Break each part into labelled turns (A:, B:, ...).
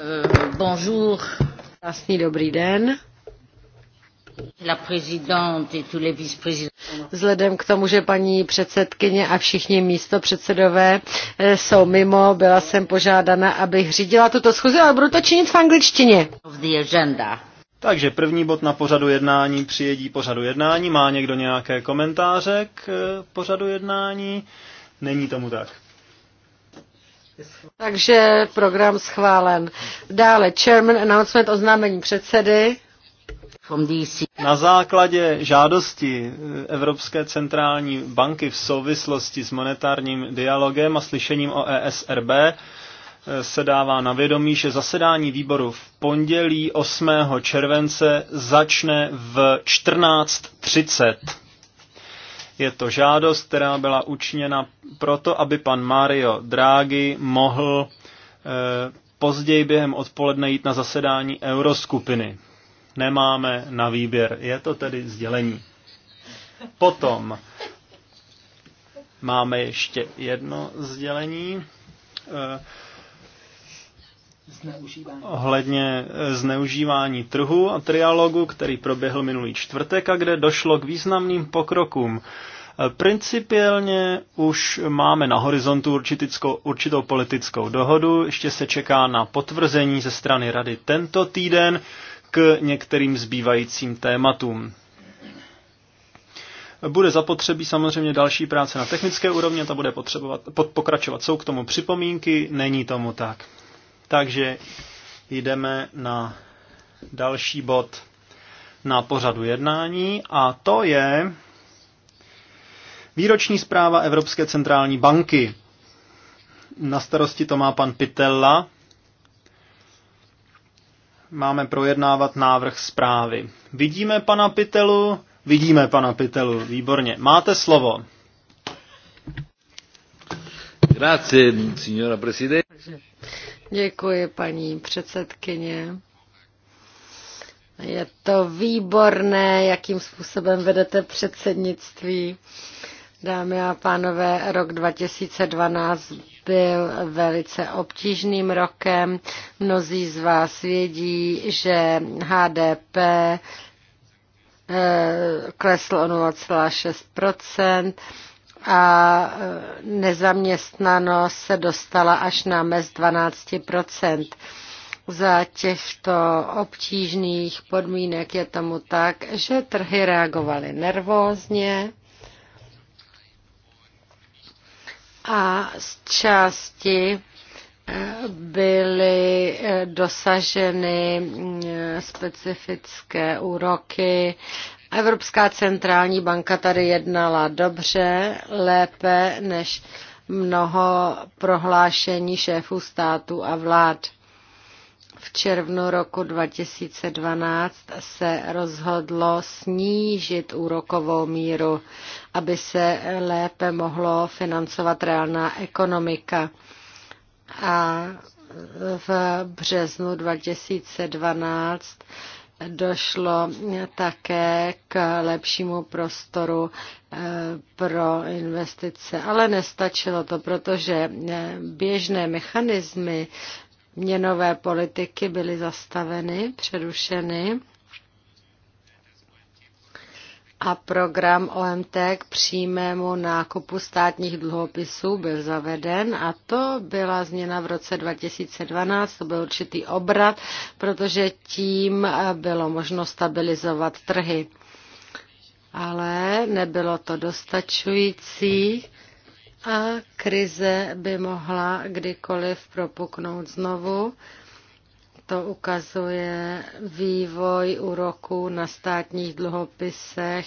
A: Eh,
B: bonjour. Krásný dobrý den. La Vzhledem k tomu, že paní předsedkyně a všichni místo předsedové eh, jsou mimo, byla jsem požádána, abych řídila tuto schůzi, ale budu to činit v angličtině.
C: Takže první bod na pořadu jednání, přijedí pořadu jednání. Má někdo nějaké komentáře k eh, pořadu jednání? Není tomu tak.
B: Takže program schválen. Dále Chairman Announcement oznámení předsedy.
C: Na základě žádosti eh, Evropské centrální banky v souvislosti s monetárním dialogem a slyšením o ESRB eh, se dává na vědomí, že zasedání výboru v pondělí 8. července začne v 14.30. Je to žádost, která byla učiněna proto, aby pan Mario Draghi mohl eh, později během odpoledne jít na zasedání euroskupiny. Nemáme na výběr, je to tedy sdělení. Potom máme ještě jedno sdělení. Zneužívání. Eh, ohledně eh, zneužívání trhu a trialogu, který proběhl minulý čtvrtek a kde došlo k významným pokrokům Principiálně už máme na horizontu určitickou, určitou politickou dohodu, ještě se čeká na potvrzení ze strany rady tento týden k některým zbývajícím tématům. Bude zapotřebí samozřejmě další práce na technické úrovni, ta bude potřebovat, pod, pokračovat. Jsou k tomu připomínky? Není tomu tak. Takže jdeme na další bod na pořadu jednání a to je Výroční zpráva Evropské centrální banky. Na starosti to má pan Pitella. Máme projednávat návrh zprávy. Vidíme pana Pitelu? Vidíme pana Pitelu, výborně. Máte slovo. Grazie, signora presidente.
B: Děkuji, paní předsedkyně. Je to výborné, jakým způsobem vedete předsednictví. Dámy a pánové, rok 2012 byl velice obtížným rokem. Mnozí z vás vědí, že HDP eh, klesl o 0,6 a eh, nezaměstnanost se dostala až na mez 12 Za těchto obtížných podmínek je tomu tak, že trhy reagovaly nervózně a z části eh, byly eh, dosaženy eh, specifické úroky. Evropská centrální banka tady jednala dobře, lépe než mnoho prohlášení šéfů států a vlád v červnu roku 2012 se rozhodlo snížit úrokovou míru, aby se lépe mohlo financovat reálná ekonomika. A v březnu 2012 došlo také k lepšímu prostoru eh, pro investice. Ale nestačilo to, protože eh, běžné mechanismy měnové politiky byly zastaveny, přerušeny a program OMT k přímému nákupu státních dluhopisů byl zaveden a to byla změna v roce 2012, to byl určitý obrat, protože tím eh, bylo možno stabilizovat trhy. Ale nebylo to dostačující a krize by mohla kdykoliv propuknout znovu. To ukazuje vývoj úroků na státních dluhopisech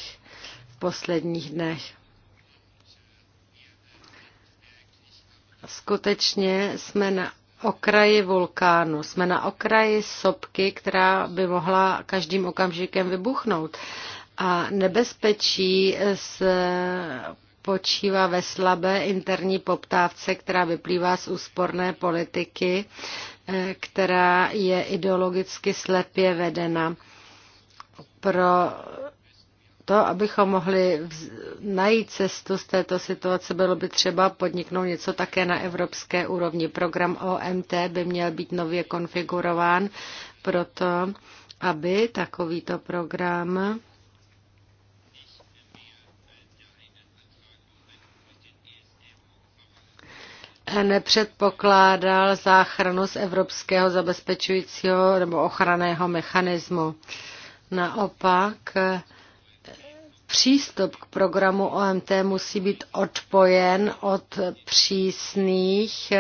B: v posledních dnech. Skutečně jsme na okraji vulkánu, jsme na okraji sopky, která by mohla každým okamžikem vybuchnout. A nebezpečí z spočívá ve slabé interní poptávce, která vyplývá z úsporné politiky, eh, která je ideologicky slepě vedena. Pro to, abychom mohli najít cestu z této situace, bylo by třeba podniknout něco také na evropské úrovni. Program OMT by měl být nově konfigurován proto, aby takovýto program nepředpokládal záchranu z evropského zabezpečujícího nebo ochranného mechanismu. Naopak přístup k programu OMT musí být odpojen od přísných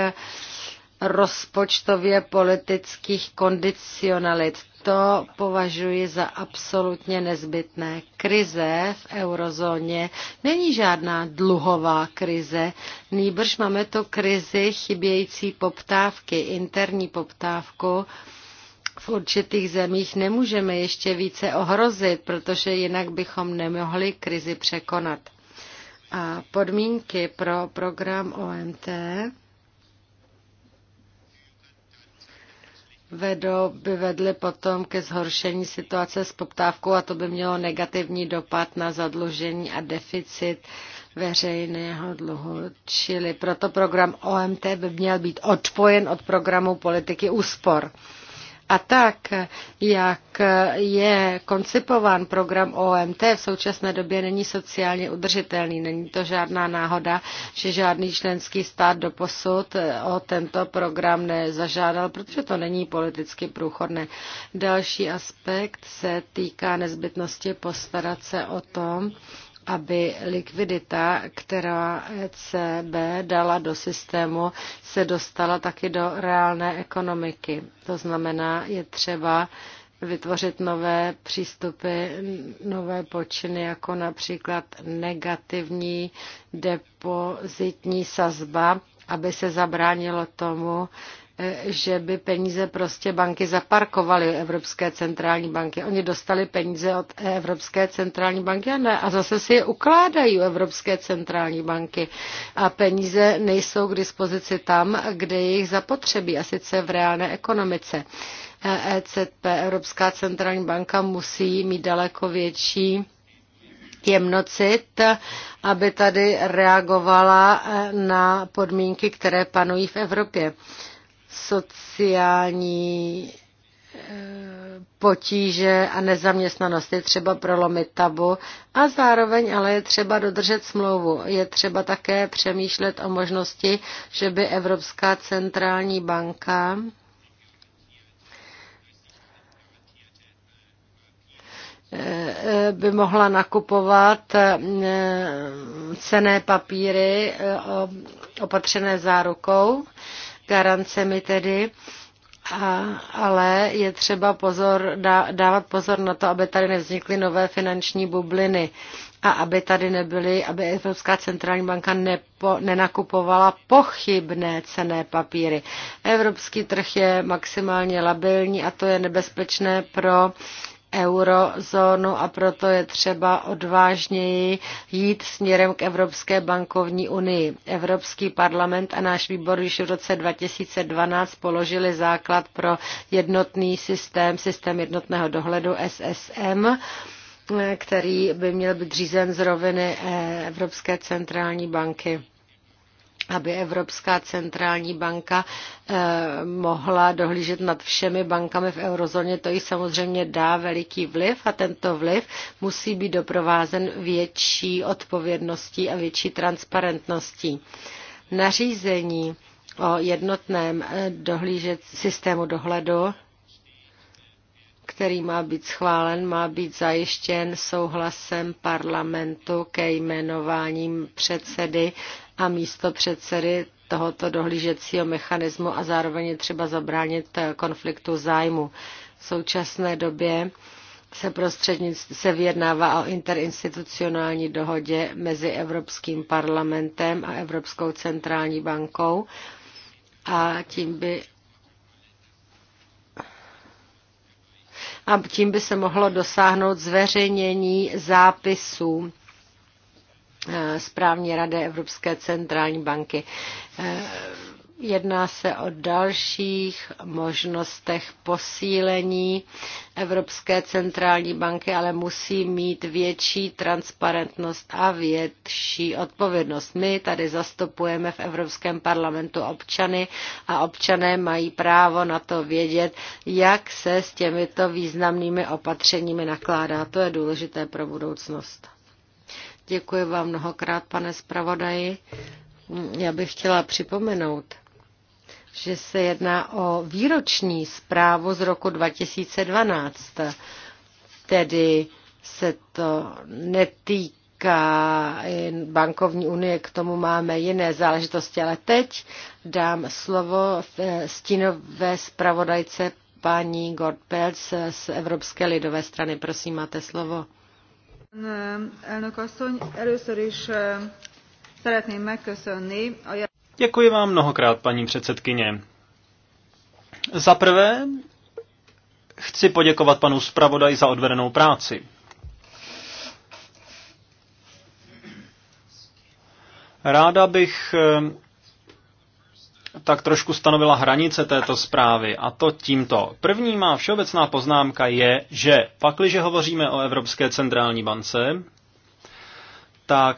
B: rozpočtově politických kondicionalit. To považuji za absolutně nezbytné. Krize v eurozóně není žádná dluhová krize, nýbrž máme to krizi chybějící poptávky, interní poptávku, v určitých zemích nemůžeme ještě více ohrozit, protože jinak bychom nemohli krizi překonat. A podmínky pro program OMT vedou, by vedly potom ke zhoršení situace s poptávkou a to by mělo negativní dopad na zadlužení a deficit veřejného dluhu. Čili proto program OMT by měl být odpojen od programu politiky úspor. A tak, jak je koncipován program OMT, v současné době není sociálně udržitelný. Není to žádná náhoda, že žádný členský stát doposud eh, o tento program nezažádal, protože to není politicky průchodné. Další aspekt se týká nezbytnosti postarat se o tom, aby likvidita, která ECB dala do systému, se dostala taky do reálné ekonomiky. To znamená, je třeba vytvořit nové přístupy, nové počiny, jako například negativní depozitní sazba, aby se zabránilo tomu, že by peníze prostě banky zaparkovaly Evropské centrální banky. Oni dostali peníze od Evropské centrální banky a, ne, a zase si je ukládají Evropské centrální banky. A peníze nejsou k dispozici tam, kde je jich zapotřebí, a sice v reálné ekonomice. ECP, e Evropská centrální banka, musí mít daleko větší jemnocit, aby tady reagovala na podmínky, které panují v Evropě sociální eh, potíže a nezaměstnanost. Je třeba prolomit tabu a zároveň ale je třeba dodržet smlouvu. Je třeba také přemýšlet o možnosti, že by Evropská centrální banka eh, by mohla nakupovat eh, cené papíry opatřené zárukou garancemi tedy. A, ale je třeba pozor, dá, dávat pozor na to, aby tady nevznikly nové finanční bubliny a aby tady nebyly, aby Evropská centrální banka nepo, nenakupovala pochybné cené papíry. Evropský trh je maximálně labilní a to je nebezpečné pro eurozónu a proto je třeba odvážněji jít směrem k Evropské bankovní unii. Evropský parlament a náš výbor již v roce 2012 položili základ pro jednotný systém, systém jednotného dohledu SSM který by měl být řízen z roviny eh, Evropské centrální banky aby Evropská centrální banka eh, mohla dohlížet nad všemi bankami v eurozóně. To jí samozřejmě dá veliký vliv a tento vliv musí být doprovázen větší odpovědností a větší transparentností. Nařízení o jednotném eh, dohlížet systému dohledu který má být schválen, má být zajištěn souhlasem parlamentu ke jmenováním předsedy a místo předsedy tohoto dohlížecího mechanismu a zároveň je třeba zabránit eh, konfliktu zájmu. V současné době se prostřednictvím se vyjednává o interinstitucionální dohodě mezi Evropským parlamentem a Evropskou centrální bankou a tím by a tím by se mohlo dosáhnout zveřejnění zápisů Eh, správní rady Evropské centrální banky. Eh, jedná se o dalších možnostech posílení Evropské centrální banky, ale musí mít větší transparentnost a větší odpovědnost. My tady zastupujeme v Evropském parlamentu občany a občané mají právo na to vědět, jak se s těmito významnými opatřeními nakládá. To je důležité pro budoucnost. Děkuji vám mnohokrát, pane zpravodaji. Já bych chtěla připomenout, že se jedná o výroční zprávu z roku 2012. Tedy se to netýká bankovní unie, k tomu máme jiné záležitosti, ale teď dám slovo eh, stínové zpravodajce paní Godpelc z Evropské lidové strany. Prosím, máte slovo.
C: Děkuji vám mnohokrát, paní předsedkyně. Za prvé chci poděkovat panu zpravodaji za odvedenou práci. Ráda bych tak trošku stanovila hranice této zprávy a to tímto. První má všeobecná poznámka je, že pakliže hovoříme o Evropské centrální bance, tak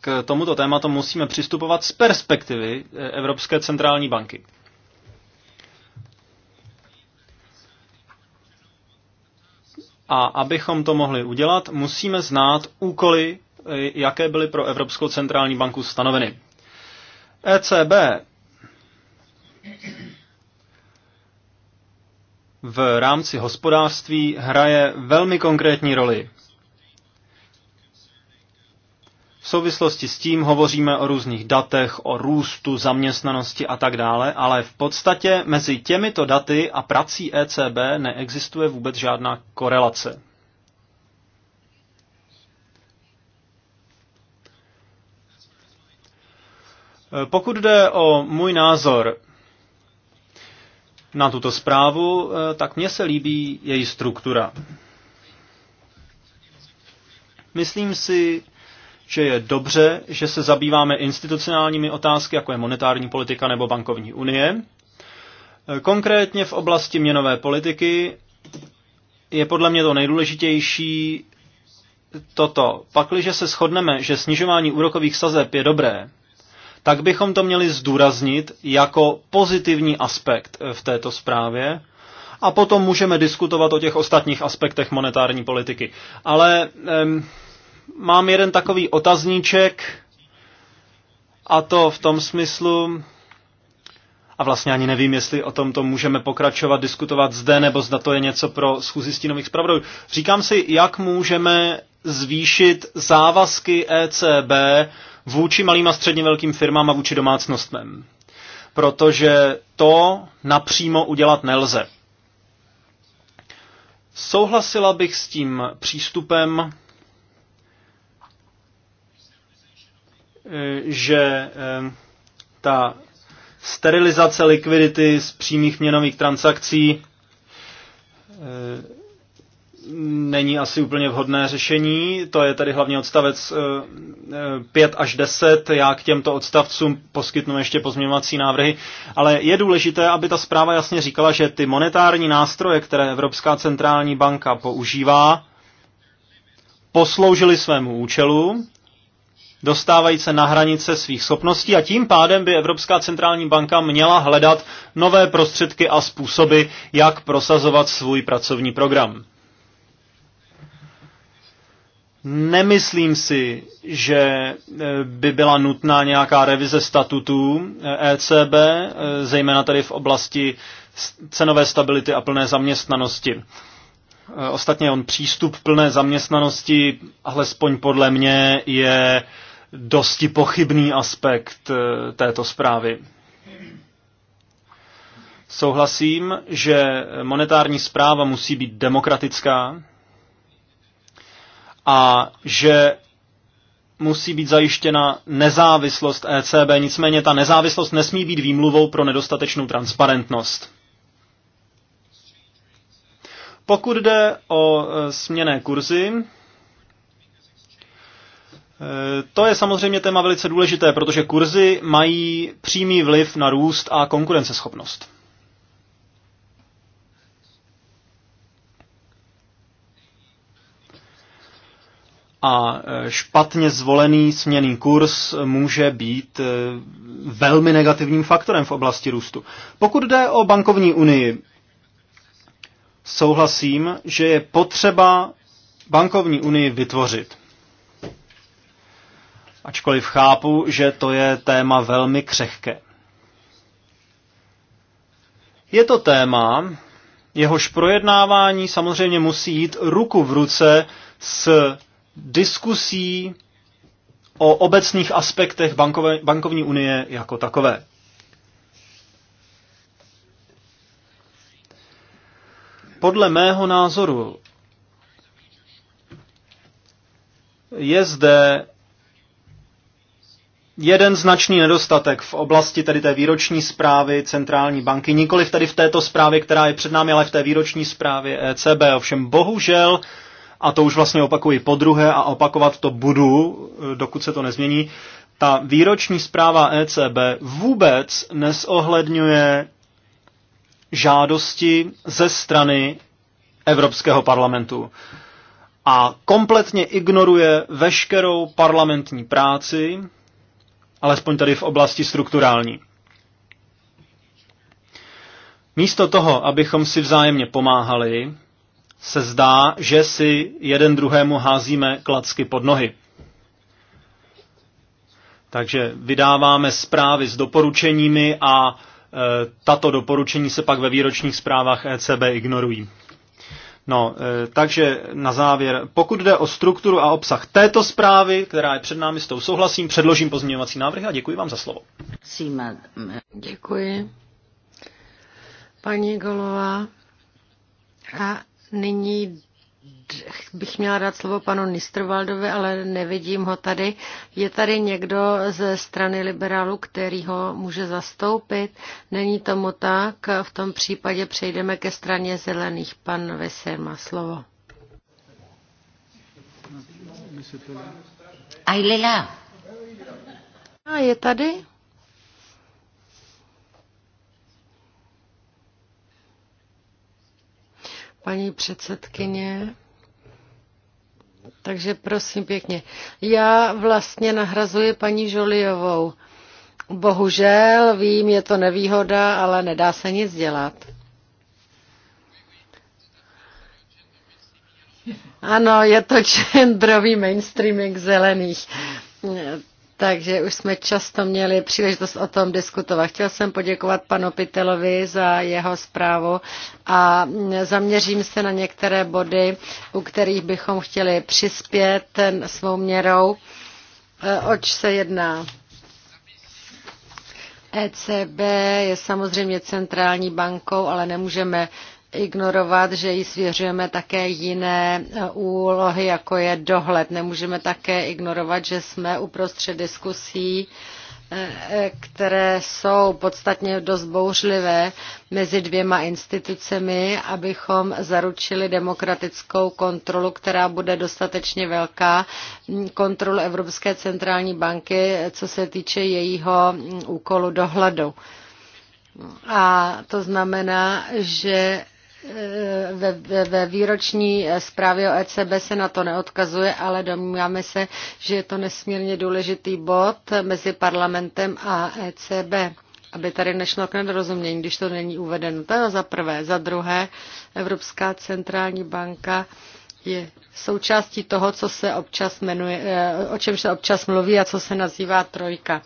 C: k tomuto tématu musíme přistupovat z perspektivy eh, Evropské centrální banky. A abychom to mohli udělat, musíme znát úkoly, eh, jaké byly pro Evropskou centrální banku stanoveny. ECB v rámci hospodářství hraje velmi konkrétní roli. V souvislosti s tím hovoříme o různých datech, o růstu, zaměstnanosti a tak dále, ale v podstatě mezi těmito daty a prací ECB neexistuje vůbec žádná korelace. Pokud jde o můj názor na tuto zprávu, eh, tak mně se líbí její struktura. Myslím si, že je dobře, že se zabýváme institucionálními otázky, jako je monetární politika nebo bankovní unie. Eh, konkrétně v oblasti měnové politiky je podle mě to nejdůležitější toto. Pakliže se shodneme, že snižování úrokových sazeb je dobré, tak bychom to měli zdůraznit jako pozitivní aspekt eh, v této zprávě a potom můžeme diskutovat o těch ostatních aspektech monetární politiky. Ale em, mám jeden takový otazníček a to v tom smyslu, a vlastně ani nevím, jestli o tom to můžeme pokračovat, diskutovat zde, nebo zda to je něco pro schůzi stínových zpravodajů. Říkám si, jak můžeme zvýšit závazky ECB vůči malým a středně velkým firmám a vůči domácnostem. Protože to napřímo udělat nelze. Souhlasila bych s tím přístupem, eh, že eh, ta sterilizace likvidity z přímých měnových transakcí eh, není asi úplně vhodné řešení. To je tady hlavně odstavec 5 eh, eh, až 10. Já k těmto odstavcům poskytnu ještě pozměňovací návrhy, ale je důležité, aby ta zpráva jasně říkala, že ty monetární nástroje, které Evropská centrální banka používá, posloužily svému účelu, dostávají se na hranice svých schopností a tím pádem by Evropská centrální banka měla hledat nové prostředky a způsoby, jak prosazovat svůj pracovní program. Nemyslím si, že eh, by byla nutná nějaká revize statutů ECB, eh, e eh, zejména tady v oblasti cenové stability a plné zaměstnanosti. Ostatně on přístup plné zaměstnanosti, alespoň podle mě, je dosti pochybný aspekt této zprávy. Souhlasím, že monetární zpráva musí být demokratická, a že musí být zajištěna nezávislost ECB, nicméně ta nezávislost nesmí být výmluvou pro nedostatečnou transparentnost. Pokud jde o e, směné kurzy, e, to je samozřejmě téma velice důležité, protože kurzy mají přímý vliv na růst a konkurenceschopnost. a e, špatně zvolený směný kurz může být e, velmi negativním faktorem v oblasti růstu. Pokud jde o bankovní unii, souhlasím, že je potřeba bankovní unii vytvořit. Ačkoliv chápu, že to je téma velmi křehké. Je to téma, jehož projednávání samozřejmě musí jít ruku v ruce s diskusí o obecných aspektech bankové, bankovní unie jako takové. Podle mého názoru je zde jeden značný nedostatek v oblasti tedy té výroční zprávy centrální banky, nikoli tedy v této zprávě, která je před námi, ale v té výroční zprávě ECB. Ovšem bohužel a to už vlastně opakuji po druhé a opakovat to budu, eh, dokud se to nezmění, ta výroční zpráva ECB vůbec nesohledňuje žádosti ze strany Evropského parlamentu a kompletně ignoruje veškerou parlamentní práci, alespoň tady v oblasti strukturální. Místo toho, abychom si vzájemně pomáhali, se zdá, že si jeden druhému házíme klacky pod nohy. Takže vydáváme zprávy s doporučeními a e, tato doporučení se pak ve výročních zprávách ECB ignorují. No, e, takže na závěr, pokud jde o strukturu a obsah této zprávy, která je před námi, s tou souhlasím, předložím pozměňovací návrh a děkuji vám za slovo. Děkuji.
B: Paní Golová. A Nyní bych měla dát slovo panu Nistrovaldovi, ale nevidím ho tady. Je tady někdo ze strany liberálu, který ho může zastoupit? Není tomu tak. V tom případě přejdeme ke straně zelených. Pan Veser má slovo. A A je tady? paní předsedkyně. Takže prosím pěkně. Já vlastně nahrazuji paní Žoliovou. Bohužel, vím, je to nevýhoda, ale nedá se nic dělat. Ano, je to genderový mainstreaming zelených. Takže už jsme často měli příležitost o tom diskutovat. Chtěl jsem poděkovat panu Pitelovi za jeho zprávu a zaměřím se na některé body, u kterých bychom chtěli přispět svou měrou. E, oč se jedná? ECB je samozřejmě centrální bankou, ale nemůžeme ignorovat, že jí svěřujeme také jiné eh, úlohy, jako je dohled. Nemůžeme také ignorovat, že jsme uprostřed diskusí, eh, eh, které jsou podstatně dost bouřlivé mezi dvěma institucemi, abychom zaručili demokratickou kontrolu, která bude dostatečně velká, mm, kontrolu Evropské centrální banky, co se týče jejího mm, úkolu dohledu. A to znamená, že Eh, ve, ve, ve výroční eh, zprávě o ECB se na to neodkazuje, ale domníváme se, že je to nesmírně důležitý bod mezi parlamentem a ECB aby tady nešlo k nedorozumění, když to není uvedeno. To je za prvé. Za druhé, Evropská centrální banka je součástí toho, co se občas jmenuje, eh, o čem se občas mluví a co se nazývá trojka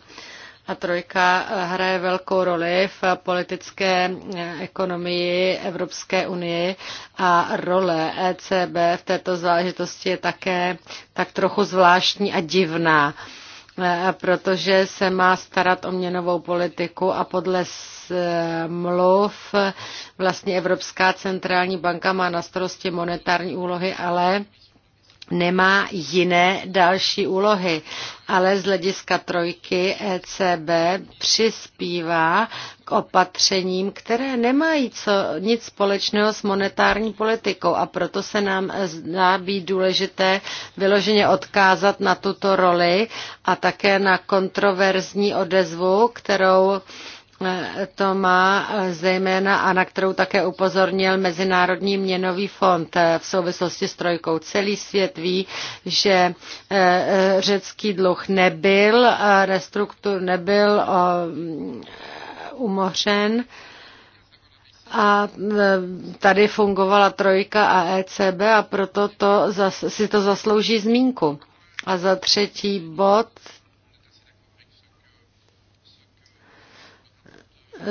B: a trojka eh, hraje velkou roli v politické eh, ekonomii Evropské unie a role ECB v této záležitosti je také tak trochu zvláštní a divná eh, protože se má starat o měnovou politiku a podle smluv vlastně Evropská centrální banka má na starosti monetární úlohy, ale nemá jiné další úlohy, ale z hlediska trojky ECB přispívá k opatřením, které nemají co, nic společného s monetární politikou a proto se nám zdá být důležité vyloženě odkázat na tuto roli a také na kontroverzní odezvu, kterou to má zejména a na kterou také upozornil Mezinárodní měnový fond eh, v souvislosti s trojkou. Celý svět ví, že eh, eh, řecký dluh nebyl, restruktur nebyl mm, umořen a tady fungovala trojka a ECB a proto to, si to zaslouží zmínku. A za třetí bod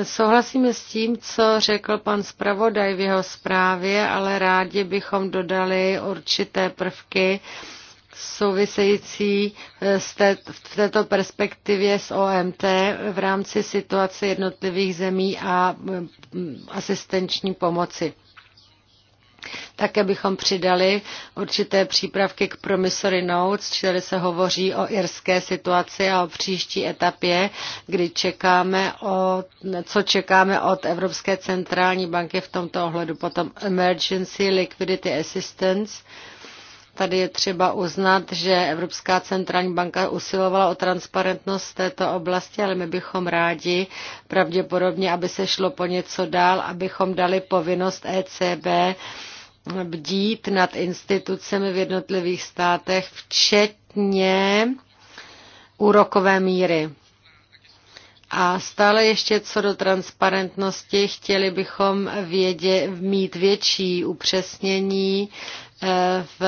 B: Souhlasíme s tím, co řekl pan zpravodaj v jeho zprávě, ale rádi bychom dodali určité prvky související eh, v této perspektivě s OMT v rámci situace jednotlivých zemí a mm, asistenční pomoci. Také bychom přidali určité přípravky k promissory notes, čili se hovoří o irské situaci a o příští etapě, kdy čekáme o, co čekáme od Evropské centrální banky v tomto ohledu. Potom Emergency Liquidity Assistance. Tady je třeba uznat, že Evropská centrální banka usilovala o transparentnost této oblasti, ale my bychom rádi pravděpodobně, aby se šlo po něco dál, abychom dali povinnost ECB bdít nad institucemi v jednotlivých státech, včetně úrokové míry. A stále ještě co do transparentnosti, chtěli bychom vědě, mít větší upřesnění eh, v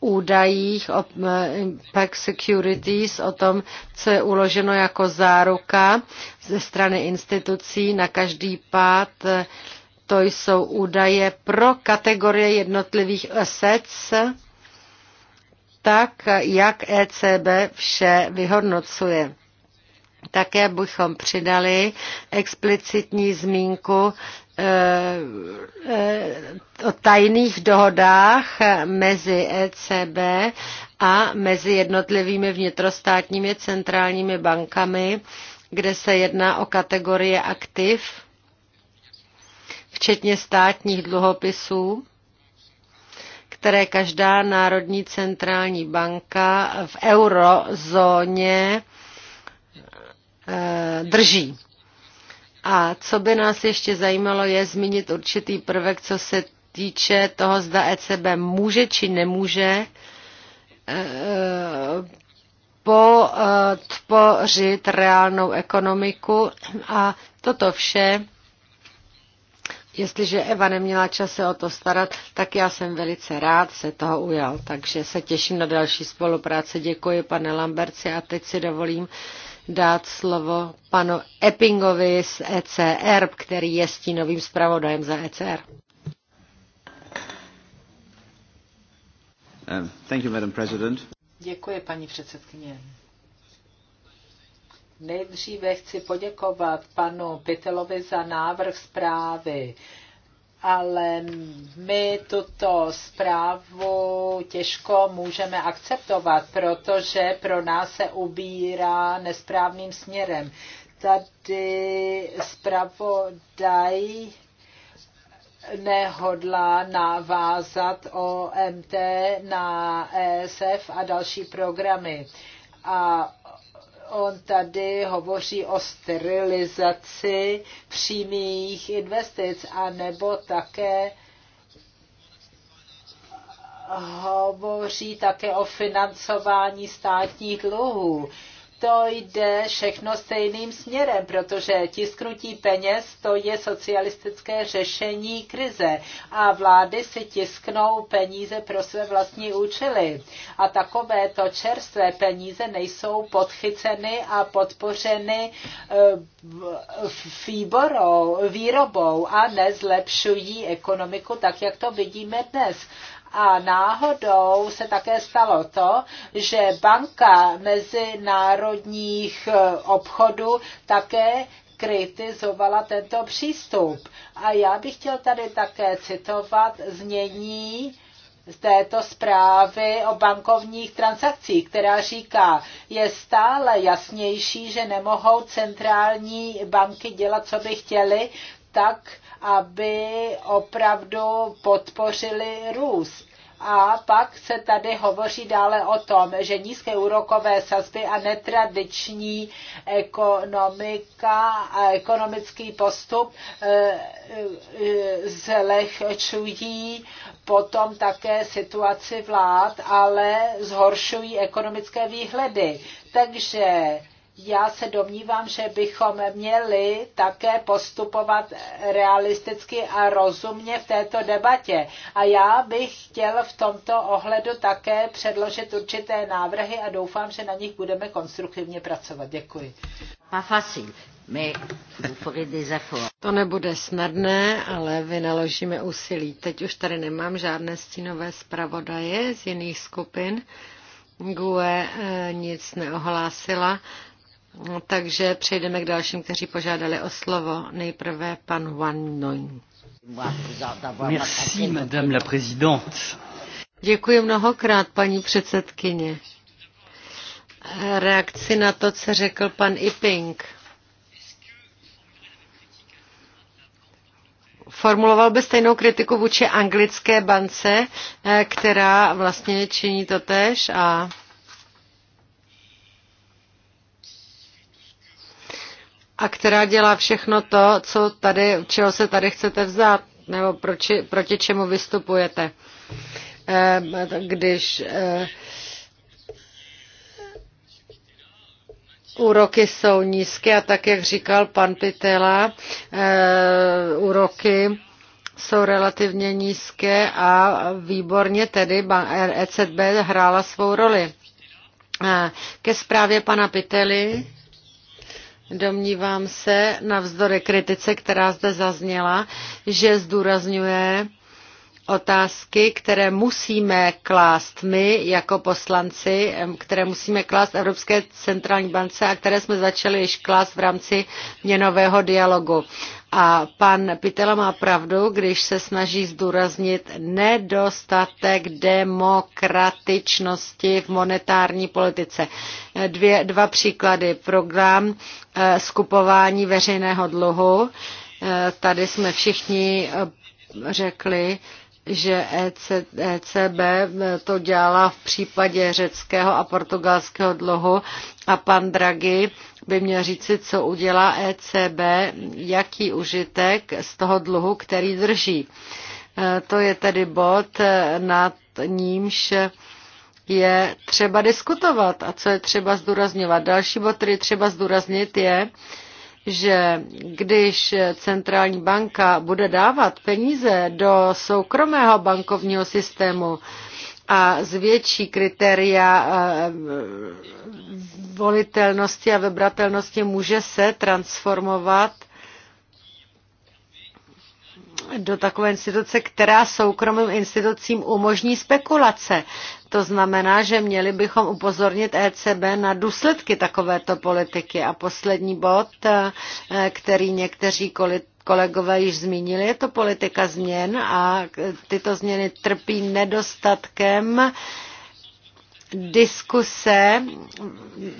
B: údajích o eh, PAC Securities, o tom, co je uloženo jako záruka ze strany institucí na každý pád eh, to jsou údaje pro kategorie jednotlivých assets, tak jak ECB vše vyhodnocuje. Také bychom přidali explicitní zmínku eh, o tajných dohodách mezi ECB a mezi jednotlivými vnitrostátními centrálními bankami, kde se jedná o kategorie aktiv včetně státních dluhopisů, které každá Národní centrální banka v eurozóně eh, drží. A co by nás ještě zajímalo, je zmínit určitý prvek, co se týče toho, zda ECB může či nemůže eh, podpořit reálnou ekonomiku. A toto vše Jestliže Eva neměla čas se o to starat, tak já jsem velice rád se toho ujal. Takže se těším na další spolupráce. Děkuji, pane Lamberci, a teď si dovolím dát slovo panu Eppingovi z ECR, který je stínovým zpravodajem za ECR.
A: Um, thank you, Madam President.
D: Děkuji, paní předsedkyně. Nejdříve chci poděkovat panu Pitelovi za návrh zprávy, ale my tuto zprávu těžko můžeme akceptovat, protože pro nás se ubírá nesprávným směrem. Tady zpravodaj nehodlá navázat OMT na ESF a další programy. A On tady hovoří o sterilizaci přímých investic a nebo také hovoří také o financování státních dluhů to jde všechno stejným směrem, protože tisknutí peněz to je socialistické řešení krize a vlády si tisknou peníze pro své vlastní účely. A takovéto čerstvé peníze nejsou podchyceny a podpořeny eh, výborou, výrobou a nezlepšují ekonomiku tak, jak to vidíme dnes. A náhodou se také stalo to, že banka mezinárodních e, obchodů také kritizovala tento přístup. A já bych chtěl tady také citovat znění z této zprávy o bankovních transakcích, která říká, je stále jasnější, že nemohou centrální banky dělat, co by chtěly, tak aby opravdu podpořili růst. A pak se tady hovoří dále o tom, že nízké úrokové sazby a netradiční ekonomika a ekonomický postup eh, eh, zlehčují potom také situaci vlád, ale zhoršují ekonomické výhledy. Takže já se domnívám, že bychom měli také postupovat realisticky a rozumně v této debatě. A já bych chtěl v tomto ohledu také předložit určité návrhy a doufám, že na nich budeme konstruktivně pracovat. Děkuji.
B: To nebude snadné, ale vynaložíme úsilí. Teď už tady nemám žádné stínové zpravodaje z jiných skupin. GUE eh, nic neohlásila takže přejdeme k dalším, kteří požádali o slovo. Nejprve pan Wan Noin. Merci,
A: madame la présidente.
B: Děkuji mnohokrát, paní předsedkyně. Reakci na to, co řekl pan Iping. formuloval by stejnou kritiku vůči anglické bance, eh, která vlastně činí totež a a která dělá všechno to, co tady, čeho se tady chcete vzát, nebo proči, proti čemu vystupujete. Když eh, Úroky jsou nízké a tak, jak říkal pan Pitela, eh, úroky jsou relativně nízké a výborně tedy ECB hrála svou roli. Eh, ke zprávě pana Pitely Domnívám se, navzdory kritice, která zde zazněla, že zdůrazňuje otázky, které musíme klást my jako poslanci, které musíme klást Evropské centrální bance a které jsme začali již klást v rámci měnového dialogu. A pan Pitela má pravdu, když se snaží zdůraznit nedostatek demokratičnosti v monetární politice. Dvě, dva příklady. Program eh, skupování veřejného dluhu. Eh, tady jsme všichni eh, řekli, že ECB e to dělala v případě řeckého a portugalského dluhu a pan Draghi by měl říci, co udělá ECB, jaký užitek z toho dluhu, který drží. E, to je tedy bod, e, nad nímž je třeba diskutovat a co je třeba zdůrazňovat. Další bod, který třeba zdůraznit, je, že když centrální banka bude dávat peníze do soukromého bankovního systému a zvětší kritéria eh, volitelnosti a vybratelnosti, může se transformovat do takové instituce, která soukromým institucím umožní spekulace. To znamená, že měli bychom upozornit ECB na důsledky takovéto politiky. A poslední bod, eh, který někteří kolegové již zmínili, je to politika změn a tyto změny trpí nedostatkem diskuse,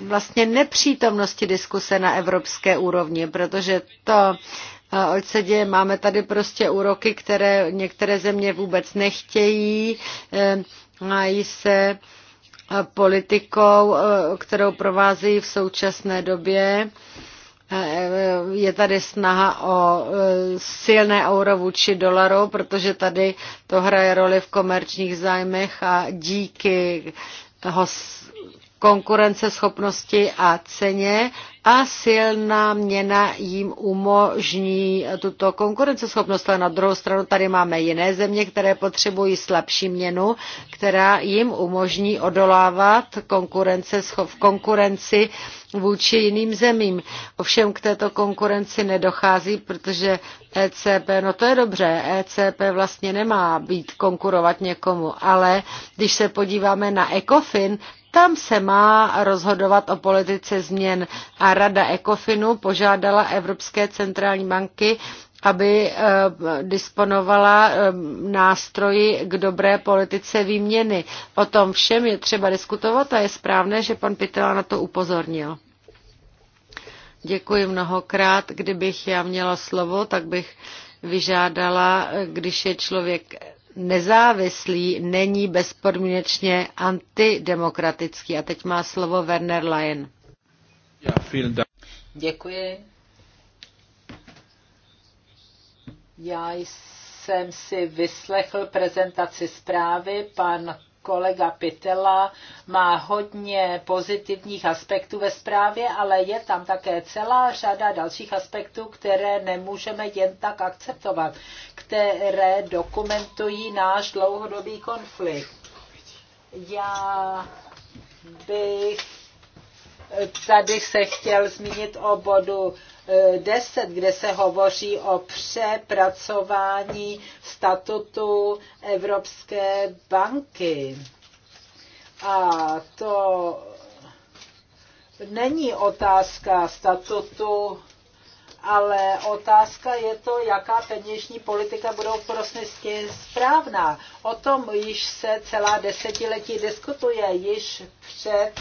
B: vlastně nepřítomnosti diskuse na evropské úrovni, protože to, oč eh, se děje, máme tady prostě úroky, které některé země vůbec nechtějí, eh, mají se eh, politikou, eh, kterou provází v současné době. Eh, je tady snaha o silné euro vůči dolaru, protože tady to hraje roli v komerčních zájmech a díky hos konkurenceschopnosti a ceně a silná měna jim umožní tuto konkurenceschopnost. Ale na druhou stranu tady máme jiné země, které potřebují slabší měnu, která jim umožní odolávat konkurence, v konkurenci vůči jiným zemím. Ovšem k této konkurenci nedochází, protože ECP, no to je dobře, ECP vlastně nemá být konkurovat někomu, ale když se podíváme na ECOFIN, tam se má rozhodovat o politice změn a Rada Ekofinu požádala Evropské centrální banky, aby eh, disponovala eh, nástroji k dobré politice výměny. O tom všem je třeba diskutovat a je správné, že pan Pitela na to upozornil. Děkuji mnohokrát. Kdybych já měla slovo, tak bych vyžádala, eh, když je člověk nezávislý není bezpodmínečně antidemokratický. A teď má slovo Werner Leyen.
D: Děkuji. Já jsem si vyslechl prezentaci zprávy. Pan kolega Pitela má hodně pozitivních aspektů ve zprávě, ale je tam také celá řada dalších aspektů, které nemůžeme jen tak akceptovat, které dokumentují náš dlouhodobý konflikt. Já bych tady se chtěl zmínit o bodu 10, kde se hovoří o přepracování statutu Evropské banky. A to není otázka statutu ale otázka je to, jaká peněžní politika budou prostě správná. O tom již se celá desetiletí diskutuje, již před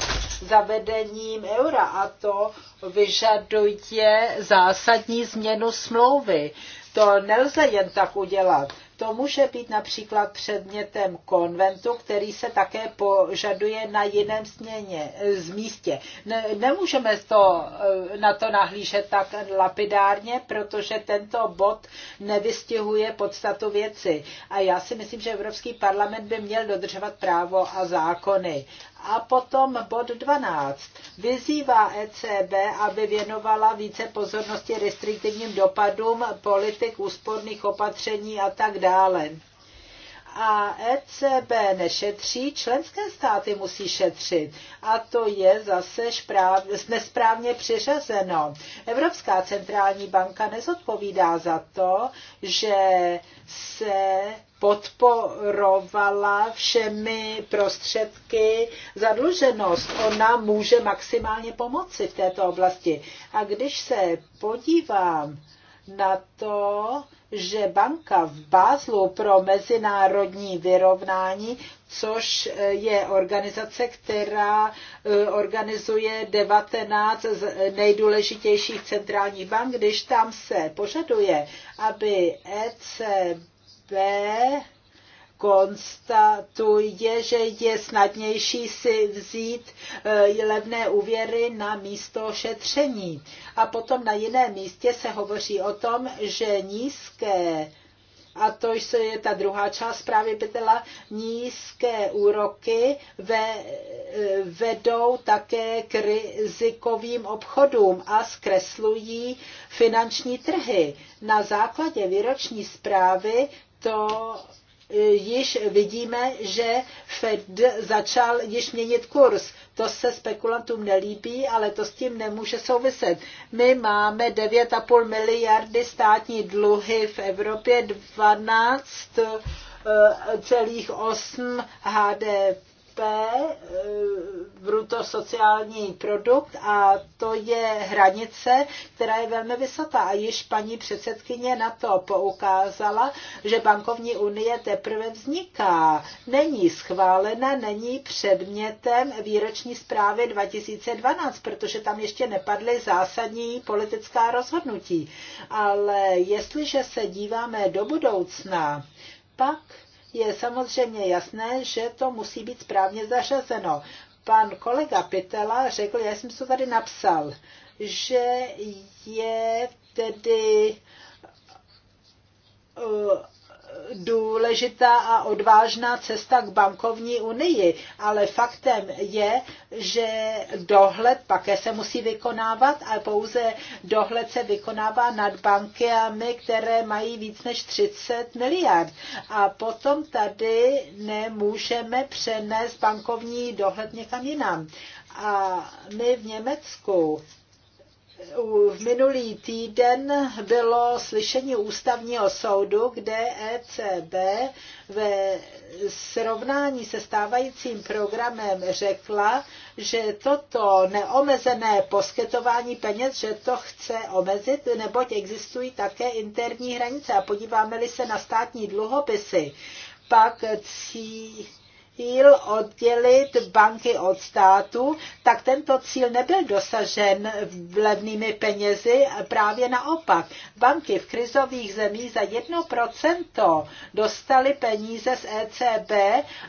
D: zavedením eura a to vyžaduje zásadní změnu smlouvy. To nelze jen tak udělat. To může být například předmětem konventu, který se také požaduje na jiném směně, e, z místě. Ne, nemůžeme to, e, na to nahlížet tak lapidárně, protože tento bod nevystihuje podstatu věci. A já si myslím, že Evropský parlament by měl dodržovat právo a zákony. A potom bod 12. Vyzývá ECB, aby věnovala více pozornosti restriktivním dopadům politik, úsporných opatření a tak dále. A ECB nešetří, členské státy musí šetřit. A to je zase špráv, nesprávně přiřazeno. Evropská centrální banka nezodpovídá za to, že se podporovala všemi prostředky zadluženost. Ona může maximálně pomoci v této oblasti. A když se podívám na to, že banka v Bázlu pro mezinárodní vyrovnání, což je organizace, která e, organizuje 19 nejdůležitějších centrálních bank, když tam se požaduje, aby ECB B konstatuje, že je snadnější si vzít eh, levné úvěry na místo šetření. A potom na jiném místě se hovoří o tom, že nízké a to je ta druhá část zprávy bytela nízké úroky ve, eh, vedou také k rizikovým obchodům a zkreslují finanční trhy. Na základě výroční zprávy to e, již vidíme, že Fed začal již měnit kurz. To se spekulantům nelíbí, ale to s tím nemůže souviset. My máme 9,5 miliardy státní dluhy v Evropě, 12,8 e, HDP bruto e, sociální produkt a to je hranice, která je velmi vysoká. A již paní předsedkyně na to poukázala, že bankovní unie teprve vzniká. Není schválena, není předmětem výroční zprávy 2012, protože tam ještě nepadly zásadní politická rozhodnutí. Ale jestliže se díváme do budoucna, pak je samozřejmě jasné, že to musí být správně zařazeno. Pan kolega Pitela řekl, já jsem to tady napsal, že je tedy uh, důležitá a odvážná cesta k bankovní unii, ale faktem je, že dohled také se musí vykonávat a pouze dohled se vykonává nad bankami, které mají víc než 30 miliard. A potom tady nemůžeme přenést bankovní dohled někam jinam. A my v Německu v minulý týden bylo slyšení ústavního soudu, kde ECB ve srovnání se stávajícím programem řekla, že toto neomezené poskytování peněz, že to chce omezit, neboť existují také interní hranice. A podíváme-li se na státní dluhopisy, pak cí, cíl oddělit banky od státu, tak tento cíl nebyl dosažen levnými penězi, právě naopak. Banky v krizových zemích za 1% dostaly peníze z ECB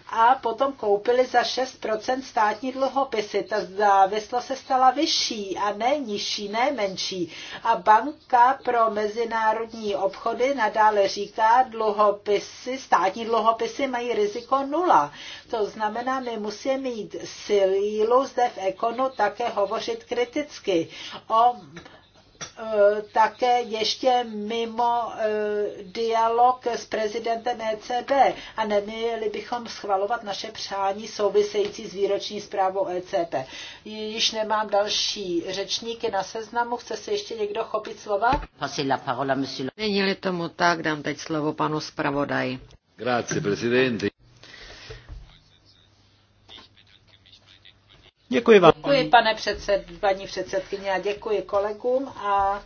D: a potom koupily za 6% státní dluhopisy. Ta závislost se stala vyšší a ne nižší, ne menší. A banka pro mezinárodní obchody nadále říká, dluhopisy, státní dluhopisy mají riziko nula. To znamená, my musíme mít sílu zde v ekonu také hovořit kriticky o eh, také ještě mimo eh, dialog s prezidentem ECB a neměli bychom schvalovat naše přání související s výroční zprávou ECB. Již nemám další řečníky na seznamu, chce se ještě někdo chopit slova?
B: Není-li tomu tak, dám teď slovo panu zpravodaji.
C: Grazie, presidente.
D: Děkuji vám. Děkuji, pane předsed, paní předsedkyně, a děkuji kolegům a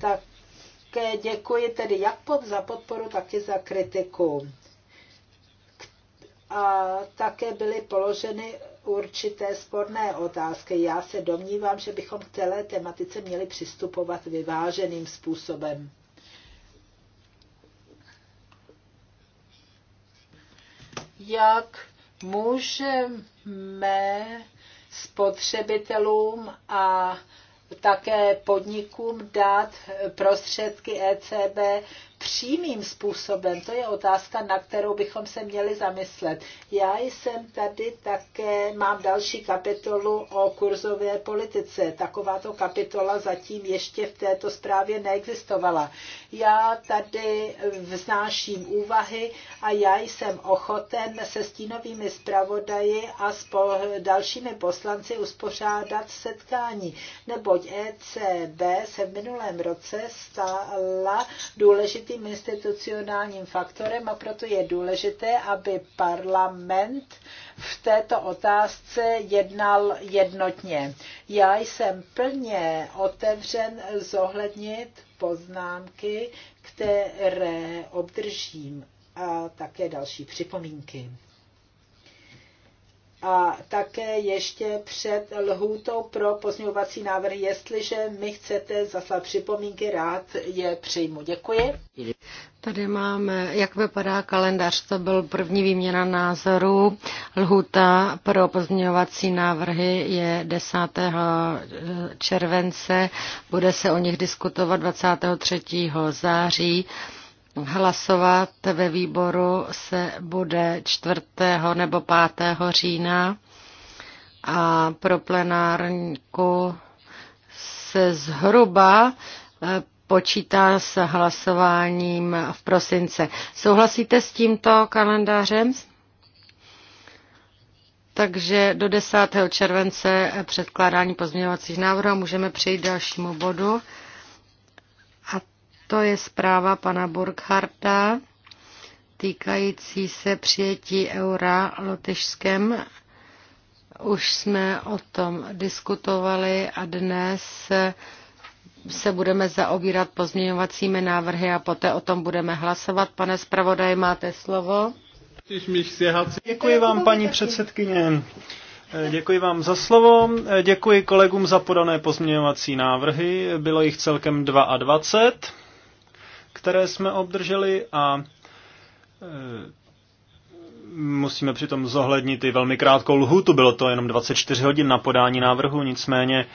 D: také děkuji tedy jak pod, za podporu, tak i za kritiku. A také byly položeny určité sporné otázky. Já se domnívám, že bychom k celé tematice měli přistupovat vyváženým způsobem. Jak můžeme spotřebitelům a také podnikům dát prostředky ECB přímým způsobem? To je otázka, na kterou bychom se měli zamyslet. Já jsem tady také, mám další kapitolu o kurzové politice. Takováto kapitola zatím ještě v této zprávě neexistovala. Já tady vznáším úvahy a já jsem ochoten se stínovými zpravodaji a s dalšími poslanci uspořádat setkání, neboť ECB se v minulém roce stala důležitou důležitým institucionálním faktorem a proto je důležité, aby parlament v této otázce jednal jednotně. Já jsem plně otevřen zohlednit poznámky, které obdržím a také další připomínky a také ještě před lhůtou pro pozměňovací návrh, jestliže mi chcete zaslat připomínky, rád je přijmu. Děkuji.
B: Tady máme, jak vypadá kalendář, to byl první výměna názoru. Lhuta pro pozměňovací návrhy je 10. července, bude se o nich diskutovat 23. září Hlasovat ve výboru se bude 4. nebo 5. října a pro plenárníku se zhruba eh, počítá s hlasováním v prosince. Souhlasíte s tímto kalendářem? Takže do 10. července předkládání pozměňovacích návrhů můžeme přejít dalšímu bodu. To je zpráva pana Burkharta týkající se přijetí eura lotyšskem. Už jsme o tom diskutovali a dnes se budeme zaobírat pozměňovacími návrhy a poté o tom budeme hlasovat. Pane zpravodaj, máte slovo.
C: Děkuji vám, paní předsedkyně. Děkuji vám za slovo. Děkuji kolegům za podané pozměňovací návrhy. Bylo jich celkem 22 které jsme obdrželi a e, musíme přitom zohlednit i velmi krátkou lhutu. Bylo to jenom 24 hodin na podání návrhu, nicméně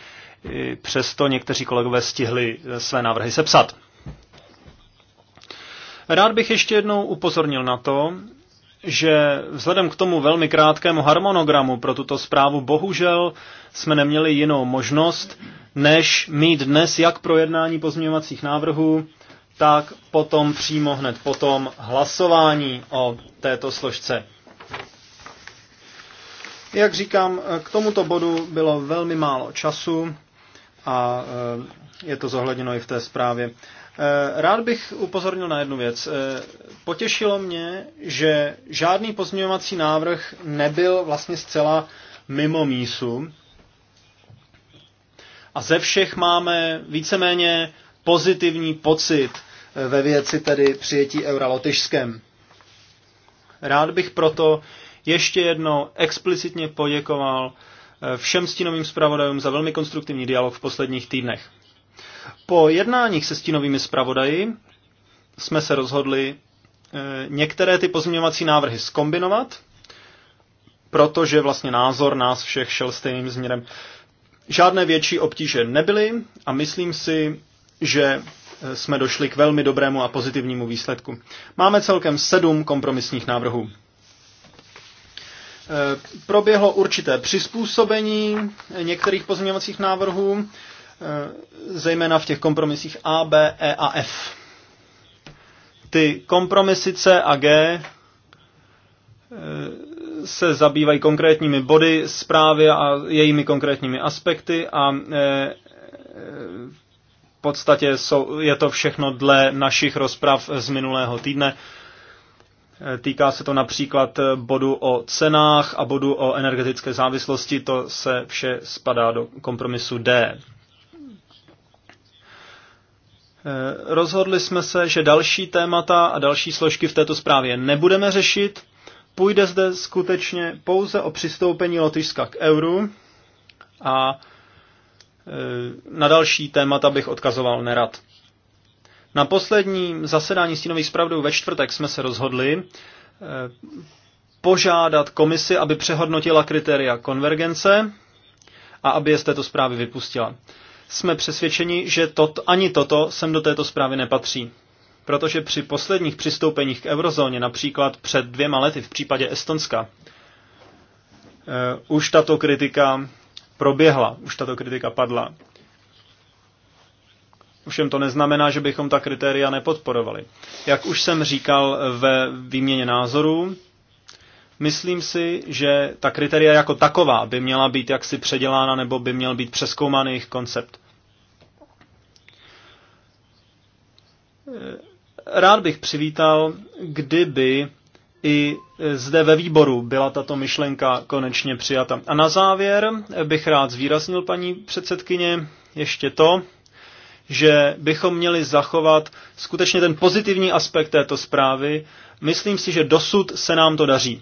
C: přesto někteří kolegové stihli e, své návrhy sepsat. Rád bych ještě jednou upozornil na to, že vzhledem k tomu velmi krátkému harmonogramu pro tuto zprávu bohužel jsme neměli jinou možnost, než mít dnes jak projednání pozměňovacích návrhů, tak potom přímo hned potom hlasování o této složce. Jak říkám, k tomuto bodu bylo velmi málo času a eh, je to zohledněno i v té zprávě. Eh, rád bych upozornil na jednu věc. Eh, potěšilo mě, že žádný pozměňovací návrh nebyl vlastně zcela mimo mísu. A ze všech máme víceméně pozitivní pocit eh, ve věci tedy přijetí eura Lotyšskem. Rád bych proto ještě jednou explicitně poděkoval eh, všem stínovým zpravodajům za velmi konstruktivní dialog v posledních týdnech. Po jednáních se stínovými zpravodaji jsme se rozhodli eh, některé ty pozměňovací návrhy skombinovat, protože vlastně názor nás všech šel stejným směrem. Žádné větší obtíže nebyly a myslím si, že eh, jsme došli k velmi dobrému a pozitivnímu výsledku. Máme celkem sedm kompromisních návrhů. Eh, proběhlo určité přizpůsobení některých pozměňovacích návrhů, eh, zejména v těch kompromisích A, B, E a F. Ty kompromisy C a G se zabývají konkrétními body zprávy a jejími konkrétními aspekty a podstatě jsou, je to všechno dle našich rozprav z minulého týdne. Týká se to například bodu o cenách a bodu o energetické závislosti, to se vše spadá do kompromisu D. Rozhodli jsme se, že další témata a další složky v této zprávě nebudeme řešit. Půjde zde skutečně pouze o přistoupení Lotyšska k euru a Eh, na další témata bych odkazoval nerad. Na posledním zasedání stínových zpravdů ve čtvrtek jsme se rozhodli eh, požádat komisi, aby přehodnotila kritéria konvergence a aby je z této zprávy vypustila. Jsme přesvědčeni, že tot, ani toto sem do této zprávy nepatří. Protože při posledních přistoupeních k eurozóně, například před dvěma lety v případě Estonska, eh, už tato kritika proběhla. Už tato kritika padla. Ovšem to neznamená, že bychom ta kritéria nepodporovali. Jak už jsem říkal ve výměně názorů, myslím si, že ta kritéria jako taková by měla být jaksi předělána nebo by měl být přeskoumán jejich koncept. Rád bych přivítal, kdyby i e, zde ve výboru byla tato myšlenka konečně přijata. A na závěr bych rád zvýraznil, paní předsedkyně, ještě to, že bychom měli zachovat skutečně ten pozitivní aspekt této zprávy. Myslím si, že dosud se nám to daří.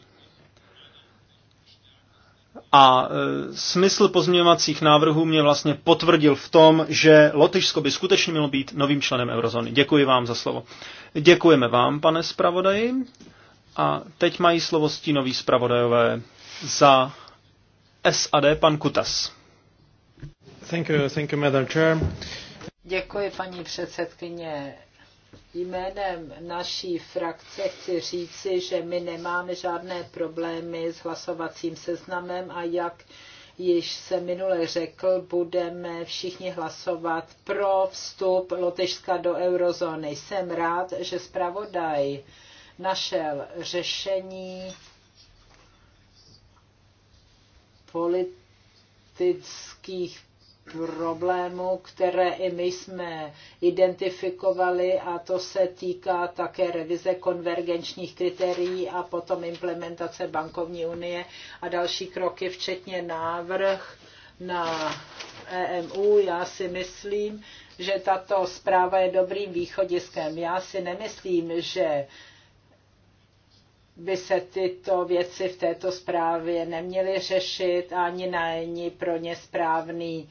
C: A e, smysl pozměňovacích návrhů mě vlastně potvrdil v tom, že Lotyšsko by skutečně mělo být novým členem eurozóny. Děkuji vám za slovo. Děkujeme vám, pane zpravodaji. A teď mají slovo stínoví zpravodajové za SAD pan Kutas. Thank you, thank you, Madam Chair.
D: Děkuji, paní předsedkyně. Jménem naší frakce chci říci, že my nemáme žádné problémy s hlasovacím seznamem a jak již se minule řekl, budeme všichni hlasovat pro vstup Lotyšska do eurozóny. Jsem rád, že zpravodaj našel řešení politických problémů, které i my jsme identifikovali a to se týká také revize konvergenčních kritérií a potom implementace bankovní unie a další kroky, včetně návrh na EMU. Já si myslím, že tato zpráva je dobrým východiskem. Já si nemyslím, že by se tyto věci v této zprávě neměly řešit, ani není pro ně správný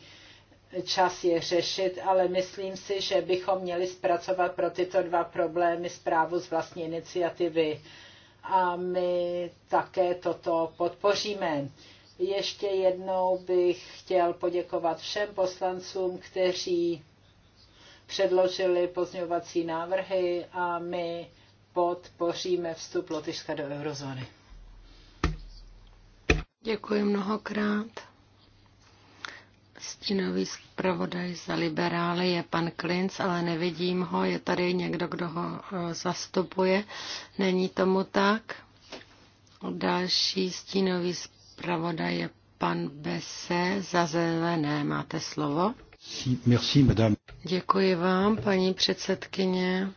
D: čas je řešit, ale myslím si, že bychom měli zpracovat pro tyto dva problémy zprávu z vlastní iniciativy. A my také toto podpoříme. Ještě jednou bych chtěl poděkovat všem poslancům, kteří předložili pozňovací návrhy a my podpoříme vstup Lotyšska do eurozóny.
B: Děkuji mnohokrát. Stínový zpravodaj za liberály je pan Klinc, ale nevidím ho. Je tady někdo, kdo ho eh, zastupuje. Není tomu tak. Další stínový zpravodaj je pan Bese za zelené. Máte slovo? Merci, Děkuji vám, paní předsedkyně.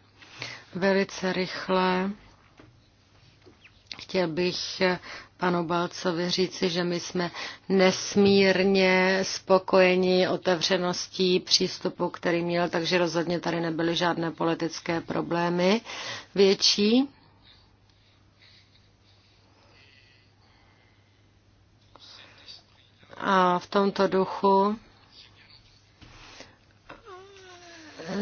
B: Velice rychle chtěl bych panu Balcovi říci, že my jsme nesmírně spokojeni otevřeností přístupu, který měl, takže rozhodně tady nebyly žádné politické problémy větší. A v tomto duchu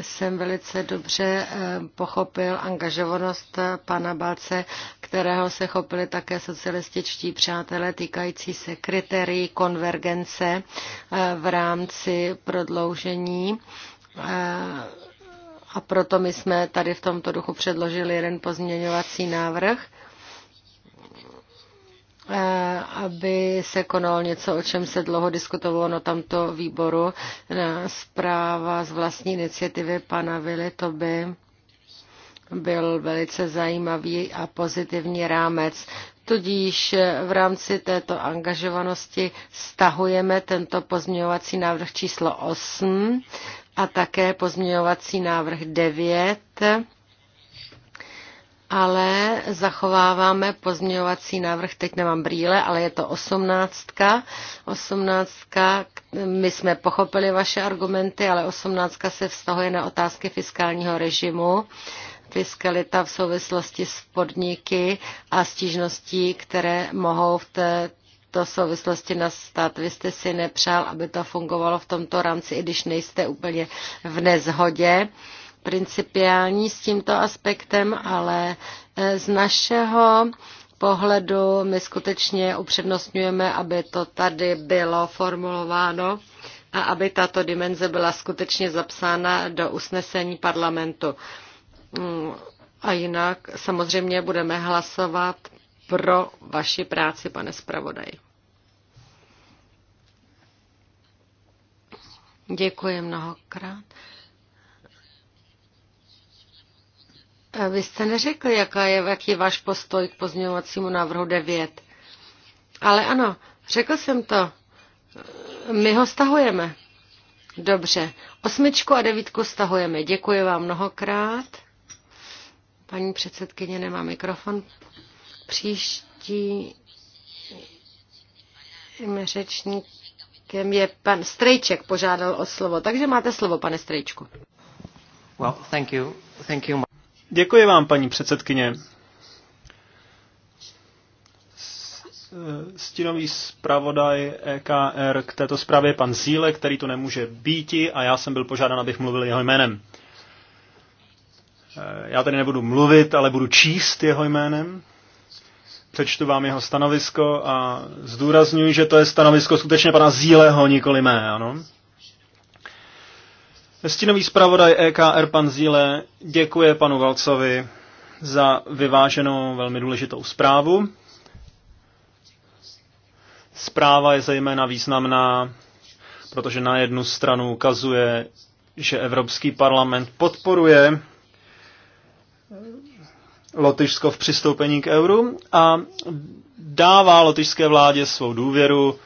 B: jsem velice dobře eh, pochopil angažovanost eh, pana Balce, kterého se chopili také socialističtí přátelé týkající se kritérií konvergence eh, v rámci prodloužení a proto my jsme tady v tomto duchu předložili jeden pozměňovací návrh Eh, aby se konalo něco, o čem se dlouho diskutovalo na tomto výboru. Zpráva z vlastní iniciativy pana Vili, to by byl velice zajímavý a pozitivní rámec. Tudíž eh, v rámci této angažovanosti stahujeme tento pozměňovací návrh číslo 8 a také pozměňovací návrh 9 ale zachováváme pozměňovací návrh, teď nemám brýle, ale je to osmnáctka. Osmnáctka, my jsme pochopili vaše argumenty, ale osmnáctka se vztahuje na otázky fiskálního režimu fiskalita v souvislosti s podniky a stížností, které mohou v té to souvislosti nastat. Vy jste si nepřál, aby to fungovalo v tomto rámci, i když nejste úplně v nezhodě. Uh, principiální s tímto aspektem, ale e, z našeho pohledu my skutečně upřednostňujeme, aby to tady bylo formulováno a aby tato dimenze byla skutečně zapsána do usnesení parlamentu. Mm, a jinak samozřejmě budeme hlasovat pro vaši práci, pane zpravodaj. Děkuji mnohokrát. vy jste neřekl, jaká je, jaký je váš postoj k pozměňovacímu návrhu 9. Ale ano, řekl jsem to. My ho stahujeme. Dobře. Osmičku a devítku stahujeme. Děkuji vám mnohokrát. Paní předsedkyně nemá mikrofon. Příští řečníkem je pan Strejček, požádal o slovo. Takže máte slovo, pane Strejčku.
C: Well, thank you. Thank you. Děkuji vám, paní předsedkyně. E, stínový zpravodaj EKR k této zprávě je pan Zíle, který tu nemůže býti a já jsem byl požádán, abych mluvil jeho jménem. E, já tady nebudu mluvit, ale budu číst jeho jménem. Přečtu vám jeho stanovisko a zdůraznuju, že to je stanovisko skutečně pana Zíleho, nikoli mé, ano. Stinový zpravodaj EKR pan Zíle děkuje panu Valcovi za vyváženou velmi důležitou zprávu. Zpráva je zejména významná, protože na jednu stranu ukazuje, že Evropský parlament podporuje Lotyšsko v přistoupení k euru a dává lotyšské vládě svou důvěru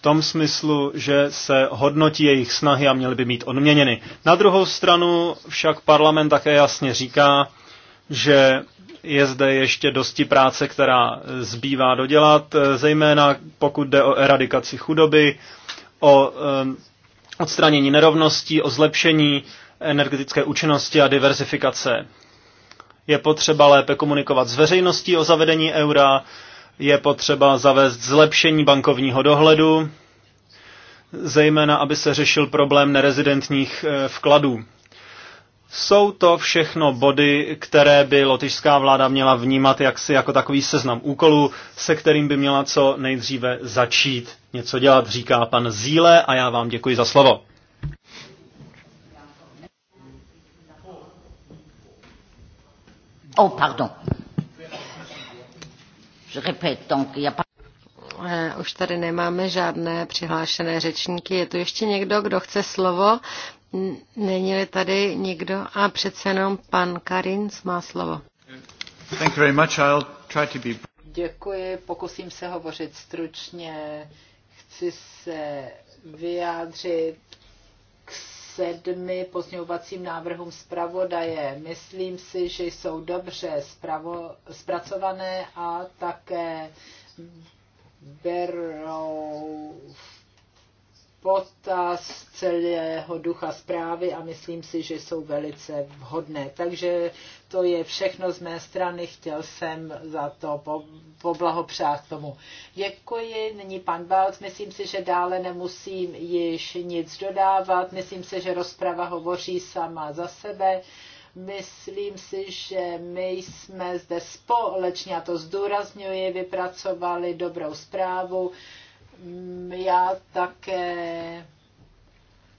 C: v tom smyslu, že se hodnotí jejich snahy a měly by být odměněny. Na druhou stranu však parlament také jasně říká, že je zde ještě dosti práce, která zbývá dodělat, zejména pokud jde o eradikaci chudoby, o eh, odstranění nerovností, o zlepšení energetické účinnosti a diverzifikace. Je potřeba lépe komunikovat s veřejností o zavedení eura, je potřeba zavést zlepšení bankovního dohledu, zejména aby se řešil problém nerezidentních eh, vkladů. Jsou to všechno body, které by lotyšská vláda měla vnímat jaksi jako takový seznam úkolů, se kterým by měla co nejdříve začít něco dělat, říká pan Zíle a já vám děkuji za slovo.
A: Oh, pardon.
B: Je répète, donc, a pas... Eh, už tady nemáme žádné přihlášené řečníky. Je tu ještě někdo, kdo chce slovo? Není-li tady někdo? A přece jenom pan Karinc má slovo.
A: Thank you very
C: much. I'll try to be...
D: Děkuji, pokusím se hovořit stručně. Chci se vyjádřit sedmi pozměňovacím návrhům zpravodaje. Myslím si, že jsou dobře zpravo, zpracované a také berou v potaz celého ducha zprávy a myslím si, že jsou velice vhodné. Takže to je všechno z mé strany, chtěl jsem za to poblahopřát tomu. Děkuji, nyní pan Balc, myslím si, že dále nemusím již nic dodávat, myslím si, že rozprava hovoří sama za sebe. Myslím si, že my jsme zde společně, a to zdůrazňuji, vypracovali dobrou zprávu Mm, já také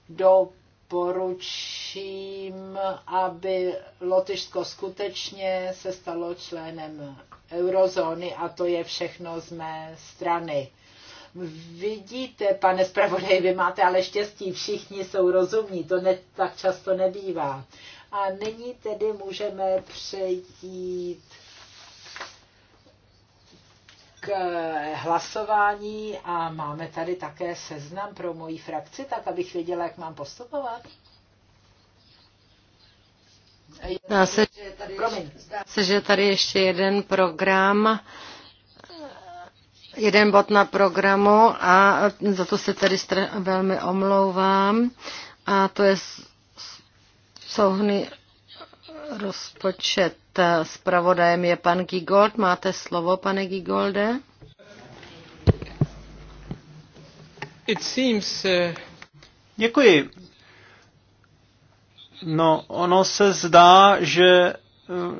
D: doporučím, aby Lotyšsko skutečně se stalo členem eurozóny a to je všechno z mé strany. Vidíte, pane zpravodaj, vy máte ale štěstí, všichni jsou rozumní, to ne, tak často nebývá. A nyní tedy můžeme přejít k eh, hlasování a máme tady také seznam pro moji frakci, tak abych věděla, jak mám postupovat.
B: Zdá se, Promiň. se, že tady ještě jeden program, jeden bod na programu a za to se tady velmi omlouvám. A to je souhny rozpočet Eh, zpravodajem je pan Gigold. Máte slovo, pane Gigolde?
C: It seems, uh... Děkuji. No, ono se zdá, že eh,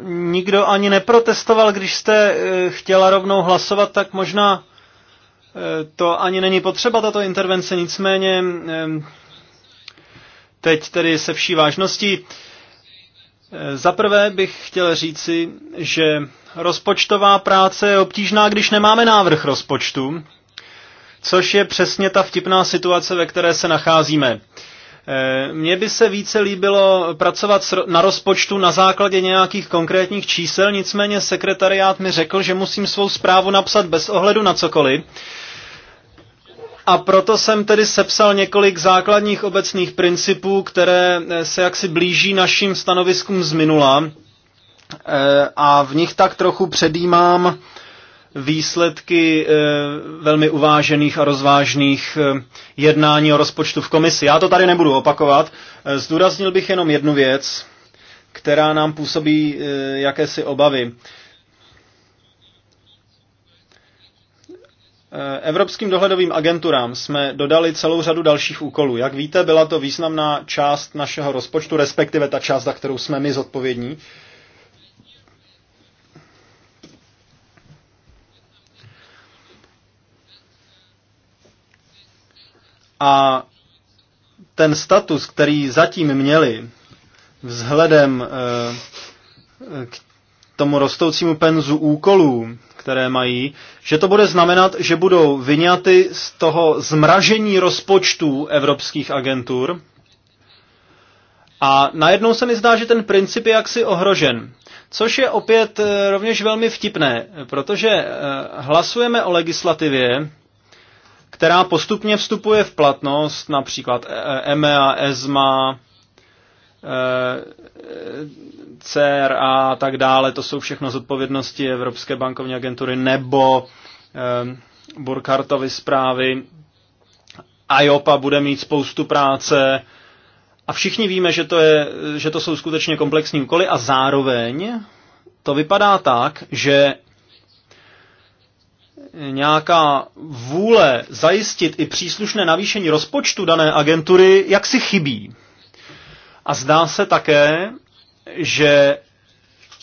C: nikdo ani neprotestoval, když jste chtěla rovnou hlasovat, tak možná to ani není potřeba, tato intervence, nicméně teď tedy se vší vážností. Zaprvé bych chtěl říci, že rozpočtová práce je obtížná, když nemáme návrh rozpočtu, což je přesně ta vtipná situace, ve které se nacházíme. Eh, mně by se více líbilo pracovat na rozpočtu na základě nějakých konkrétních čísel, nicméně sekretariát mi řekl, že musím svou zprávu napsat bez ohledu na cokoliv, a proto jsem tedy sepsal několik základních obecných principů, které eh, se jaksi blíží našim stanoviskům z minula eh, a v nich tak trochu předjímám výsledky eh, velmi uvážených a rozvážných jednání o rozpočtu v komisi. Já to tady nebudu opakovat. Zdůraznil bych jenom jednu věc, která nám působí jakési obavy. Eh, evropským dohledovým agenturám jsme dodali celou řadu dalších úkolů. Jak víte, byla to významná část našeho rozpočtu, respektive ta část, za kterou jsme my zodpovědní. A ten status, který zatím měli, vzhledem eh, k tomu rostoucímu penzu úkolů, které mají, že to bude znamenat, že budou vyňaty z toho zmražení rozpočtů evropských agentur. A najednou se mi zdá, že ten princip je jaksi ohrožen. Což je opět eh, rovněž velmi vtipné, protože eh, hlasujeme o legislativě, která postupně vstupuje v platnost, například EMEA, eh, e ESMA, CER a tak dále, to jsou všechno zodpovědnosti Evropské bankovní agentury nebo eh, Burkhartovy zprávy. IOPA bude mít spoustu práce a všichni víme, že to, je, že to jsou skutečně komplexní úkoly a zároveň to vypadá tak, že nějaká vůle zajistit i příslušné navýšení rozpočtu dané agentury, jak si chybí. A zdá se také, že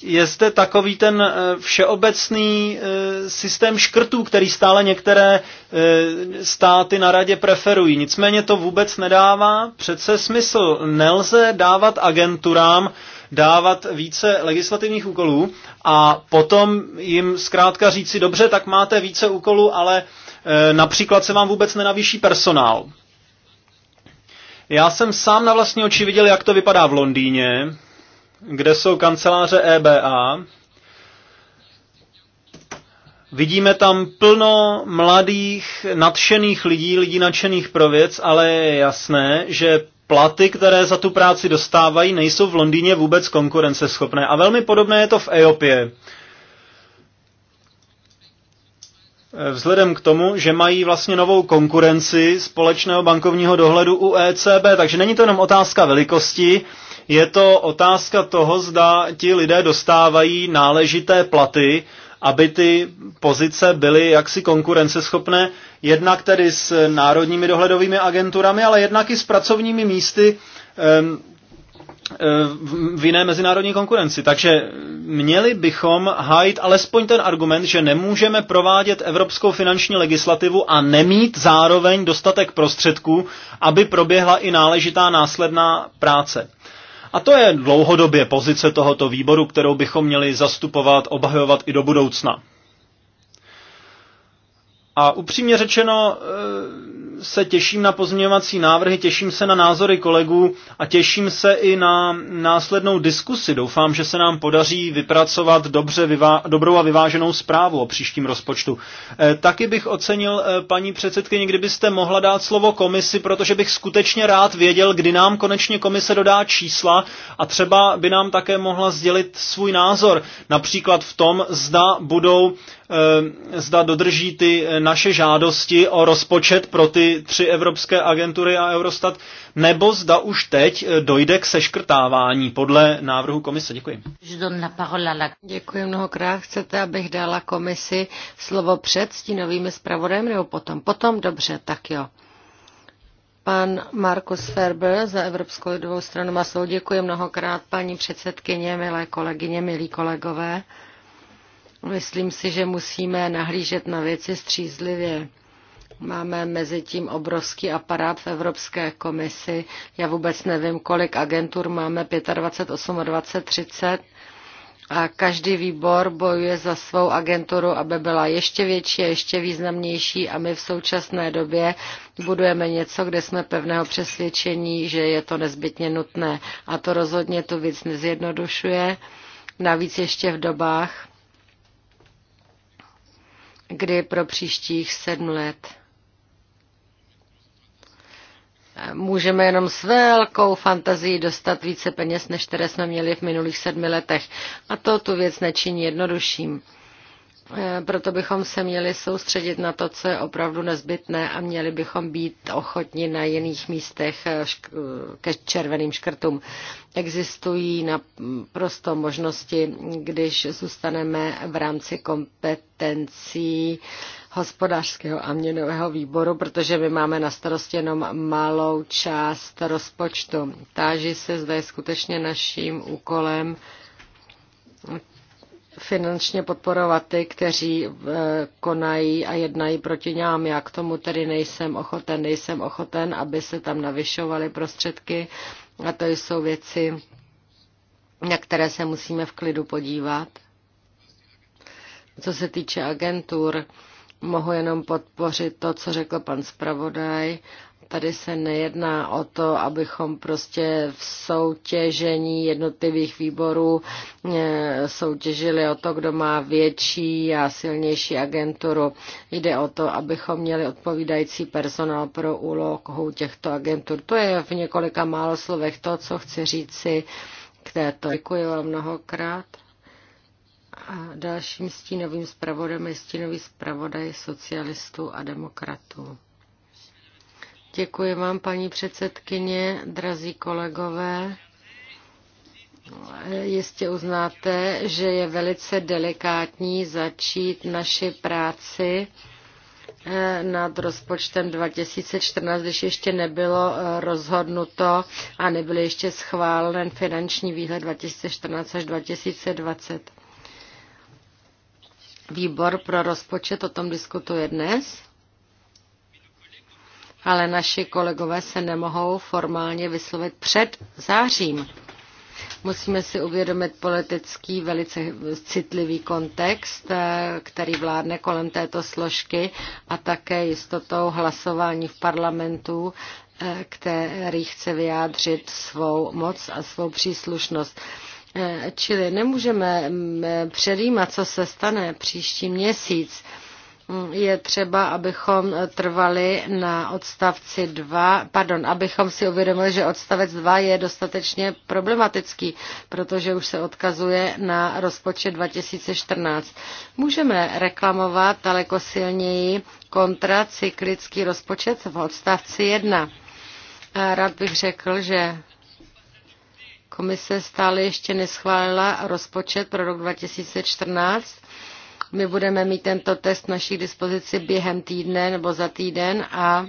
C: je zde takový ten eh, všeobecný eh, systém škrtů, který stále některé eh, státy na radě preferují. Nicméně to vůbec nedává přece smysl. Nelze dávat agenturám dávat více legislativních úkolů a potom jim zkrátka říci, dobře, tak máte více úkolů, ale například se vám vůbec nenavýší personál. Já jsem sám na vlastní oči viděl, jak to vypadá v Londýně, kde jsou kanceláře EBA, Vidíme tam plno mladých, nadšených lidí, lidí nadšených pro věc, ale je jasné, že platy, které za tu práci dostávají, nejsou v Londýně vůbec konkurenceschopné. A velmi podobné je to v Eopě. Vzhledem k tomu, že mají vlastně novou konkurenci společného bankovního dohledu u ECB, takže není to jenom otázka velikosti, je to otázka toho, zda ti lidé dostávají náležité platy, aby ty pozice byly jaksi konkurenceschopné, jednak tedy s národními dohledovými agenturami, ale jednak i s pracovními místy v jiné mezinárodní konkurenci. Takže měli bychom hájit alespoň ten argument, že nemůžeme provádět evropskou finanční legislativu a nemít zároveň dostatek prostředků, aby proběhla i náležitá následná práce. A to je dlouhodobě pozice tohoto výboru, kterou bychom měli zastupovat, obhajovat i do budoucna. A upřímně řečeno, eh, se těším na pozměňovací návrhy, těším se na názory kolegů a těším se i na následnou diskusi. Doufám, že se nám podaří vypracovat dobře vyvá- dobrou a vyváženou zprávu o příštím rozpočtu. E, taky bych ocenil, e, paní předsedkyně, kdybyste mohla dát slovo komisi, protože bych skutečně rád věděl, kdy nám konečně komise dodá čísla a třeba by nám také mohla sdělit svůj názor, například v tom, zda budou Eh, zda dodrží ty eh, naše žádosti o rozpočet pro ty tři evropské agentury a Eurostat, nebo zda už teď eh, dojde k seškrtávání podle návrhu komise. Děkuji.
B: Děkuji mnohokrát. Chcete, abych dala komisi slovo před stínovými zpravodajem nebo potom? Potom dobře, tak jo pan Markus Ferber za Evropskou lidovou stranu Masou. Děkuji mnohokrát, paní předsedkyně, milé kolegyně, milí kolegové. Myslím si, že musíme nahlížet na věci střízlivě. Máme mezi tím obrovský aparát v Evropské komisi. Já vůbec nevím, kolik agentur máme, 25, 28, 30. A každý výbor bojuje za svou agenturu, aby byla ještě větší a ještě významnější a my v současné době budujeme něco, kde jsme pevného přesvědčení, že je to nezbytně nutné. A to rozhodně tu věc nezjednodušuje. Navíc ještě v dobách, kdy pro příštích sedm let můžeme jenom s velkou fantazí dostat více peněz, než které jsme měli v minulých sedmi letech. A to tu věc nečiní jednodušším. Eh, proto bychom se měli soustředit na to, co je opravdu nezbytné a měli bychom být ochotni na jiných místech eh, ke červeným škrtům. Existují naprosto možnosti, když zůstaneme v rámci kompetencí hospodářského a měnového výboru, protože my máme na starosti jenom malou část rozpočtu. Táží se, zda je skutečně naším úkolem finančně podporovat ty, kteří eh, konají a jednají proti nám. Já k tomu tedy nejsem ochoten, nejsem ochoten, aby se tam navyšovaly prostředky a to jsou věci, na které se musíme v klidu podívat. Co se týče agentur, mohu jenom podpořit to, co řekl pan zpravodaj Tady se nejedná o to, abychom prostě v soutěžení jednotlivých výborů eh, soutěžili o to, kdo má větší a silnější agenturu. Jde o to, abychom měli odpovídající personál pro úlohu těchto agentur. To je v několika málo slovech to, co chci říci k této. Děkuji vám mnohokrát. A dalším stínovým zpravodem je stínový zpravodaj socialistů a demokratů. Děkuji vám, paní předsedkyně, drazí kolegové. Jistě uznáte, že je velice delikátní začít naši práci eh, nad rozpočtem 2014, když ještě nebylo eh, rozhodnuto a nebyl ještě schválen finanční výhled 2014 až 2020. Výbor pro rozpočet o tom diskutuje dnes ale naši kolegové se nemohou formálně vyslovit před zářím. Musíme si uvědomit politický, velice citlivý kontext, eh, který vládne kolem této složky a také jistotou hlasování v parlamentu, eh, který chce vyjádřit svou moc a svou příslušnost. Eh, čili nemůžeme mm, předjímat, co se stane příští měsíc je třeba, abychom trvali na odstavci 2, pardon, abychom si uvědomili, že odstavec 2 je dostatečně problematický, protože už se odkazuje na rozpočet 2014. Můžeme reklamovat daleko silněji kontracyklický rozpočet v odstavci 1. A rád bych řekl, že komise stále ještě neschválila rozpočet pro rok 2014 my budeme mít tento test naší dispozici během týdne nebo za týden a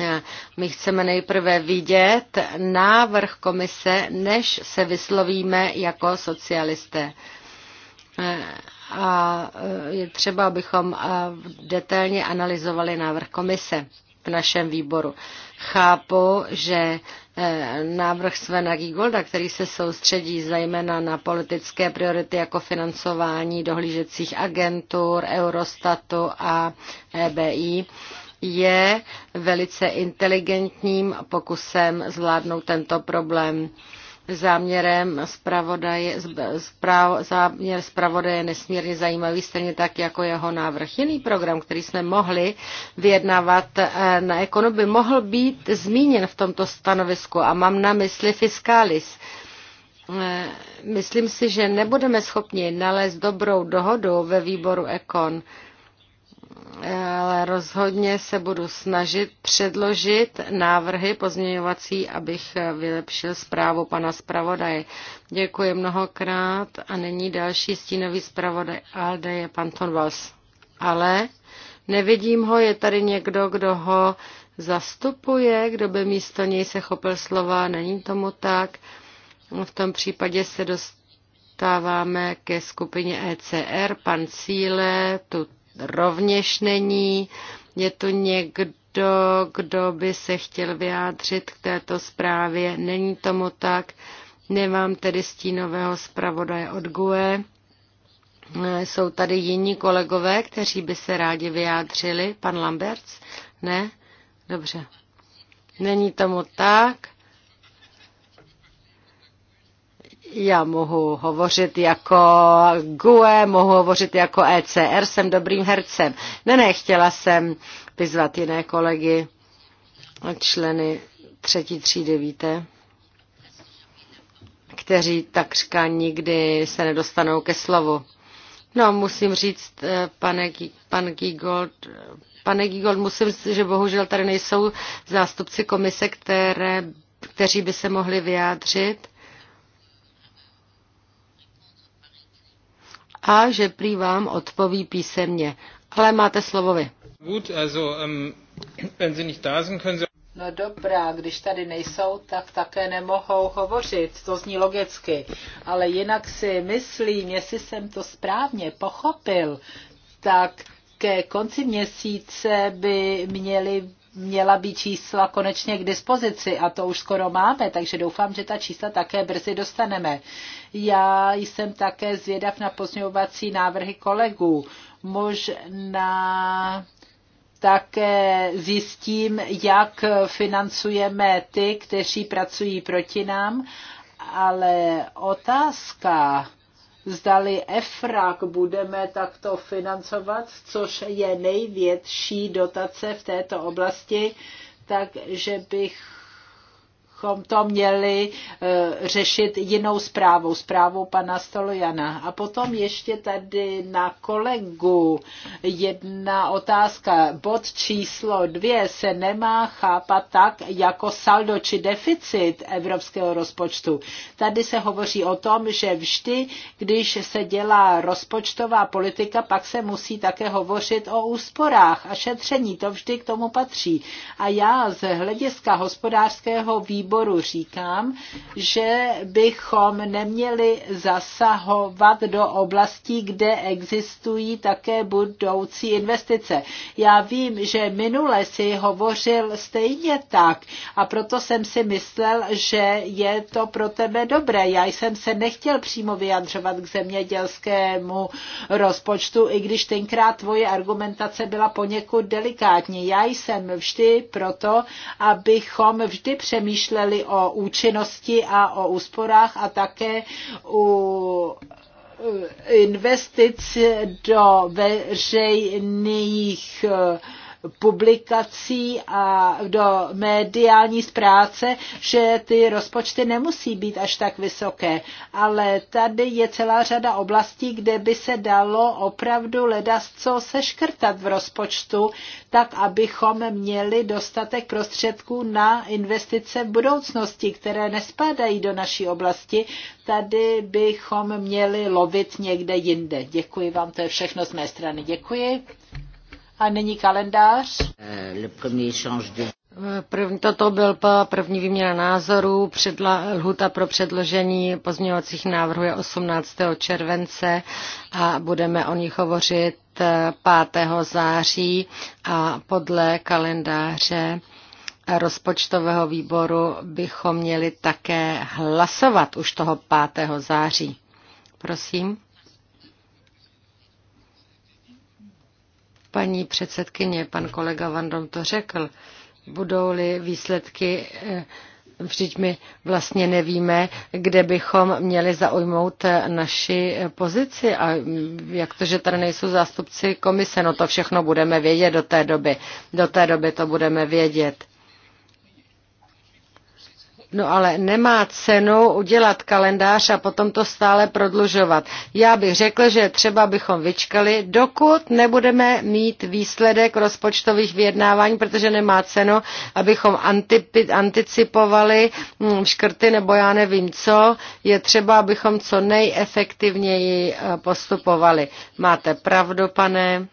B: e, my chceme nejprve vidět návrh komise, než se vyslovíme jako socialisté. E, a e, je třeba, abychom detailně analyzovali návrh komise v našem výboru. Chápu, že eh, návrh Svena Gigolda, který se soustředí zejména na politické priority jako financování dohlížecích agentur, Eurostatu a EBI, je velice inteligentním pokusem zvládnout tento problém záměrem zpravodaje, zpráv, záměr zpravodaje nesmírně zajímavý, stejně tak jako jeho návrh. Jiný program, který jsme mohli vyjednávat eh, na ekonu, by mohl být zmíněn v tomto stanovisku a mám na mysli fiskalis. Eh, myslím si, že nebudeme schopni nalézt dobrou dohodu ve výboru ekon ale rozhodně se budu snažit předložit návrhy pozměňovací, abych vylepšil zprávu pana zpravodaje. Děkuji mnohokrát a není další stínový zpravodaj Alde je pan Tonvals. Ale nevidím ho, je tady někdo, kdo ho zastupuje, kdo by místo něj se chopil slova, není tomu tak. V tom případě se dostáváme ke skupině ECR. Pan Cíle tu rovněž není. Je tu někdo, kdo by se chtěl vyjádřit k této zprávě. Není tomu tak. Nemám tedy stínového zpravodaje od GUE. Jsou tady jiní kolegové, kteří by se rádi vyjádřili. Pan Lamberts? Ne? Dobře. Není tomu tak. Já mohu hovořit jako GUE, mohu hovořit jako ECR, jsem dobrým hercem. Ne, ne, chtěla jsem vyzvat jiné kolegy, členy třetí třídy, víte, kteří takřka nikdy se nedostanou ke slovu. No, musím říct, eh, pane, pan Gigold, pane Gigold, musím říct, že bohužel tady nejsou zástupci komise, které, kteří by se mohli vyjádřit. a že prý vám odpoví písemně. Ale máte slovo vy.
D: Ähm, no dobrá, když tady nejsou, tak také nemohou hovořit, to zní logicky. Ale jinak si myslím, jestli jsem to správně pochopil, tak ke konci měsíce by měli měla být čísla konečně k dispozici a to už skoro máme, takže doufám, že ta čísla také brzy dostaneme. Já jsem také zvědav na pozměňovací návrhy kolegů. Možná také zjistím, jak financujeme ty, kteří pracují proti nám, ale otázka zdali EFRAK budeme takto financovat, což je největší dotace v této oblasti, takže bych to měli e, řešit jinou zprávou, zprávou pana Stolojana. A potom ještě tady na kolegu jedna otázka. Bod číslo dvě se nemá chápat tak jako saldo či deficit evropského rozpočtu. Tady se hovoří o tom, že vždy, když se dělá rozpočtová politika, pak se musí také hovořit o úsporách a šetření. To vždy k tomu patří. A já z hlediska hospodářského výboru výboru říkám, že bychom neměli zasahovat do oblastí, kde existují také budoucí investice. Já vím, že minule si hovořil stejně tak a proto jsem si myslel, že je to pro tebe dobré. Já jsem se nechtěl přímo vyjadřovat k zemědělskému rozpočtu, i když tenkrát tvoje argumentace byla poněkud delikátní. Já jsem vždy proto, abychom vždy přemýšleli, mysleli o účinnosti a o úsporách a také u investic do veřejných uh, publikací a do mediální zpráce, že ty rozpočty nemusí být až tak vysoké. Ale tady je celá řada oblastí, kde by se dalo opravdu ledasco seškrtat v rozpočtu, tak abychom měli dostatek prostředků na investice v budoucnosti, které nespadají do naší oblasti. Tady bychom měli lovit někde jinde. Děkuji vám, to je všechno z mé strany. Děkuji. A není kalendář.
B: První, toto byl první výměna názorů. Předla, lhuta pro předložení pozměňovacích návrhů je 18. července a budeme o nich hovořit 5. Eh, září a podle kalendáře rozpočtového výboru bychom měli také hlasovat už toho 5. září. Prosím. Paní předsedkyně, pan kolega Vandom to řekl, budou-li výsledky eh, Vždyť my vlastně nevíme, kde bychom měli zaujmout eh, naši eh, pozici a mm, jak to, že tady nejsou zástupci komise, no to všechno budeme vědět do té doby. Do té doby to budeme vědět. No ale nemá cenu udělat kalendář a potom to stále prodlužovat. Já bych řekl, že třeba bychom vyčkali, dokud nebudeme mít výsledek rozpočtových vyjednávání, protože nemá cenu, abychom anticipovali mm, škrty nebo já nevím co. Je třeba, abychom co nejefektivněji eh, postupovali. Máte pravdu, pane,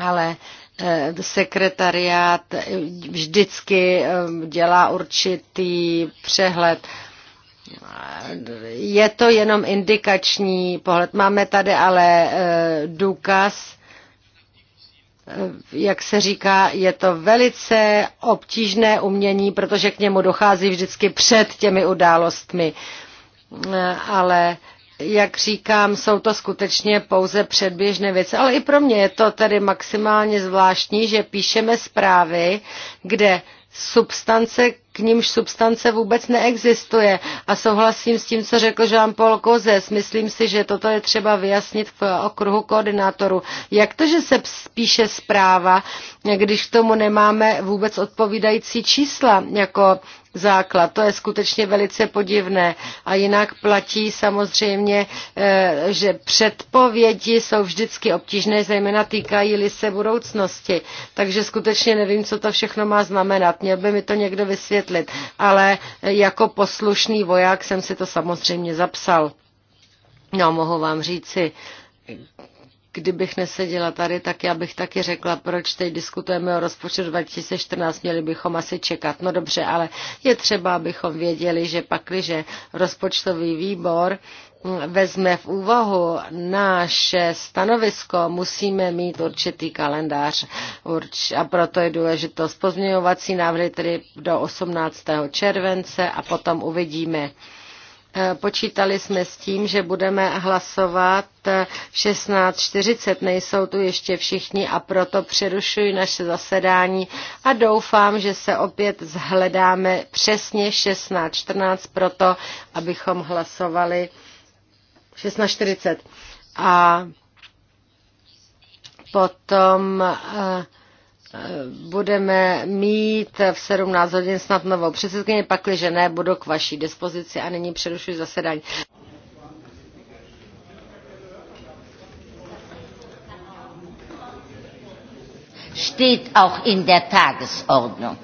B: ale Eh, sekretariát eh, vždycky eh, dělá určitý přehled. Je to jenom indikační pohled. Máme tady ale důkaz, jak se říká, je to velice obtížné umění, protože k němu dochází vždycky před těmi událostmi. Ale jak říkám, jsou to skutečně pouze předběžné věci, ale i pro mě je to tedy maximálně zvláštní, že píšeme zprávy, kde substance, k nímž substance vůbec neexistuje. A souhlasím s tím, co řekl Jean-Paul Kozes. Myslím si, že toto je třeba vyjasnit v okruhu koordinátoru. Jak to, že se píše zpráva, když k tomu nemáme vůbec odpovídající čísla, jako základ. To je skutečně velice podivné. A jinak platí samozřejmě, eh, že předpovědi jsou vždycky obtížné, zejména týkají-li se budoucnosti. Takže skutečně nevím, co to všechno má znamenat. Měl by mi to někdo vysvětlit. Ale eh, jako poslušný voják jsem si to samozřejmě zapsal. No, mohu vám říci, kdybych neseděla tady, tak já bych taky řekla, proč teď diskutujeme o rozpočtu 2014, měli bychom asi čekat. No dobře, ale je třeba, abychom věděli, že pakliže rozpočtový výbor mm, vezme v úvahu naše stanovisko, musíme mít určitý kalendář urč, a proto je důležitost pozměňovací návrhy tedy do 18. července a potom uvidíme Eh, počítali jsme s tím, že budeme hlasovat eh, v 16.40, nejsou tu ještě všichni a proto přerušuji naše zasedání a doufám, že se opět zhledáme přesně 16.14 proto, abychom hlasovali 16.40. A potom uh, budeme mít v 17 hodin snad novou předsedkyni, pakliže ne, budu k vaší dispozici a nyní přerušuji zasedání. Steht auch in der Tagesordnung.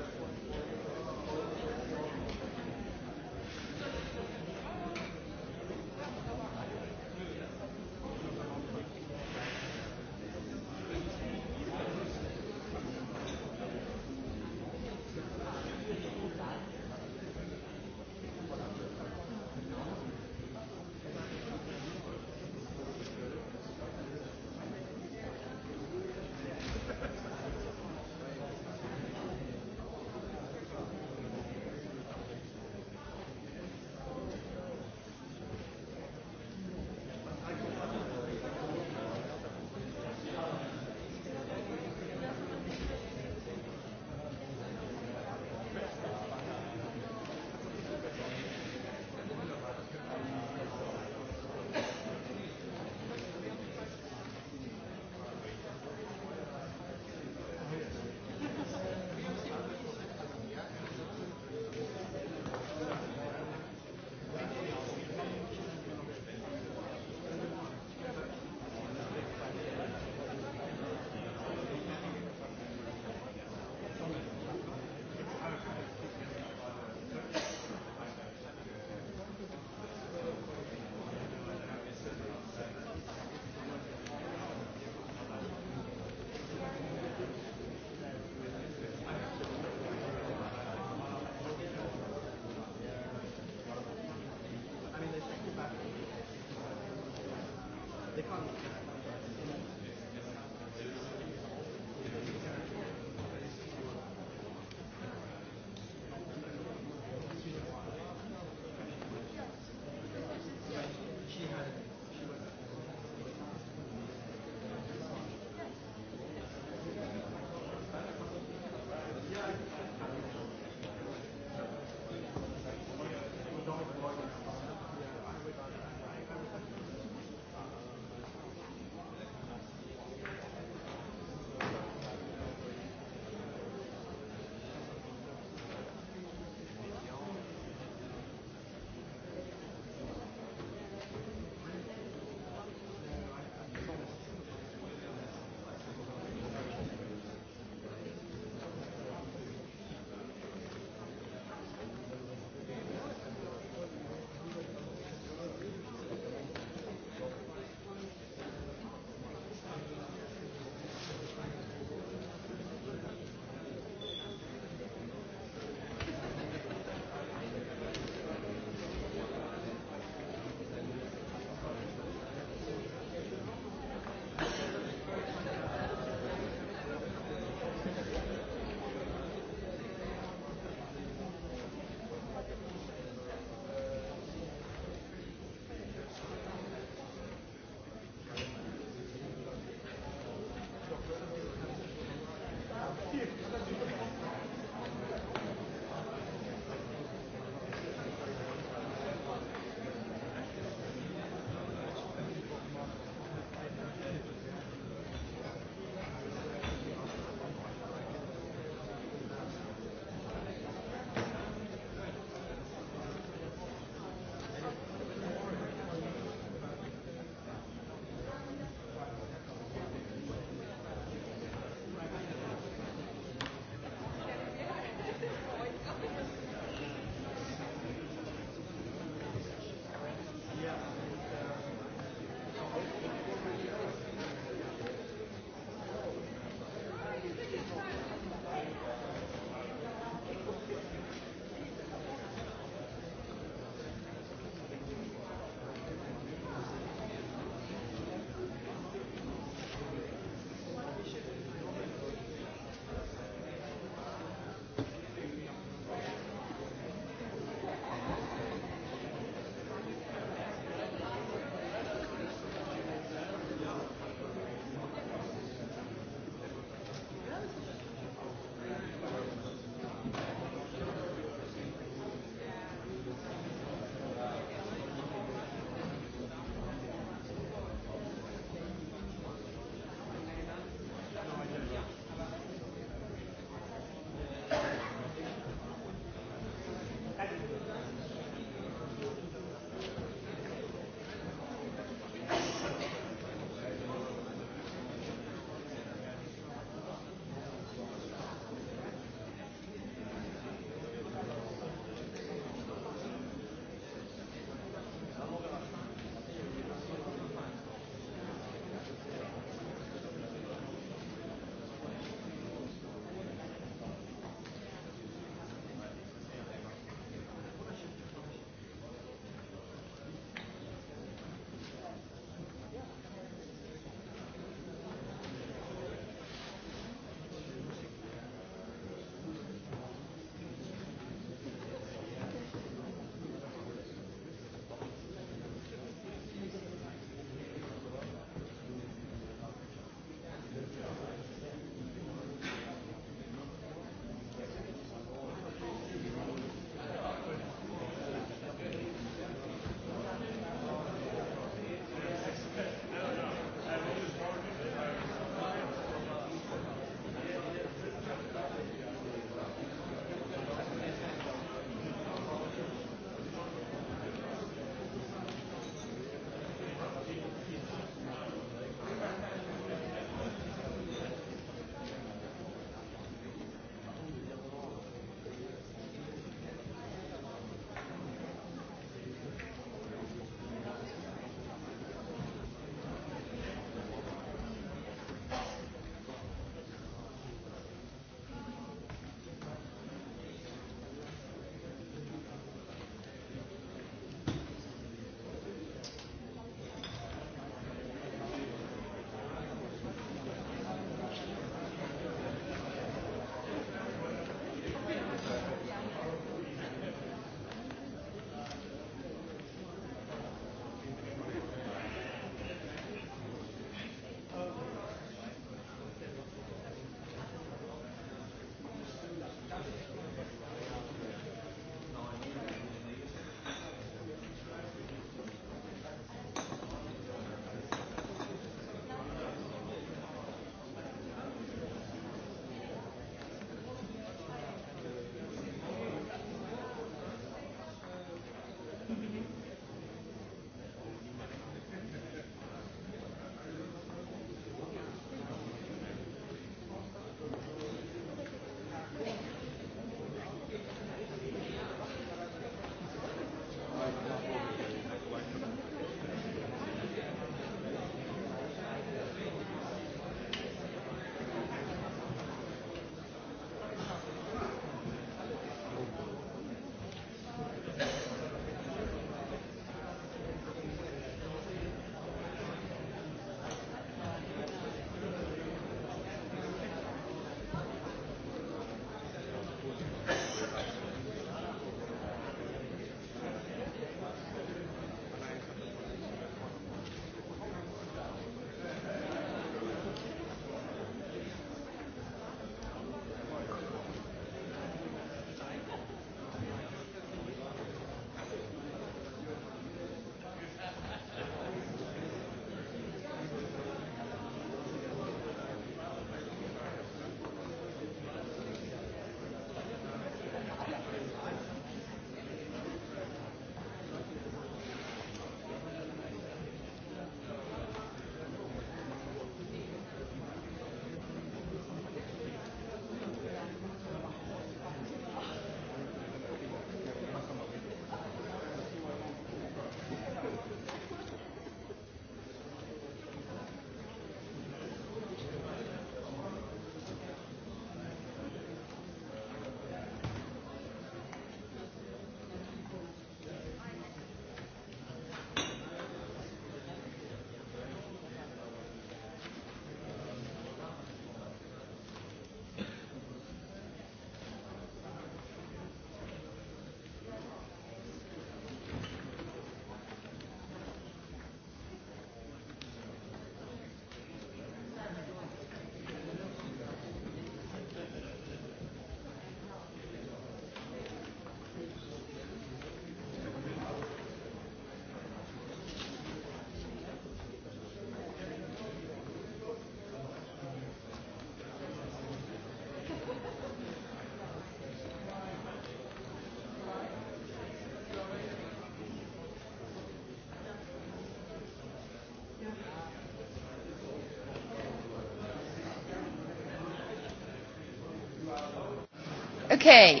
B: Okay.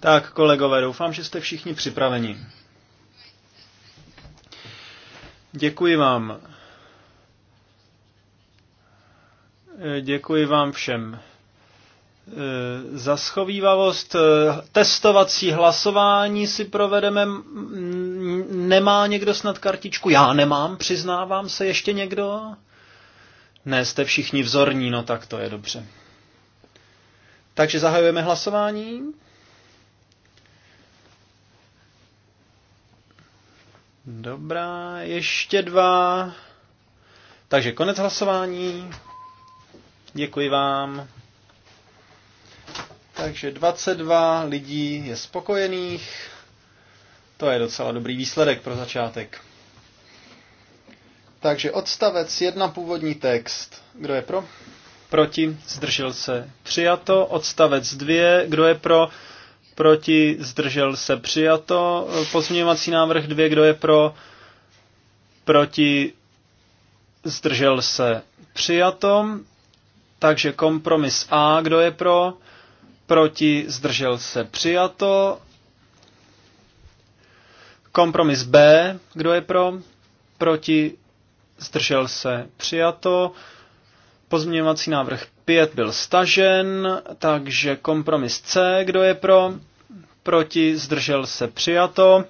C: Tak, kolegové, doufám, že jste všichni připraveni. Děkuji vám. Děkuji vám všem eh, za schovývavost. Testovací hlasování si provedeme. Nemá někdo snad kartičku? Já nemám, přiznávám se ještě někdo? Ne, jste všichni vzorní, no tak to je dobře. Takže zahajujeme hlasování. Dobrá, ještě dva. Takže konec hlasování. Děkuji vám. Takže 22 lidí je spokojených. To je docela dobrý výsledek pro začátek. Takže odstavec 1 původní text. Kdo je pro? proti, zdržel se, přijato. Odstavec 2, kdo je pro, proti, zdržel se, přijato. Pozměňovací návrh 2, kdo je pro, proti, zdržel se, přijato. Takže kompromis A, kdo je pro, proti, zdržel se, přijato. Kompromis B, kdo je pro, proti, zdržel se, přijato. Pozměňovací návrh 5 byl stažen, takže kompromis C, kdo je pro, proti, zdržel se přijato.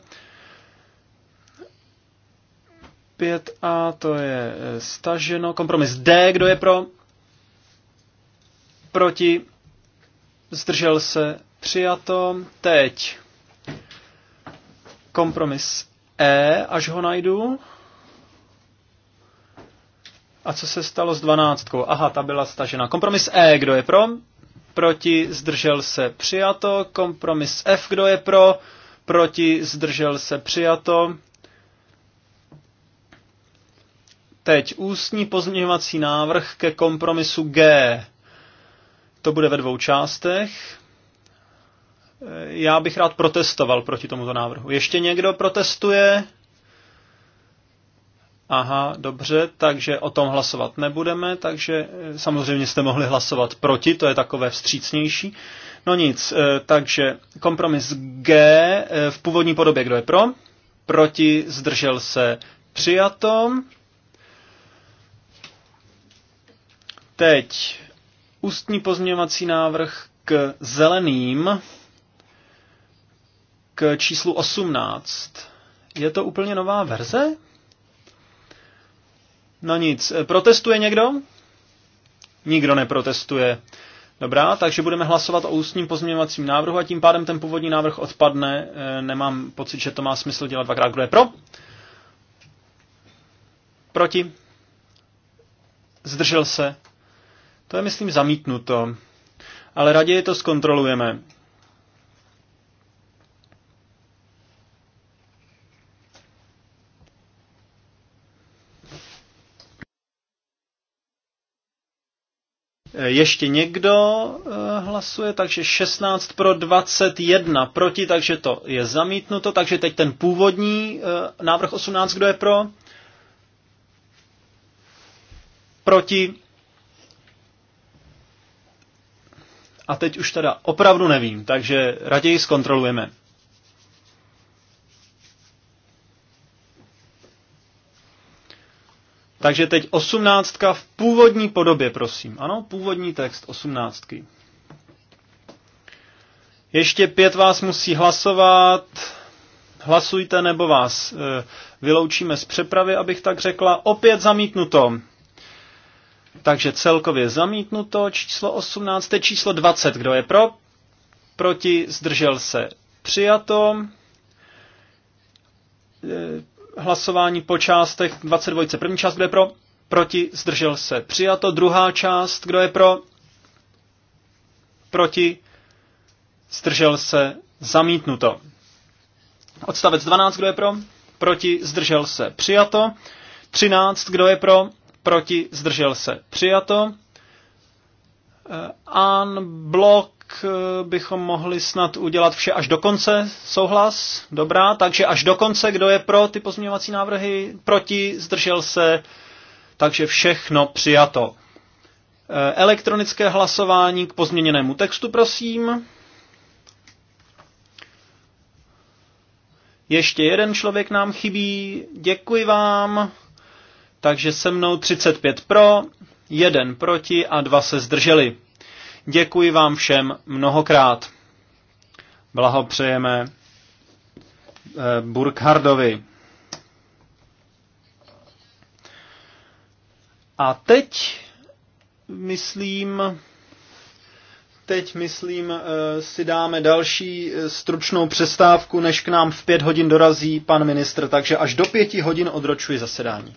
C: 5A, to je e, staženo. Kompromis D, kdo je pro, proti, zdržel se přijato. Teď kompromis E, až ho najdu. A co se stalo s dvanáctkou? Aha, ta byla stažena. Kompromis E, kdo je pro? Proti, zdržel se, přijato. Kompromis F, kdo je pro? Proti, zdržel se, přijato. Teď ústní pozměňovací návrh ke kompromisu G. To bude ve dvou částech. E, já bych rád protestoval proti tomuto návrhu. Ještě někdo protestuje? Aha, dobře, takže o tom hlasovat nebudeme, takže eh, samozřejmě jste mohli hlasovat proti, to je takové vstřícnější. No nic, eh, takže kompromis G eh, v původní podobě, kdo je pro? Proti zdržel se Přijatom. Teď ústní pozměňovací návrh k zeleným, k číslu 18. Je to úplně nová verze? No nic, eh, protestuje někdo? Nikdo neprotestuje. Dobrá, takže budeme hlasovat o ústním pozměňovacím návrhu a tím pádem ten původní návrh odpadne. Eh, nemám pocit, že to má smysl dělat dvakrát. Kdo je pro? Proti? Zdržel se? To je, myslím, zamítnuto. Ale raději to zkontrolujeme. Eh, ještě někdo eh, hlasuje, takže 16 pro 21 proti, takže to je zamítnuto. Takže teď ten původní eh, návrh 18, kdo je pro? Proti. A teď už teda opravdu nevím, takže raději zkontrolujeme. Takže teď osmnáctka v původní podobě, prosím. Ano, původní text osmnáctky. Ještě pět vás musí hlasovat. Hlasujte, nebo vás e, vyloučíme z přepravy, abych tak řekla. Opět zamítnuto. Takže celkově zamítnuto. Číslo 18. Číslo 20. Kdo je pro? Proti zdržel se přijato. E, hlasování po částech 22. První část, kdo je pro? Proti, zdržel se. Přijato. Druhá část, kdo je pro? Proti, zdržel se. Zamítnuto. Odstavec 12, kdo je pro? Proti, zdržel se. Přijato. 13, kdo je pro? Proti, zdržel se. Přijato. An eh, blok Eh, bychom mohli snad udělat vše až do konce. Souhlas? Dobrá. Takže až do konce, kdo je pro ty pozměňovací návrhy? Proti? Zdržel se? Takže všechno přijato. Eh, elektronické hlasování k pozměněnému textu, prosím. Ještě jeden člověk nám chybí. Děkuji vám. Takže se mnou 35 pro, 1 proti a 2 se zdrželi. Děkuji vám všem mnohokrát. Blahopřejeme eh, Burkhardovi. A teď myslím, teď myslím, eh, si dáme další eh, stručnou přestávku, než k nám v pět hodin dorazí pan ministr, takže až do pěti hodin odročuji zasedání.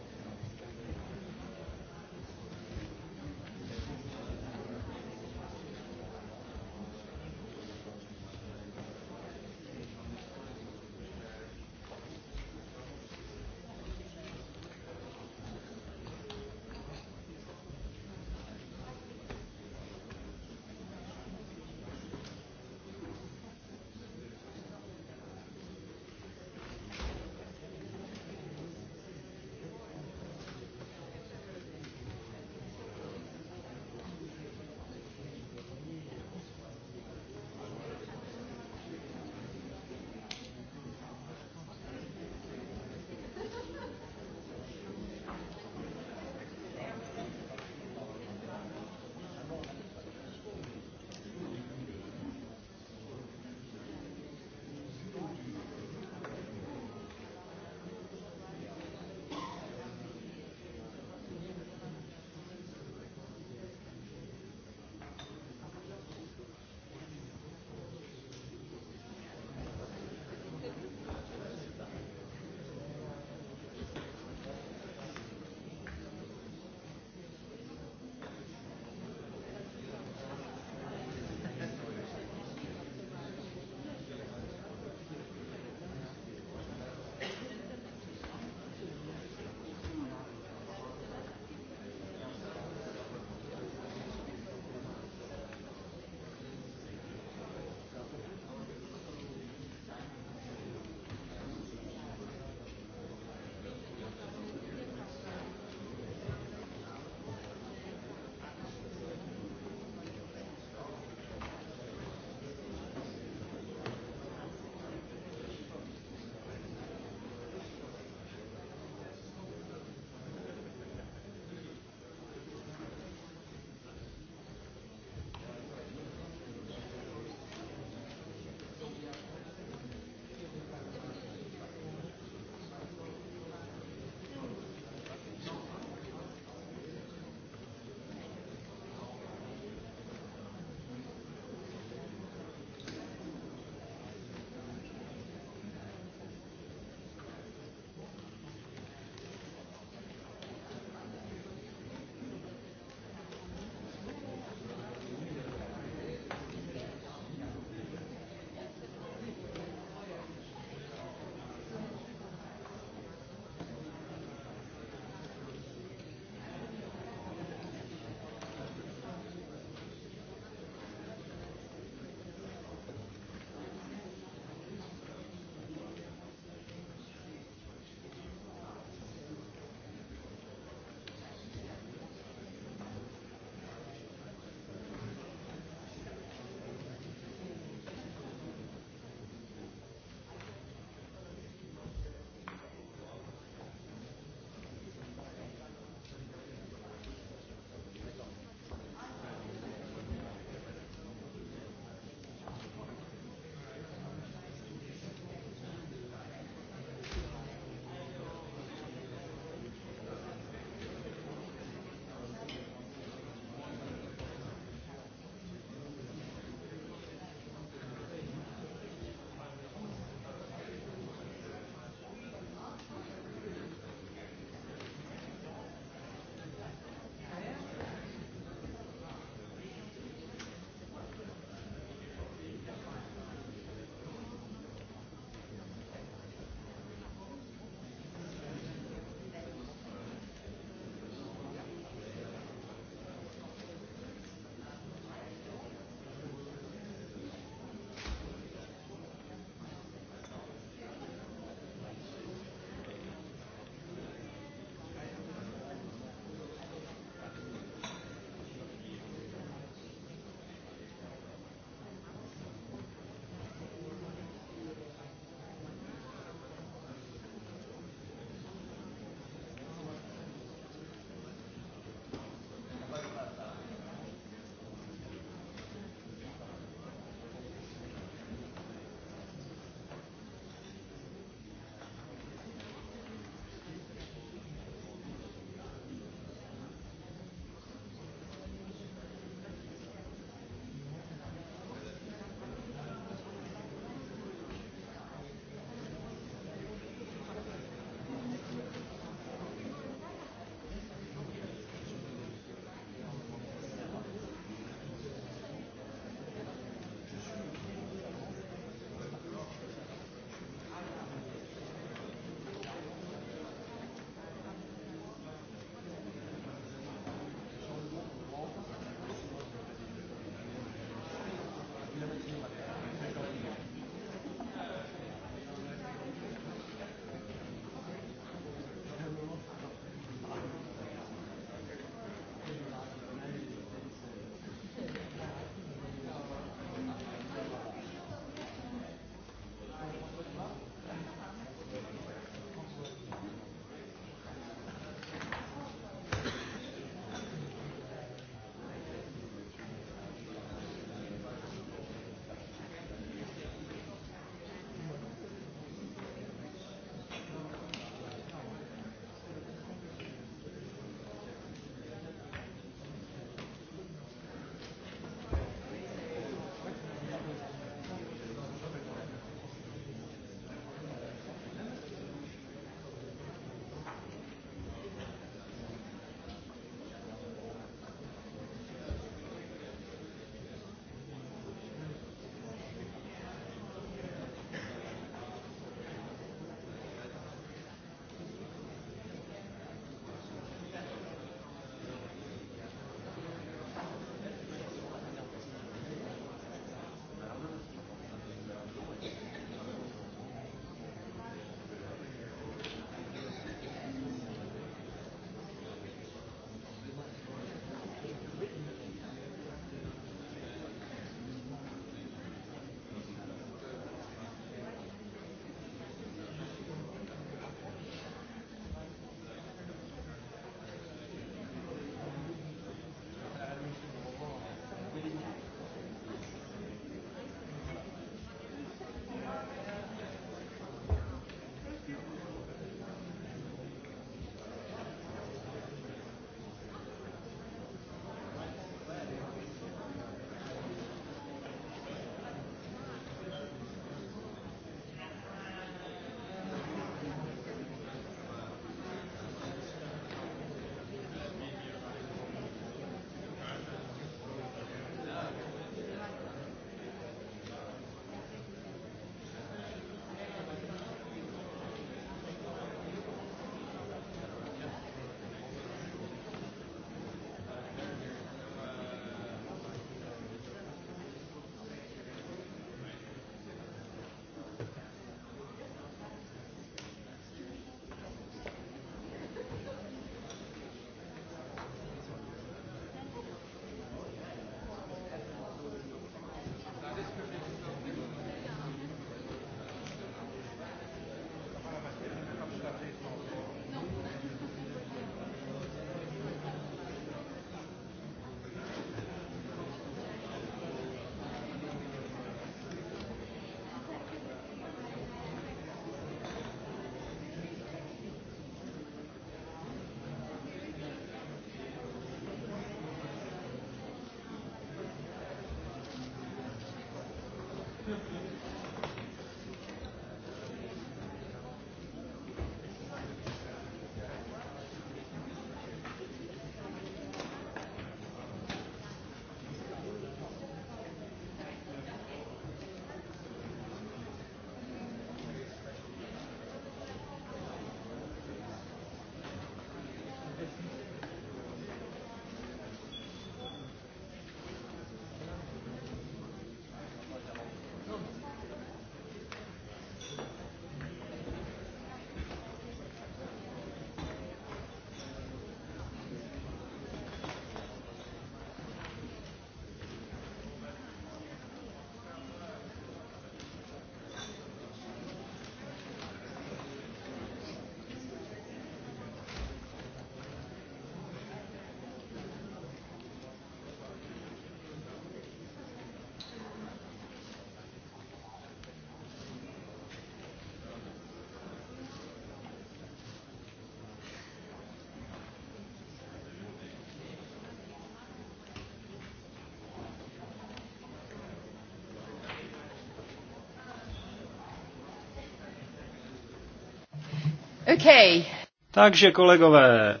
C: Okay. Takže kolegové,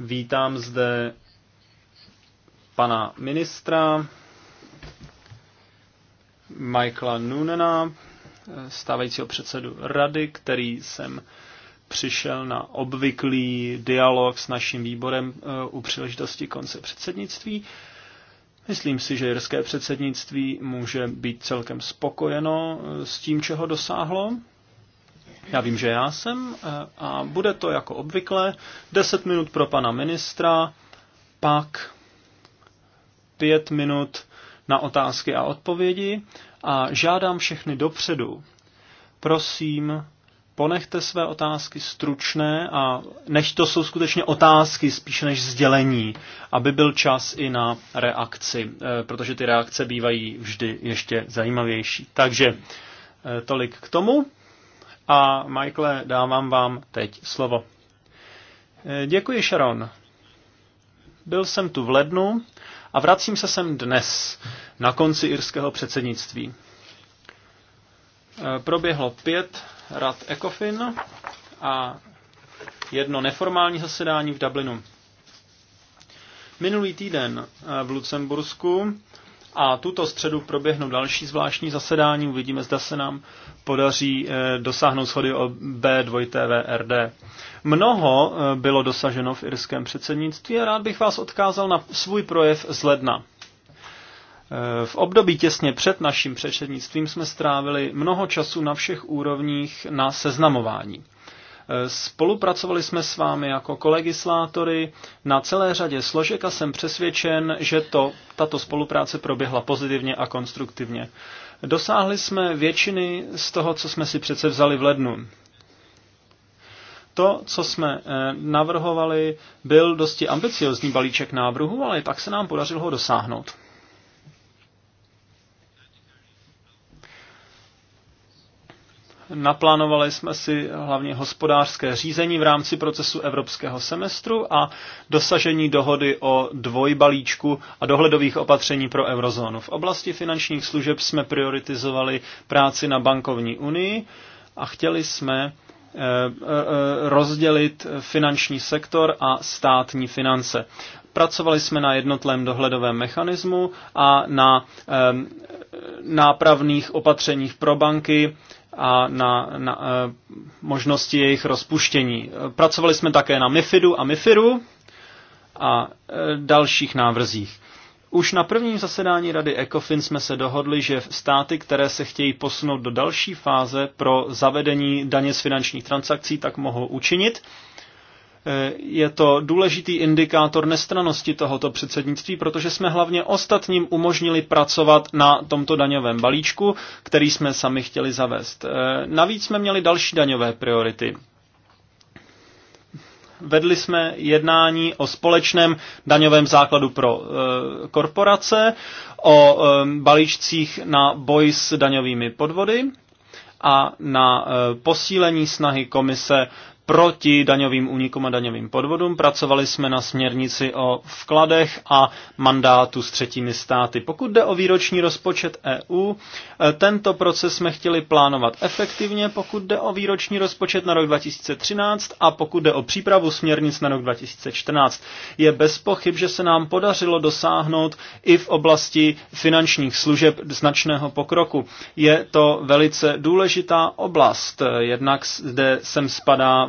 C: vítám zde pana ministra Michaela Noonena, stávajícího předsedu rady, který jsem přišel na obvyklý dialog s naším výborem eh, u příležitosti konce předsednictví. Myslím si, že jirské předsednictví může být celkem spokojeno eh, s tím, čeho dosáhlo. Já vím, že já jsem eh, a bude to jako obvykle 10 minut pro pana ministra, pak 5 minut na otázky a odpovědi a žádám všechny dopředu. Prosím, ponechte své otázky stručné a než to jsou skutečně otázky spíše než sdělení, aby byl čas i na reakci, eh, protože ty reakce bývají vždy ještě zajímavější. Takže eh, tolik k tomu. A Michael, dávám vám teď slovo. Eh, děkuji, Sharon. Byl jsem tu v lednu a vracím se sem dnes, na konci irského předsednictví. Eh, proběhlo pět rad ECOFIN a jedno neformální zasedání v Dublinu. Minulý týden eh, v Lucembursku a tuto středu proběhnou další zvláštní zasedání. Uvidíme, zda se nám podaří eh, dosáhnout shody o B2TVRD. Mnoho eh, bylo dosaženo v irském předsednictví a rád bych vás odkázal na svůj projev z ledna. Eh, v období těsně před naším předsednictvím jsme strávili mnoho času na všech úrovních na seznamování. Spolupracovali jsme s vámi jako kolegislátory na celé řadě složek a jsem přesvědčen, že to, tato spolupráce proběhla pozitivně a konstruktivně. Dosáhli jsme většiny z toho, co jsme si přece vzali v lednu. To, co jsme eh, navrhovali, byl dosti ambiciozní balíček návrhu, ale pak se nám podařilo ho dosáhnout. Naplánovali jsme si hlavně hospodářské řízení v rámci procesu evropského semestru a dosažení dohody o dvojbalíčku a dohledových opatření pro eurozónu. V oblasti finančních služeb jsme prioritizovali práci na bankovní unii a chtěli jsme eh, eh, eh, rozdělit finanční sektor a státní finance. Pracovali jsme na jednotlém dohledovém mechanismu a na nápravných opatřeních pro banky, a na, na e, možnosti jejich rozpuštění. Pracovali jsme také na MIFIDu a MIFIRu a e, dalších návrzích. Už na prvním zasedání Rady ECOFIN jsme se dohodli, že státy, které se chtějí posunout do další fáze pro zavedení daně z finančních transakcí, tak mohou učinit je to důležitý indikátor nestranosti tohoto předsednictví, protože jsme hlavně ostatním umožnili pracovat na tomto daňovém balíčku, který jsme sami chtěli zavést. E, navíc jsme měli další daňové priority. Vedli jsme jednání o společném daňovém základu pro e, korporace, o e, balíčcích na boj s daňovými podvody a na posílení snahy komise proti daňovým únikům a daňovým podvodům. Pracovali jsme na směrnici o vkladech a mandátu s třetími státy. Pokud jde o výroční rozpočet EU, e, tento proces jsme chtěli plánovat efektivně, pokud jde o výroční rozpočet na rok 2013 a pokud jde o přípravu směrnic na rok 2014. Je bez pochyb, že se nám podařilo dosáhnout i v oblasti finančních služeb značného pokroku. Je to velice důležitá oblast. Jednak zde sem spadá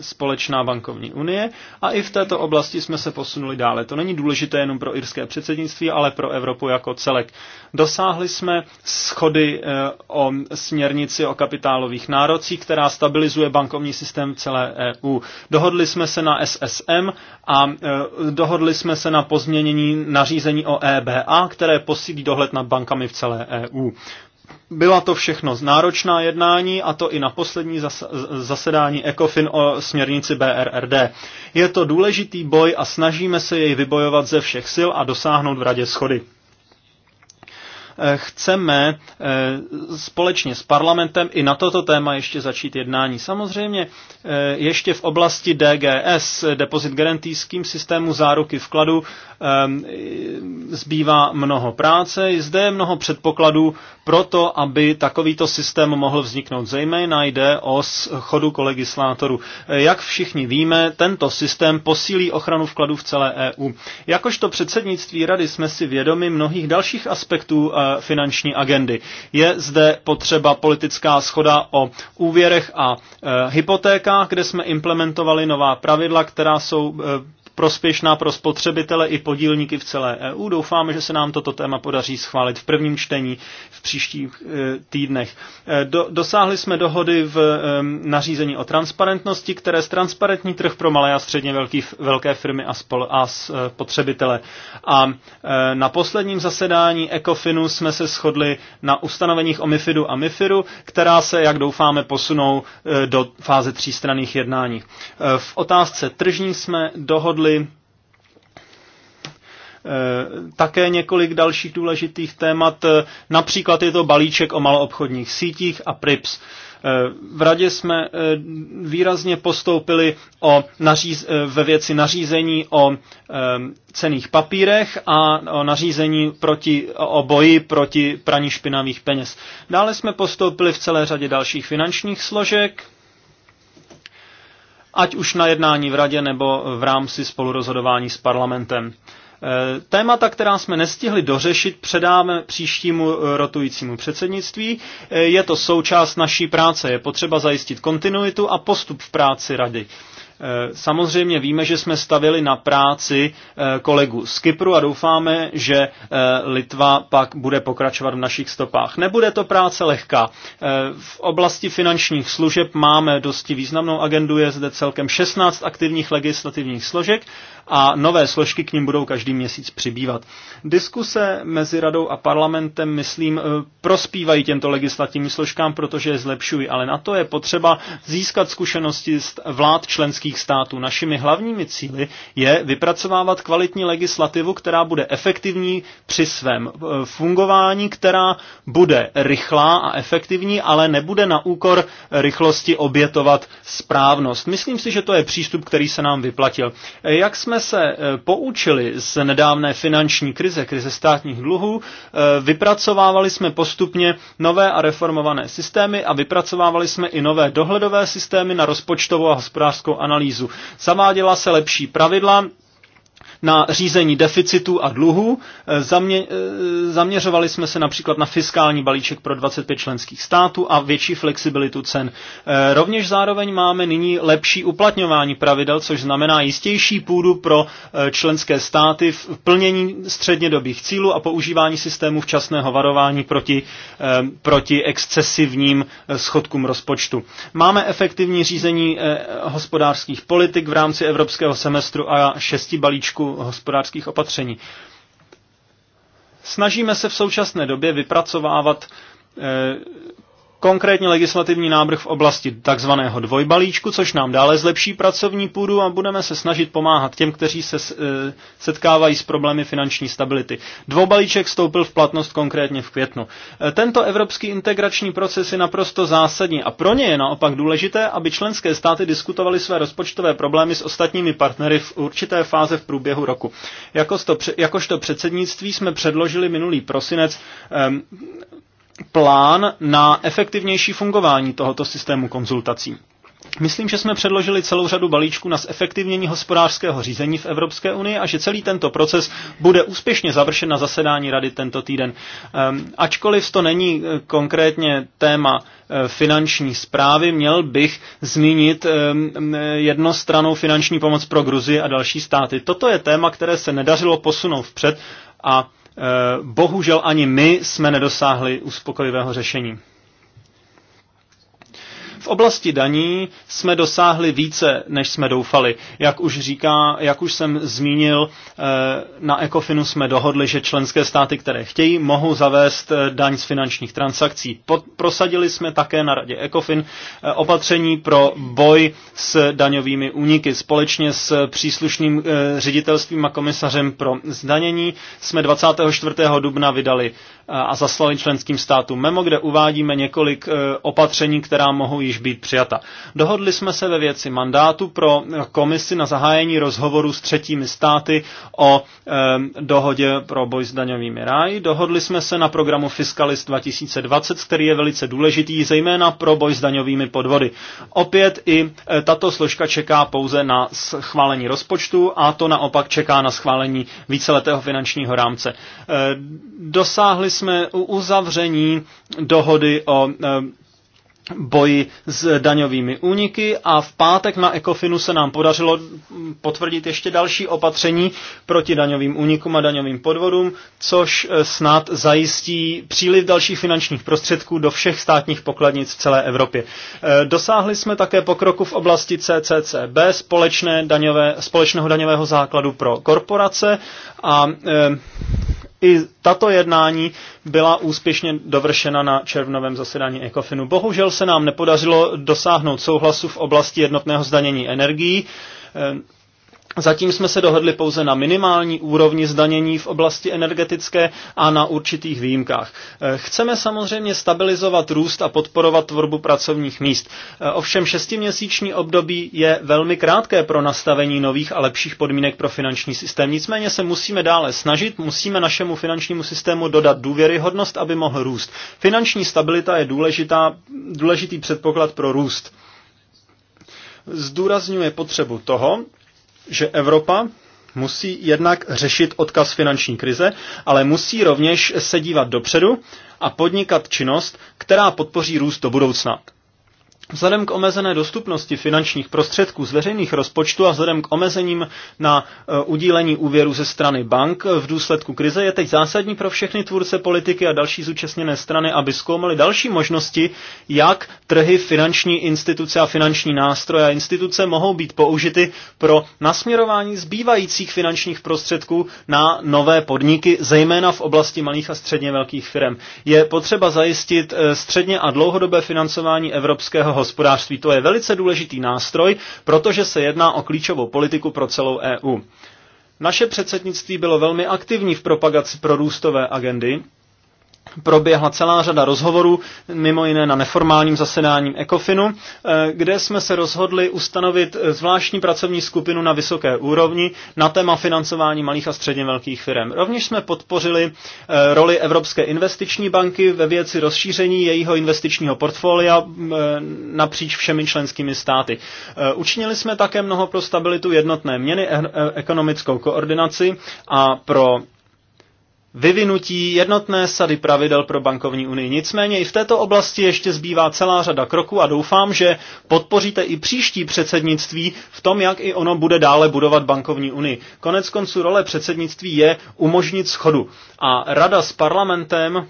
C: společná bankovní unie a i v této oblasti jsme se posunuli dále. To není důležité jenom pro irské předsednictví, ale pro Evropu jako celek. Dosáhli jsme schody eh, o směrnici o kapitálových nárocích, která stabilizuje bankovní systém celé EU. Dohodli jsme se na SSM a eh, dohodli jsme se na pozměnění nařízení o EBA, které posílí dohled nad bankami v celé EU. Byla to všechno náročná jednání a to i na poslední zasedání ECOFIN o směrnici BRRD. Je to důležitý boj a snažíme se jej vybojovat ze všech sil a dosáhnout v radě schody. Eh, chceme eh, společně s parlamentem i na toto téma ještě začít jednání. Samozřejmě eh, ještě v oblasti DGS, depozit garantijským systému záruky vkladu, zbývá mnoho práce. Zde je mnoho předpokladů pro to, aby takovýto systém mohl vzniknout. Zejména jde o chodu kolegislátorů. Jak všichni víme, tento systém posílí ochranu vkladů v celé EU. Jakožto předsednictví rady jsme si vědomi mnohých dalších aspektů finanční agendy. Je zde potřeba politická schoda o úvěrech a e, hypotékách, kde jsme implementovali nová pravidla, která jsou e, prospěšná pro spotřebitele i podílníky v celé EU. Doufáme, že se nám toto téma podaří schválit v prvním čtení v příštích eh, týdnech. Eh, do, dosáhli jsme dohody v eh, nařízení o transparentnosti, které transparentní trh pro malé a středně velký, velké firmy a, spol, a spotřebitele. A na posledním zasedání ECOFINu jsme se shodli na ustanoveních o MIFIDu a MIFIRu, která se, jak doufáme, posunou do fáze třístranných jednání. V otázce tržní jsme dohodli zmínili eh, také několik dalších důležitých témat. Například je to balíček o maloobchodních sítích a PRIPS. Eh, v radě jsme eh, výrazně postoupili o naříz, ve věci nařízení o cených papírech a o nařízení proti, o boji proti praní špinavých peněz. Dále jsme postoupili v celé řadě dalších finančních složek, ať už na jednání v radě nebo v rámci spolurozhodování s parlamentem. E, témata, která jsme nestihli dořešit, předáme příštímu rotujícímu předsednictví. E, je to součást naší práce. Je potřeba zajistit kontinuitu a postup v práci rady. Eh, samozřejmě víme, že jsme stavili na práci eh, kolegu z Kypru a doufáme, že eh, Litva pak bude pokračovat v našich stopách. Nebude to práce lehká. V oblasti finančních služeb máme dosti významnou agendu, je zde celkem 16 aktivních legislativních složek a nové složky k ním budou každý měsíc přibývat. Diskuse mezi radou a parlamentem, myslím, prospívají těmto legislativním složkám, protože je zlepšují, ale na to je potřeba získat zkušenosti z vlád členských členských států. Našimi hlavními cíly je vypracovávat kvalitní legislativu, která bude efektivní při svém eh, fungování, která bude rychlá a efektivní, ale nebude na úkor rychlosti obětovat správnost. Myslím si, že to je přístup, který se nám vyplatil. Eh, jak jsme se eh, poučili z nedávné finanční krize, krize státních dluhů, vypracovávali jsme postupně nové a reformované systémy a vypracovávali jsme i nové dohledové systémy na rozpočtovou a hospodářskou analýzu analýzu. dělá se lepší pravidla, na řízení deficitu a dluhu. E, zamě, e, zaměřovali jsme se například na fiskální balíček pro 25 členských států a větší flexibilitu cen. E, rovněž zároveň máme nyní lepší uplatňování pravidel, což znamená jistější půdu pro členské státy v plnění střednědobých cílů a používání systému včasného varování proti, proti excesivním schodkům rozpočtu. Máme efektivní řízení hospodářských politik v rámci evropského semestru a šesti balíčků hospodářských opatření. Snažíme se v současné době vypracovávat eh, konkrétně legislativní návrh v oblasti takzvaného dvojbalíčku, což nám dále zlepší pracovní půdu a budeme se snažit pomáhat těm, kteří se e, setkávají s problémy finanční stability. Dvoubalíček vstoupil v platnost konkrétně v květnu. E, tento evropský integrační proces je naprosto zásadní a pro ně je naopak důležité, aby členské státy diskutovaly své rozpočtové problémy s ostatními partnery v určité fáze v průběhu roku. Jakožto, jakožto předsednictví jsme předložili minulý prosinec plán na efektivnější fungování tohoto systému konzultací. Myslím, že jsme předložili celou řadu balíčků na zefektivnění hospodářského řízení v Evropské unii a že celý tento proces bude úspěšně završen na zasedání rady tento týden. Ehm, ačkoliv to není eh, konkrétně téma eh, finanční zprávy, měl bych zmínit ehm, jednostranou finanční pomoc pro Gruzii a další státy. Toto je téma, které se nedařilo posunout vpřed a Eh, bohužel ani my jsme nedosáhli uspokojivého řešení. V oblasti daní jsme dosáhli více, než jsme doufali. Jak už říká, jak už jsem zmínil, eh, na Ecofinu jsme dohodli, že členské státy, které chtějí, mohou zavést eh, daň z finančních transakcí. Prosadili jsme také na radě Ecofin eh, opatření pro boj s daňovými úniky. Společně s příslušným ředitelstvím a komisařem pro zdanění jsme 24. dubna vydali a zaslali členským státům memo, kde uvádíme několik e, opatření, která mohou již být přijata. Dohodli jsme se ve věci mandátu pro komisi na zahájení rozhovoru s třetími státy o e, dohodě pro boj s daňovými ráji. Dohodli jsme se na programu Fiskalist 2020, který je velice důležitý, zejména pro boj s daňovými podvody. Opět i e, tato složka čeká pouze na schválení rozpočtu a to naopak čeká na schválení víceletého finančního rámce. Dosáhli jsme u uzavření dohody o eh, boji s daňovými úniky a v pátek na Ekofinu se nám podařilo hm, potvrdit ještě další opatření proti daňovým únikům a daňovým podvodům, což eh, snad zajistí příliv dalších finančních prostředků do všech státních pokladnic v celé Evropě. Eh, dosáhli jsme také pokroku v oblasti CCCB, společné daňové, společného daňového základu pro korporace a i tato jednání byla úspěšně dovršena na červnovém zasedání ECOFINu. Bohužel se nám nepodařilo dosáhnout souhlasu v oblasti jednotného zdanění energií. Zatím jsme se dohodli pouze na minimální úrovni zdanění v oblasti energetické a na určitých výjimkách. Eh, chceme samozřejmě stabilizovat růst a podporovat tvorbu pracovních míst. Eh, ovšem šestiměsíční období je velmi krátké pro nastavení nových a lepších podmínek pro finanční systém. Nicméně se musíme dále snažit, musíme našemu finančnímu systému dodat důvěryhodnost, aby mohl růst. Finanční stabilita je důležitá, důležitý předpoklad pro růst zdůrazňuje potřebu toho, že Evropa musí jednak řešit odkaz finanční krize, ale musí rovněž se dívat dopředu a podnikat činnost, která podpoří růst do budoucna. Vzhledem k omezené dostupnosti finančních prostředků z veřejných rozpočtů a vzhledem k omezením na e, udílení úvěru ze strany bank v důsledku krize je teď zásadní pro všechny tvůrce politiky a další zúčastněné strany, aby zkoumali další možnosti, jak trhy, finanční instituce a finanční nástroje a instituce mohou být použity pro nasměrování zbývajících finančních prostředků na nové podniky, zejména v oblasti malých a středně velkých firm. Je potřeba zajistit e, středně a dlouhodobé financování evropského hospodářství. To je velice důležitý nástroj, protože se jedná o klíčovou politiku pro celou EU. Naše předsednictví bylo velmi aktivní v propagaci růstové agendy proběhla celá řada rozhovorů, mimo jiné na neformálním zasedání ECOFINu, eh, kde jsme se rozhodli ustanovit eh, zvláštní pracovní skupinu na vysoké úrovni na téma financování malých a středně velkých firm. Rovněž jsme podpořili eh, roli Evropské investiční banky ve věci rozšíření jejího investičního portfolia napříč všemi členskými státy. Učinili jsme také mnoho pro stabilitu jednotné měny, ekonomickou koordinaci a pro vyvinutí jednotné sady pravidel pro bankovní unii. Nicméně i v této oblasti ještě zbývá celá řada kroků a doufám, že podpoříte i příští předsednictví v tom, jak i ono bude dále budovat bankovní unii. Konec konců role předsednictví je umožnit schodu. A rada s parlamentem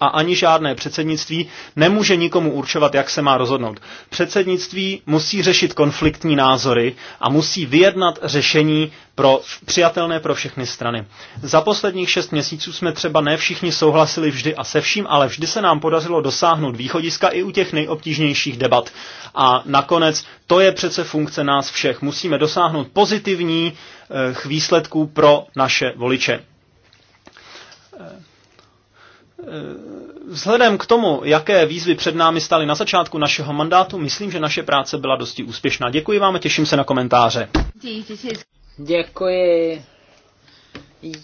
C: a ani žádné předsednictví nemůže nikomu určovat, jak se má rozhodnout. Předsednictví musí řešit konfliktní názory a musí vyjednat řešení pro přijatelné pro všechny strany. Za posledních šest měsíců jsme třeba ne všichni souhlasili vždy a se vším, ale vždy se nám podařilo dosáhnout východiska i u těch nejobtížnějších debat. A nakonec to je přece funkce nás všech. Musíme dosáhnout pozitivních eh, výsledků pro naše voliče. Vzhledem k tomu, jaké výzvy před námi staly na začátku našeho mandátu, myslím, že naše práce byla dosti úspěšná. Děkuji vám a těším se na komentáře.
D: Děkuji.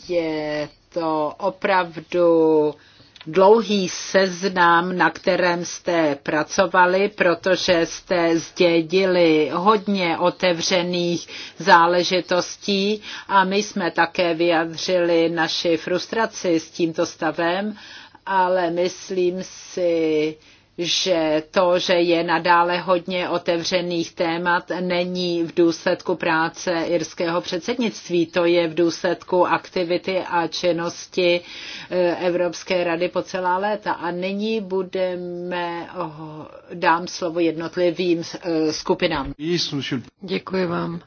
D: Je to opravdu dlouhý seznam, na kterém jste pracovali, protože jste zdědili hodně otevřených záležitostí a my jsme také vyjadřili naši frustraci s tímto stavem ale myslím si, že to, že je nadále hodně otevřených témat, není v důsledku práce irského předsednictví. To je v důsledku aktivity a činnosti eh, Evropské rady po celá léta. A nyní
B: budeme, oh, dám slovo jednotlivým eh, skupinám. Děkuji vám,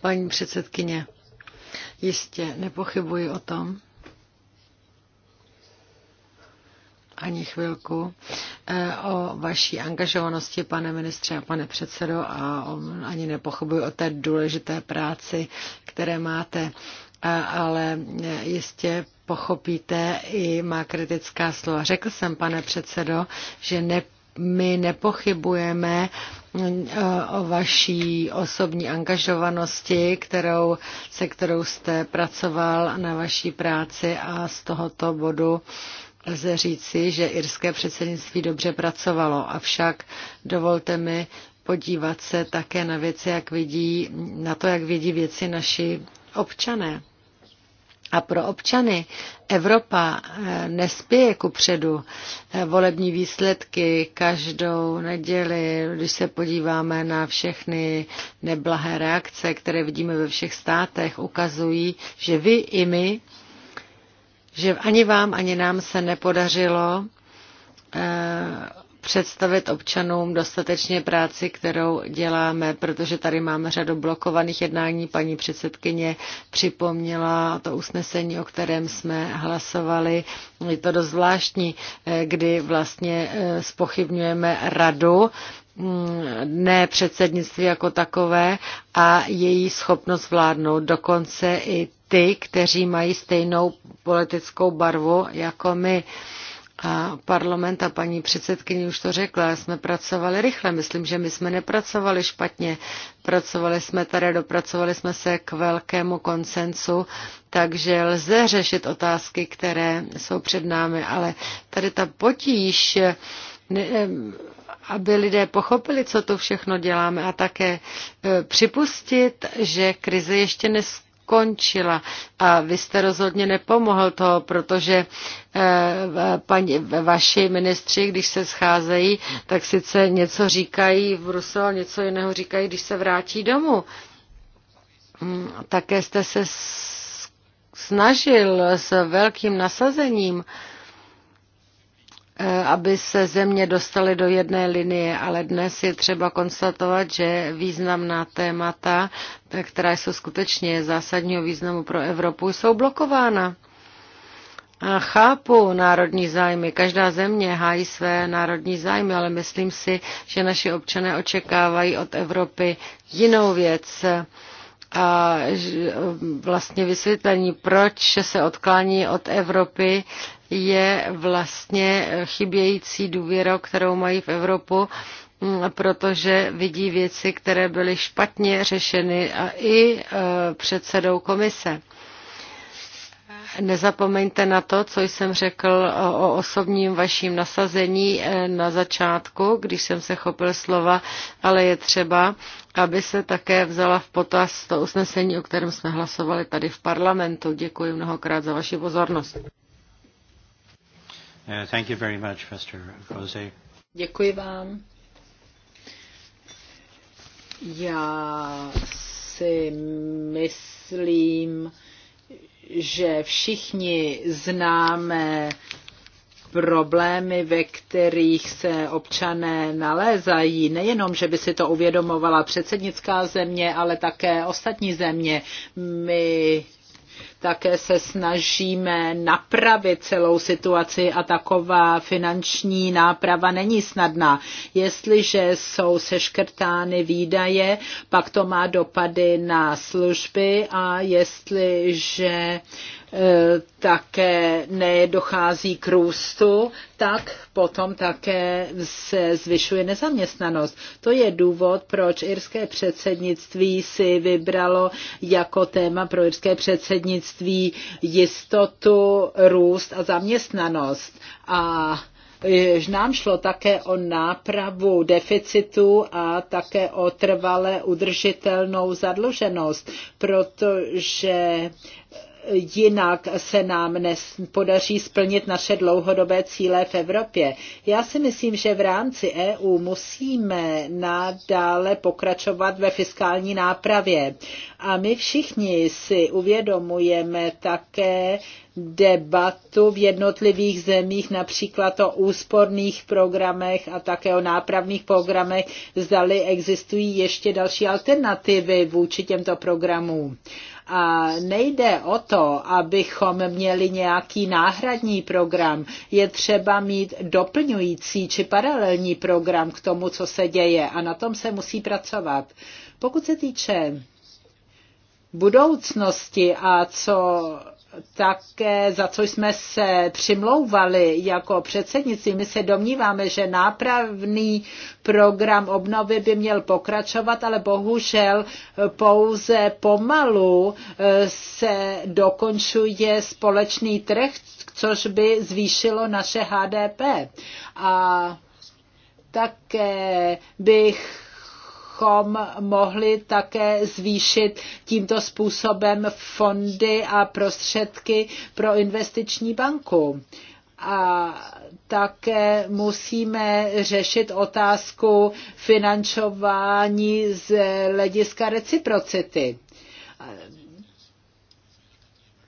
B: paní předsedkyně. Jistě, nepochybuji o tom, ani chvilku eh, o vaší angažovanosti, pane ministře a pane předsedo, a ani nepochybuji o té důležité práci, které máte ale eh, jistě pochopíte i má kritická slova. Řekl jsem, pane předsedo, že ne, my nepochybujeme eh, o vaší osobní angažovanosti, kterou, se kterou jste pracoval na vaší práci a z tohoto bodu lze říci, že irské předsednictví dobře pracovalo, avšak dovolte mi podívat se také na věci, jak vidí, na to, jak vidí věci naši občané. A pro občany Evropa eh, nespěje ku předu. Eh, volební výsledky každou neděli, když se podíváme na všechny neblahé reakce, které vidíme ve všech státech, ukazují, že vy i my že ani vám, ani nám se nepodařilo eh, představit občanům dostatečně práci, kterou děláme, protože tady máme řadu blokovaných jednání. Paní předsedkyně připomněla to usnesení, o kterém jsme hlasovali. Je to dost zvláštní, eh, kdy vlastně eh, spochybňujeme radu, mm, ne předsednictví jako takové a její schopnost vládnout. Dokonce i ty, kteří mají stejnou politickou barvu jako my. A parlament a paní předsedkyně už to řekla, jsme pracovali rychle, myslím, že my jsme nepracovali špatně, pracovali jsme tady, dopracovali jsme se k velkému koncensu, takže lze řešit otázky, které jsou před námi, ale tady ta potíž, ne, aby lidé pochopili, co to všechno děláme a také e, připustit, že krize ještě nes, končila. A vy jste rozhodně nepomohl toho, protože eh, paní, vaši ministři, když se scházejí, tak sice něco říkají v Bruselu, něco jiného říkají, když se vrátí domů. Mm, také jste se snažil s velkým nasazením Eh, aby se země dostaly do jedné linie, ale dnes je třeba konstatovat, že významná témata, eh, která jsou skutečně zásadního významu pro Evropu, jsou blokována. A chápu národní zájmy. Každá země hájí své národní zájmy, ale myslím si, že naši občané očekávají od Evropy jinou věc a eh, vlastně vysvětlení, proč se odklání od Evropy, je vlastně chybějící důvěra, kterou mají v Evropu, protože vidí věci, které byly špatně řešeny a i e, předsedou komise. Nezapomeňte na to, co jsem řekl o osobním vaším nasazení e, na začátku, když jsem se chopil slova, ale je třeba, aby se také vzala v potaz to usnesení, o kterém jsme hlasovali tady v parlamentu. Děkuji mnohokrát za vaši pozornost.
A: Uh, thank you very much, Mr.
D: Děkuji vám. Já si myslím, že všichni známe problémy, ve kterých se občané nalézají. Nejenom, že by si to uvědomovala předsednická země, ale také ostatní země. My také se snažíme napravit celou situaci a taková finanční náprava není snadná. Jestliže jsou seškrtány výdaje, pak to má dopady na služby a jestliže také nedochází k růstu, tak potom také se zvyšuje nezaměstnanost. To je důvod, proč irské předsednictví si vybralo jako téma pro irské předsednictví jistotu, růst a zaměstnanost. A nám šlo také o nápravu deficitu a také o trvale udržitelnou zadluženost, protože jinak se nám podaří splnit naše dlouhodobé cíle v Evropě. Já si myslím, že v rámci EU musíme nadále pokračovat ve fiskální nápravě. A my všichni si uvědomujeme také debatu v jednotlivých zemích, například o úsporných programech a také o nápravných programech, zdali existují ještě další alternativy vůči těmto programům. A nejde o to, abychom měli nějaký náhradní program. Je třeba mít doplňující či paralelní program k tomu, co se děje. A na tom se musí pracovat. Pokud se týče budoucnosti a co také, za co jsme se přimlouvali jako předsednici. My se domníváme, že nápravný program obnovy by měl pokračovat, ale bohužel pouze pomalu eh, se dokončuje společný trh, což by zvýšilo naše HDP. A také bych bychom mohli také zvýšit tímto způsobem fondy a prostředky pro investiční banku a také musíme řešit otázku financování z hlediska reciprocity.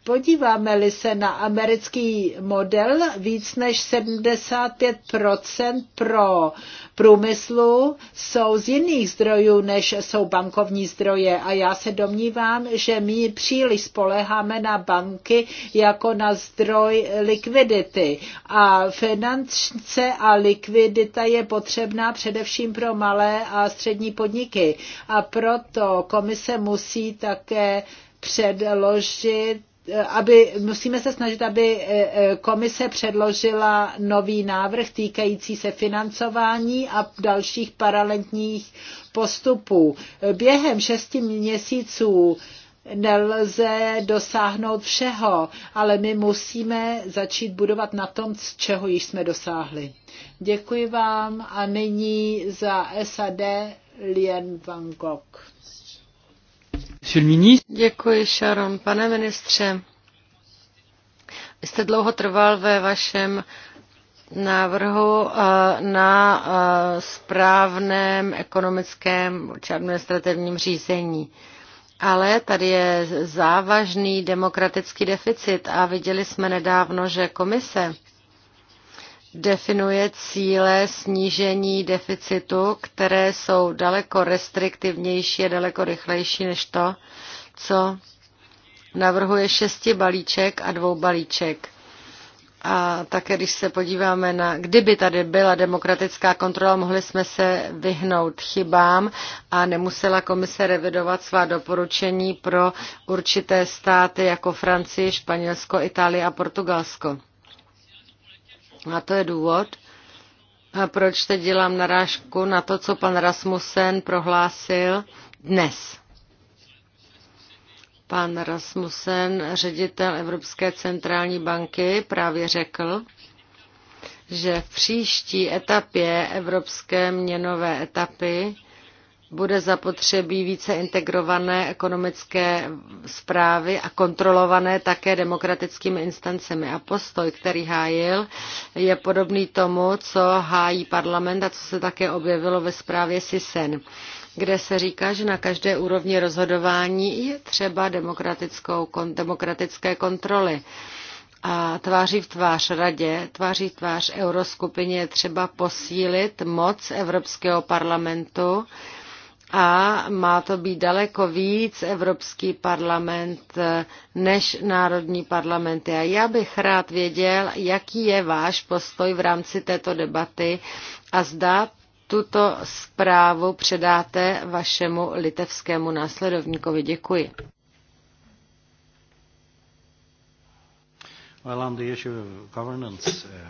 D: Podíváme-li se na americký model, víc než 75% pro průmyslu jsou z jiných zdrojů, než jsou bankovní zdroje. A já se domnívám, že my příliš spoleháme na banky jako na zdroj likvidity. A finance a likvidita je potřebná především pro malé a střední podniky. A proto komise musí také předložit aby, musíme se snažit, aby e, e, komise předložila nový návrh týkající se financování a dalších paralelních postupů. Během šesti měsíců nelze dosáhnout všeho, ale my musíme začít budovat na tom, z čeho již jsme dosáhli. Děkuji vám a nyní za SAD Lien Van Gogh.
B: Děkuji, Sharon. Pane ministře, jste dlouho trval ve vašem návrhu eh, na eh, správném ekonomickém či administrativním řízení. Ale tady je závažný demokratický deficit a viděli jsme nedávno, že komise definuje cíle snížení deficitu, které jsou daleko restriktivnější a daleko rychlejší než to, co navrhuje šesti balíček a dvou balíček. A také když se podíváme na, kdyby tady byla demokratická kontrola, mohli jsme se vyhnout chybám a nemusela komise revidovat svá doporučení pro určité státy jako Francii, Španělsko, Itálii a Portugalsko. A to je důvod, a proč teď dělám narážku na to, co pan Rasmussen prohlásil dnes. Pan Rasmussen, ředitel Evropské centrální banky, právě řekl, že v příští etapě Evropské měnové etapy bude zapotřebí více integrované ekonomické zprávy a kontrolované také demokratickými instancemi. A postoj, který hájil, je podobný tomu, co hájí parlament a co se také objevilo ve zprávě SISEN kde se říká, že na každé úrovni rozhodování je třeba demokratickou, demokratické kontroly. A tváří v tvář radě, tváří v tvář euroskupině je třeba posílit moc Evropského parlamentu, a má to být daleko víc Evropský parlament eh, než národní parlamenty. A já bych rád věděl, jaký je váš postoj v rámci této debaty a zda tuto zprávu předáte vašemu litevskému následovníkovi. Děkuji.
C: Eh,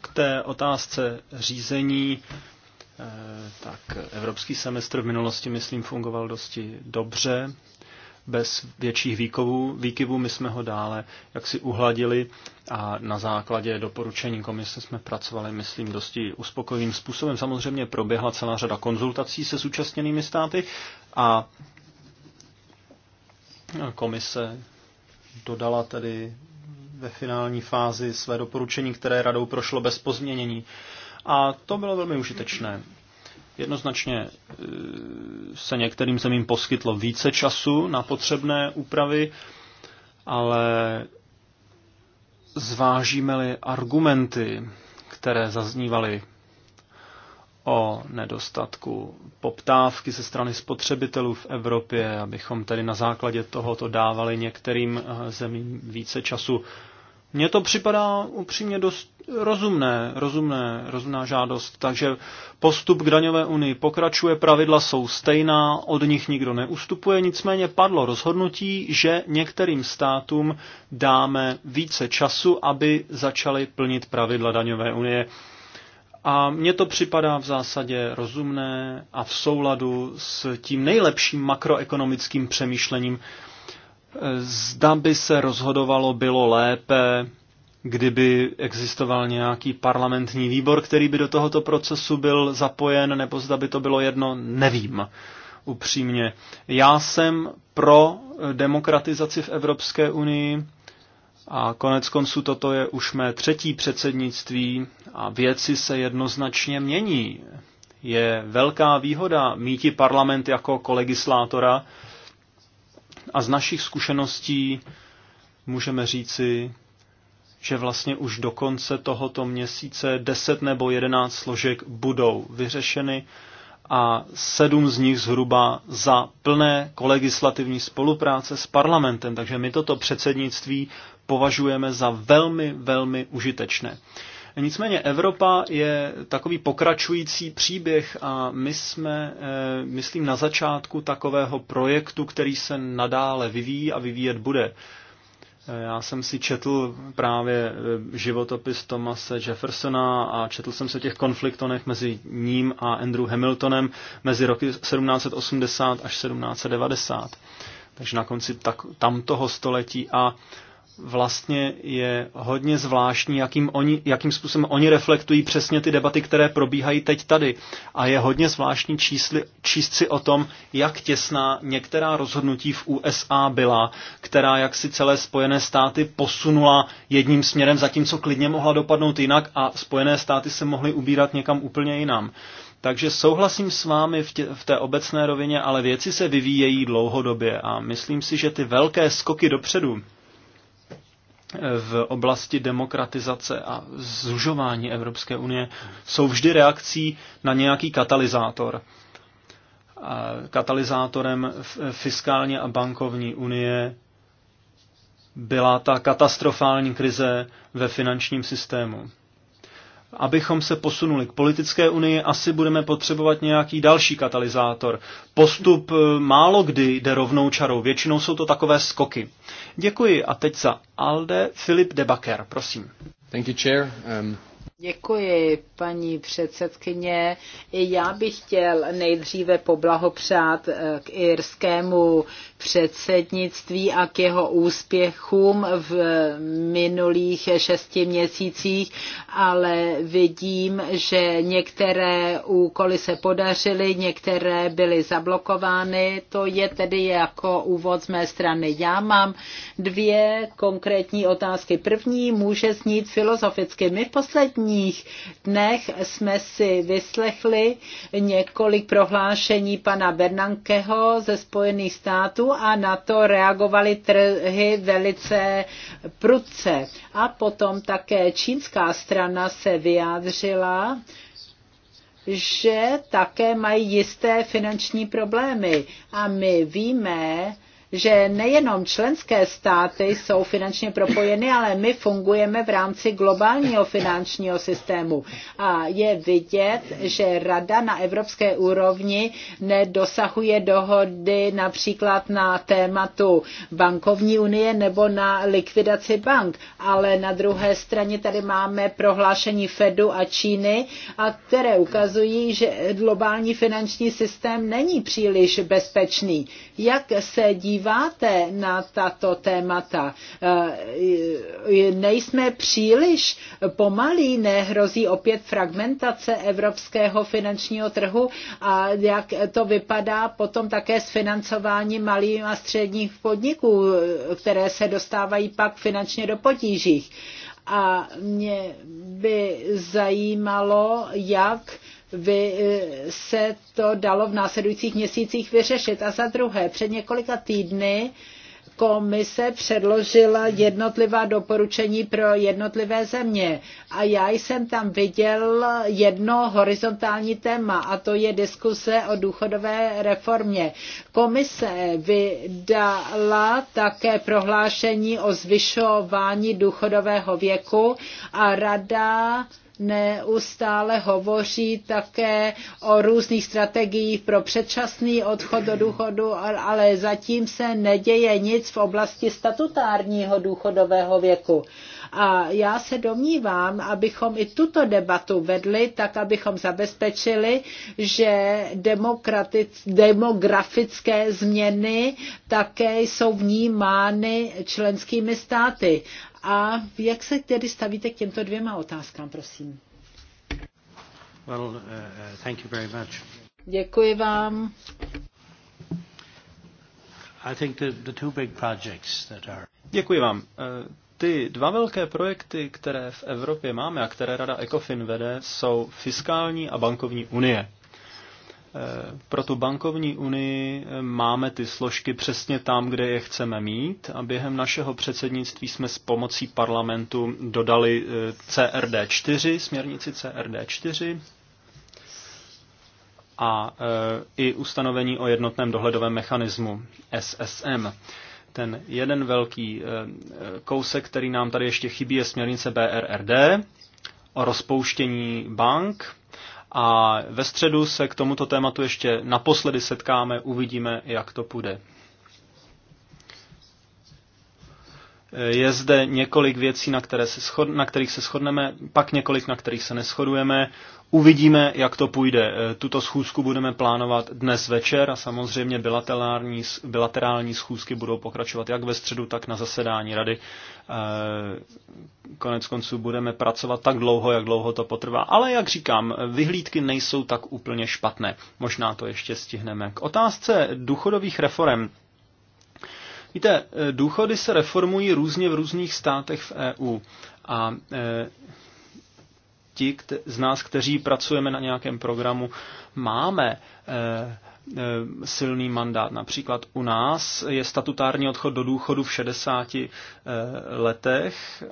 C: K té otázce řízení Eh, tak evropský semestr v minulosti, myslím, fungoval dosti dobře. Bez větších výkovů, výkyvů my jsme ho dále jaksi uhladili a na základě doporučení komise jsme pracovali, myslím, dosti uspokojivým způsobem. Samozřejmě proběhla celá řada konzultací se zúčastněnými státy a komise dodala tedy ve finální fázi své doporučení, které radou prošlo bez pozměnění. Uh, a to bylo velmi užitečné. Jednoznačně e, se některým zemím poskytlo více času na potřebné úpravy, ale zvážíme-li argumenty, které zaznívaly o nedostatku poptávky ze strany spotřebitelů v Evropě, abychom tedy na základě tohoto dávali některým e, zemím více času. Mně to připadá upřímně dost rozumné, rozumné, rozumná žádost. Takže postup k daňové unii pokračuje, pravidla jsou stejná, od nich nikdo neustupuje, nicméně padlo rozhodnutí, že některým státům dáme více času, aby začaly plnit pravidla daňové unie. A mně to připadá v zásadě rozumné a v souladu s tím nejlepším makroekonomickým přemýšlením, Zda by se rozhodovalo bylo lépe, kdyby existoval nějaký parlamentní výbor, který by do tohoto procesu byl zapojen, nebo zda by to bylo jedno, nevím upřímně. Já jsem pro demokratizaci v Evropské unii a konec konců toto je už mé třetí předsednictví a věci se jednoznačně mění. Je velká výhoda míti parlament jako kolegislátora, a z našich zkušeností můžeme říci, že vlastně už do konce tohoto měsíce 10 nebo 11 složek budou vyřešeny a sedm z nich zhruba za plné kolegislativní spolupráce s parlamentem. Takže my toto předsednictví považujeme za velmi, velmi užitečné. Nicméně Evropa je takový pokračující příběh a my jsme, eh, myslím, na začátku takového projektu, který se nadále vyvíjí a vyvíjet bude. Eh, já jsem si četl právě eh, životopis Thomase Jeffersona a četl jsem se těch konfliktonech mezi ním a Andrew Hamiltonem mezi roky 1780 až 1790. Takže na konci tak, tamtoho století a vlastně je hodně zvláštní, jakým, oni, jakým způsobem oni reflektují přesně ty debaty, které probíhají teď tady. A je hodně zvláštní čísli, číst si o tom, jak těsná některá rozhodnutí v USA byla, která jak si celé Spojené státy posunula jedním směrem, zatímco klidně mohla dopadnout jinak a Spojené státy se mohly ubírat někam úplně jinam. Takže souhlasím s vámi v, tě, v té obecné rovině, ale věci se vyvíjejí dlouhodobě a myslím si, že ty velké skoky dopředu, v oblasti demokratizace a zužování Evropské unie jsou vždy reakcí na nějaký katalyzátor. Katalyzátorem fiskálně a bankovní unie byla ta katastrofální krize ve finančním systému abychom se posunuli k politické unii, asi budeme potřebovat nějaký další katalyzátor. Postup eh, málo kdy jde rovnou čarou, většinou jsou to takové skoky. Děkuji a teď za Alde Filip Debaker, prosím. Thank you, chair. Um...
D: Děkuji, paní předsedkyně. I já bych chtěl nejdříve poblahopřát eh, k irskému předsednictví a k jeho úspěchům v eh, minulých šesti měsících, ale vidím, že některé úkoly se podařily, některé byly zablokovány. To je tedy jako úvod z mé strany. Já mám dvě konkrétní otázky. První může znít filozoficky. My v poslední posledních dnech jsme si vyslechli několik prohlášení pana Bernankeho ze Spojených států a na to reagovaly trhy velice prudce. A potom také čínská strana se vyjádřila, že také mají jisté finanční problémy. A my víme, že nejenom členské státy jsou finančně propojeny, ale my fungujeme v rámci globálního finančního systému. A je vidět, že rada na evropské úrovni nedosahuje dohody například na tématu bankovní unie nebo na likvidaci bank. Ale na druhé straně tady máme prohlášení Fedu a Číny, a které ukazují, že globální finanční systém není příliš bezpečný. Jak se dívá díváte na tato témata? Eh, nejsme příliš pomalí, nehrozí opět fragmentace evropského finančního trhu a jak to vypadá potom také s financováním malých a středních podniků, které se dostávají pak finančně do potížích. A mě by zajímalo, jak by eh, se to dalo v následujících měsících vyřešit. A za druhé, před několika týdny komise předložila jednotlivá doporučení pro jednotlivé země. A já jsem tam viděl jedno horizontální téma, a to je diskuse o důchodové reformě. Komise vydala také prohlášení o zvyšování důchodového věku a rada neustále hovoří také o různých strategiích pro předčasný odchod do důchodu, ale zatím se neděje nic v oblasti statutárního důchodového věku. A já se domnívám, abychom i tuto debatu vedli, tak abychom zabezpečili, že demografické změny také jsou vnímány členskými státy. A jak se tedy stavíte k těmto dvěma otázkám, prosím?
A: Well, uh, uh, thank you very much.
D: Děkuji vám.
C: I think the, the two big
A: projects that
C: are... Děkuji vám. Eh, ty dva velké projekty, které v Evropě máme a které Rada ECOFIN vede, jsou fiskální a bankovní unie. Eh, pro tu bankovní unii eh, máme ty složky přesně tam, kde je chceme mít a během našeho předsednictví jsme s pomocí parlamentu dodali eh, CRD4, směrnici CRD4 a i ustanovení o jednotném dohledovém mechanismu SSM ten jeden velký kousek, který nám tady ještě chybí, je směrnice BRRD o rozpouštění bank. A ve středu se k tomuto tématu ještě naposledy setkáme, uvidíme, jak to půjde. Je zde několik věcí, na, které se schod, na kterých se shodneme, pak několik, na kterých se neschodujeme. Uvidíme, jak to půjde. E, tuto schůzku budeme plánovat dnes večer a samozřejmě bilaterální, bilaterální schůzky budou pokračovat jak ve středu, tak na zasedání rady. E, konec konců budeme pracovat tak dlouho, jak dlouho to potrvá. Ale jak říkám, vyhlídky nejsou tak úplně špatné. Možná to ještě stihneme. K otázce důchodových reform. Víte, e, důchody se reformují různě v různých státech v EU. A ti z nás, kteří pracujeme na nějakém programu, máme eh, eh, silný mandát. Například u nás je statutární odchod do důchodu v 60 eh, letech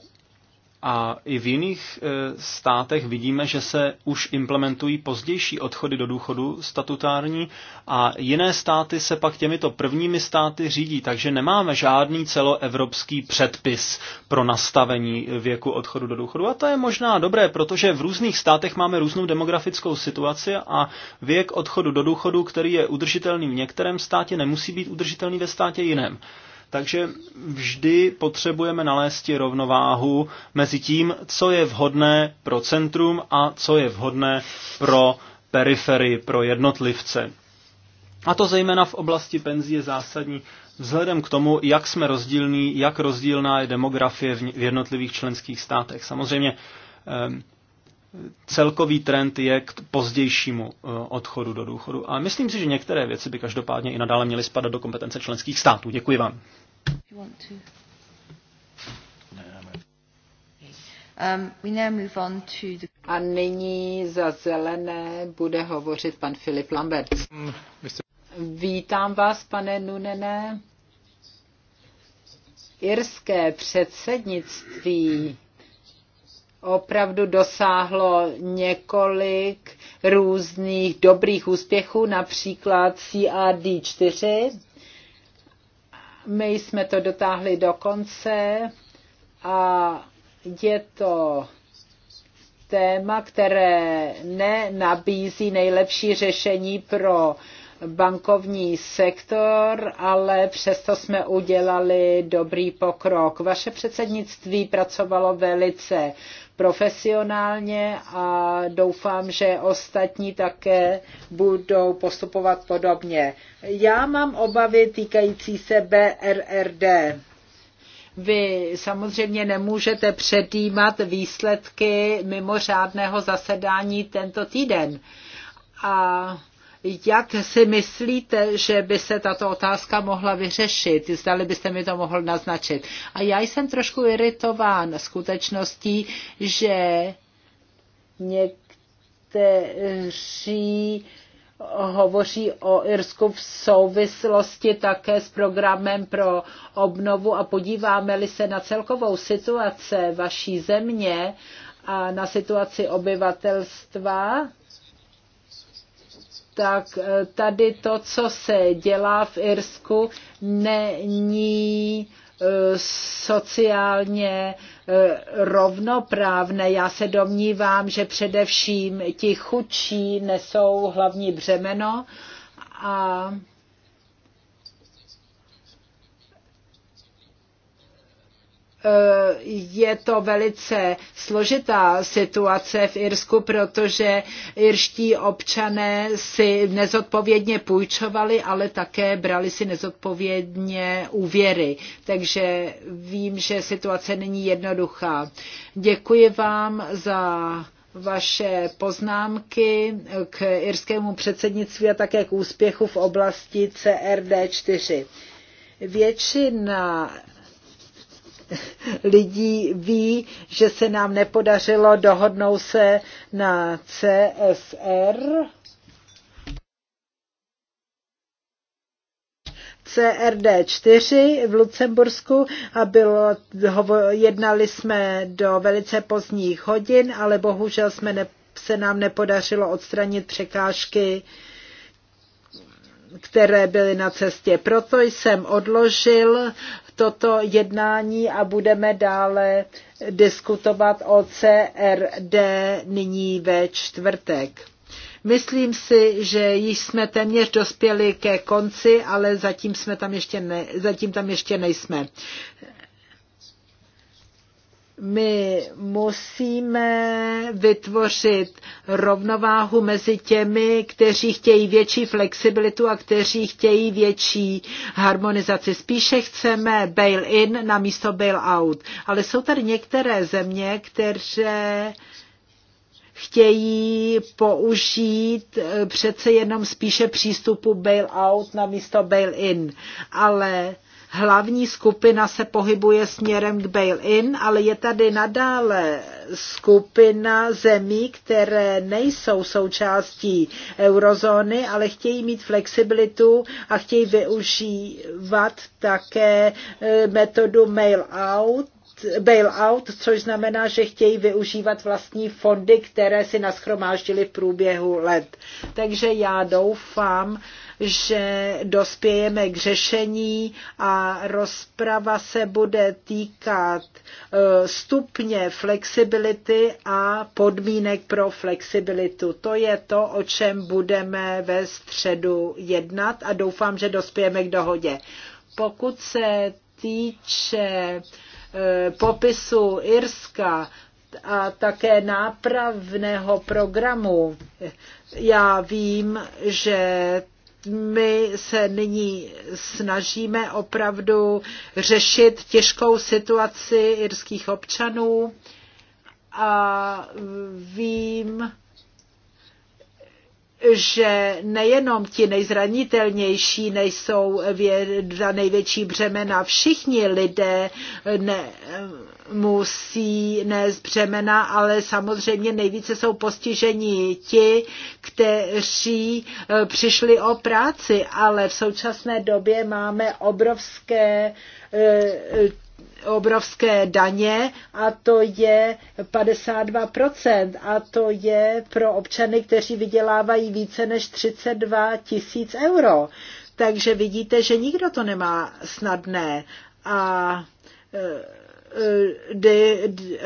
C: a i v jiných e, státech vidíme, že se už implementují pozdější odchody do důchodu statutární a jiné státy se pak těmito prvními státy řídí, takže nemáme žádný celoevropský předpis pro nastavení věku odchodu do důchodu. A to je možná dobré, protože v různých státech máme různou demografickou situaci a věk odchodu do důchodu, který je udržitelný v některém státě, nemusí být udržitelný ve státě jiném. Takže vždy potřebujeme nalézt rovnováhu mezi tím, co je vhodné pro centrum a co je vhodné pro periferii, pro jednotlivce. A to zejména v oblasti penzí je zásadní vzhledem k tomu, jak jsme rozdílní, jak rozdílná je demografie v jednotlivých členských státech. Samozřejmě ehm, celkový trend je k pozdějšímu eh, odchodu do důchodu. A myslím si, že některé věci by každopádně i nadále měly spadat do kompetence členských států. Děkuji vám.
B: Um, A
D: nyní za zelené bude hovořit pan Filip Lambert. Vítám vás, pane Nunene. Irské předsednictví opravdu dosáhlo několik různých dobrých úspěchů, například CRD4. My jsme to dotáhli do konce a je to téma, které nenabízí nejlepší řešení pro bankovní sektor, ale přesto jsme udělali dobrý pokrok. Vaše předsednictví pracovalo velice profesionálně a doufám, že ostatní také budou postupovat podobně. Já mám obavy týkající se BRRD. Vy samozřejmě nemůžete předjímat výsledky mimořádného zasedání tento týden. A jak si myslíte, že by se tato otázka mohla vyřešit? Zdali byste mi to mohl naznačit. A já jsem trošku iritován skutečností, že někteří hovoří o Irsku v souvislosti také s programem pro obnovu a podíváme-li se na celkovou situaci vaší země a na situaci obyvatelstva, tak eh, tady to, co se dělá v Irsku, není eh, sociálně eh, rovnoprávné. Já se domnívám, že především ti chudší nesou hlavní břemeno a Eh, je to velice složitá situace v Irsku, protože irští občané si nezodpovědně půjčovali, ale také brali si nezodpovědně úvěry. Takže vím, že situace není jednoduchá. Děkuji vám za vaše poznámky k irskému předsednictví a také k úspěchu v oblasti CRD4. Většina lidí ví, že se nám nepodařilo dohodnout se na CSR. CRD4 v Lucembursku a bylo, jednali jsme do velice pozdních hodin, ale bohužel jsme ne, se nám nepodařilo odstranit překážky, které byly na cestě. Proto jsem odložil toto jednání a budeme dále diskutovat o CRD nyní ve čtvrtek. Myslím si, že již jsme téměř dospěli ke konci, ale zatím, jsme tam, ještě ne, zatím tam ještě nejsme my musíme vytvořit rovnováhu mezi těmi, kteří chtějí větší flexibilitu a kteří chtějí větší harmonizaci. Spíše chceme bail-in na místo bail-out. Ale jsou tady některé země, které chtějí použít eh, přece jenom spíše přístupu bail-out na místo bail-in. Ale hlavní skupina se pohybuje směrem k bail-in, ale je tady nadále skupina zemí, které nejsou součástí eurozóny, ale chtějí mít flexibilitu a chtějí využívat také eh, metodu mail-out, bailout, což znamená, že chtějí využívat vlastní fondy, které si naschromáždili v průběhu let. Takže já doufám, že dospějeme k řešení a rozprava se bude týkat e, stupně flexibility a podmínek pro flexibilitu. To je to, o čem budeme ve středu jednat a doufám, že dospějeme k dohodě. Pokud se týče uh, E, popisu Irska a také nápravného programu, já vím, že my se nyní snažíme opravdu řešit těžkou situaci irských občanů a vím, že nejenom ti nejzranitelnější nejsou za největší břemena, všichni lidé ne, musí nést břemena, ale samozřejmě nejvíce jsou postiženi ti, kteří eh, přišli o práci, ale v současné době máme obrovské eh, obrovské daně a to je 52% a to je pro občany, kteří vydělávají více než 32 tisíc euro. Takže vidíte, že nikdo to nemá snadné. A e,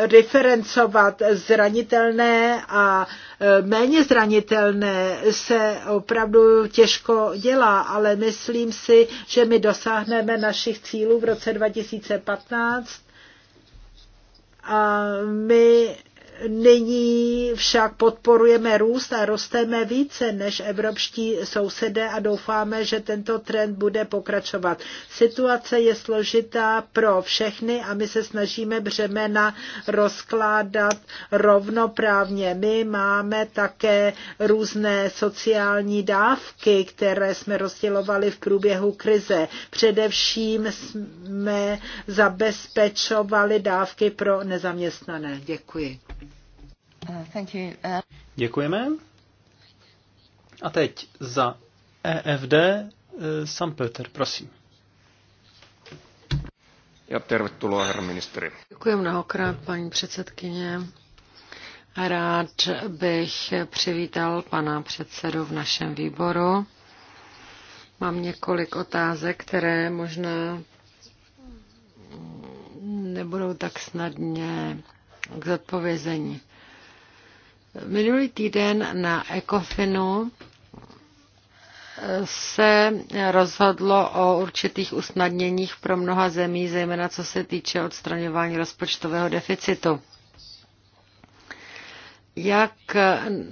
D: diferencovat zranitelné a e, méně zranitelné se opravdu těžko dělá, ale myslím si, že my dosáhneme našich cílů v roce 2015 a my Nyní však podporujeme růst a rosteme více než evropští sousedé a doufáme, že tento trend bude pokračovat. Situace je složitá pro všechny a my se snažíme břemena rozkládat rovnoprávně. My máme také různé sociální dávky, které jsme rozdělovali v průběhu krize. Především jsme zabezpečovali dávky pro nezaměstnané. Děkuji. Uh, thank you. Uh,
C: Děkujeme. A teď za EFD uh, Sam Peter, prosím.
A: Ja tervetuloa, herra ministeri.
B: Děkuji mnohokrát, paní předsedkyně. Rád bych přivítal pana předsedu v našem výboru. Mám několik otázek, které možná nebudou tak snadně k zodpovězení. Minulý týden na Ecofinu eh, se rozhodlo o určitých usnadněních pro mnoha zemí, zejména co se týče odstraňování rozpočtového deficitu. Jak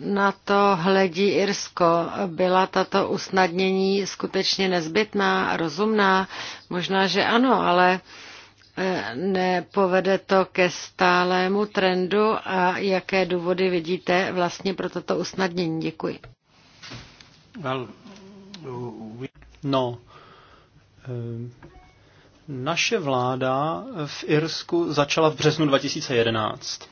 B: na to hledí Irsko? Byla tato usnadnění skutečně nezbytná a rozumná? Možná, že ano, ale uh, Eh, nepovede to ke stálému trendu a jaké důvody vidíte vlastně pro toto usnadnění? Děkuji.
C: No, eh, naše vláda v Irsku začala v březnu 2011.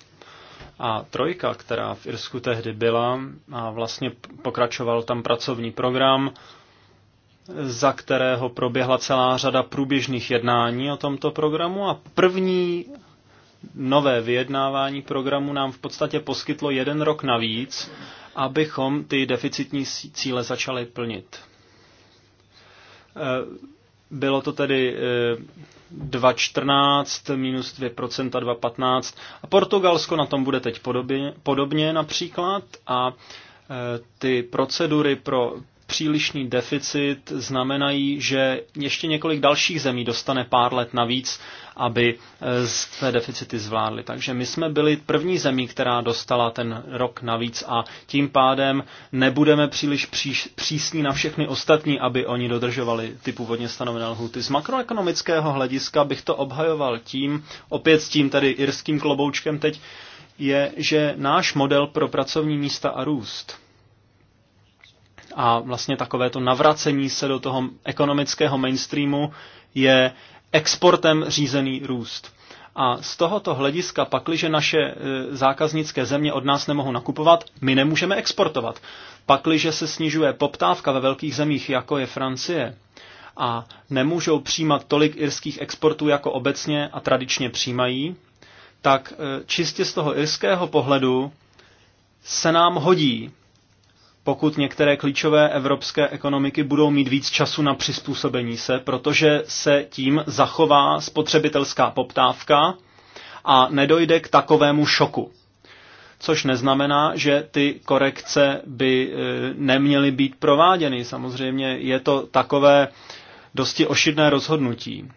C: A trojka, která v Irsku tehdy byla, a vlastně pokračoval tam pracovní program, za kterého proběhla celá řada průběžných jednání o tomto programu a první nové vyjednávání programu nám v podstatě poskytlo jeden rok navíc, abychom ty deficitní cíle začali plnit. Eh, bylo to tedy 2,14 eh, minus 2%, 2,15 a Portugalsko na tom bude teď podobně, podobně například a eh, ty procedury pro přílišný deficit znamenají, že ještě několik dalších zemí dostane pár let navíc, aby eh, své deficity zvládly. Takže my jsme byli první zemí, která dostala ten rok navíc a tím pádem nebudeme příliš přísní na všechny ostatní, aby oni dodržovali ty původně stanovené lhuty. Z makroekonomického hlediska bych to obhajoval tím, opět s tím tady irským kloboučkem teď, je, že náš model pro pracovní místa a růst a vlastně takové to navracení se do toho ekonomického mainstreamu je exportem řízený růst. A z tohoto hlediska pakliže naše e, zákaznické země od nás nemohou nakupovat, my nemůžeme exportovat. Pakliže se snižuje poptávka ve velkých zemích, jako je Francie, a nemůžou přijímat tolik irských exportů, jako obecně a tradičně přijímají, tak e, čistě z toho irského pohledu se nám hodí pokud některé klíčové evropské ekonomiky budou mít víc času na přizpůsobení se, protože se tím zachová spotřebitelská poptávka a nedojde k takovému šoku. Což neznamená, že ty korekce by e, neměly být prováděny. Samozřejmě je to takové dosti ošidné rozhodnutí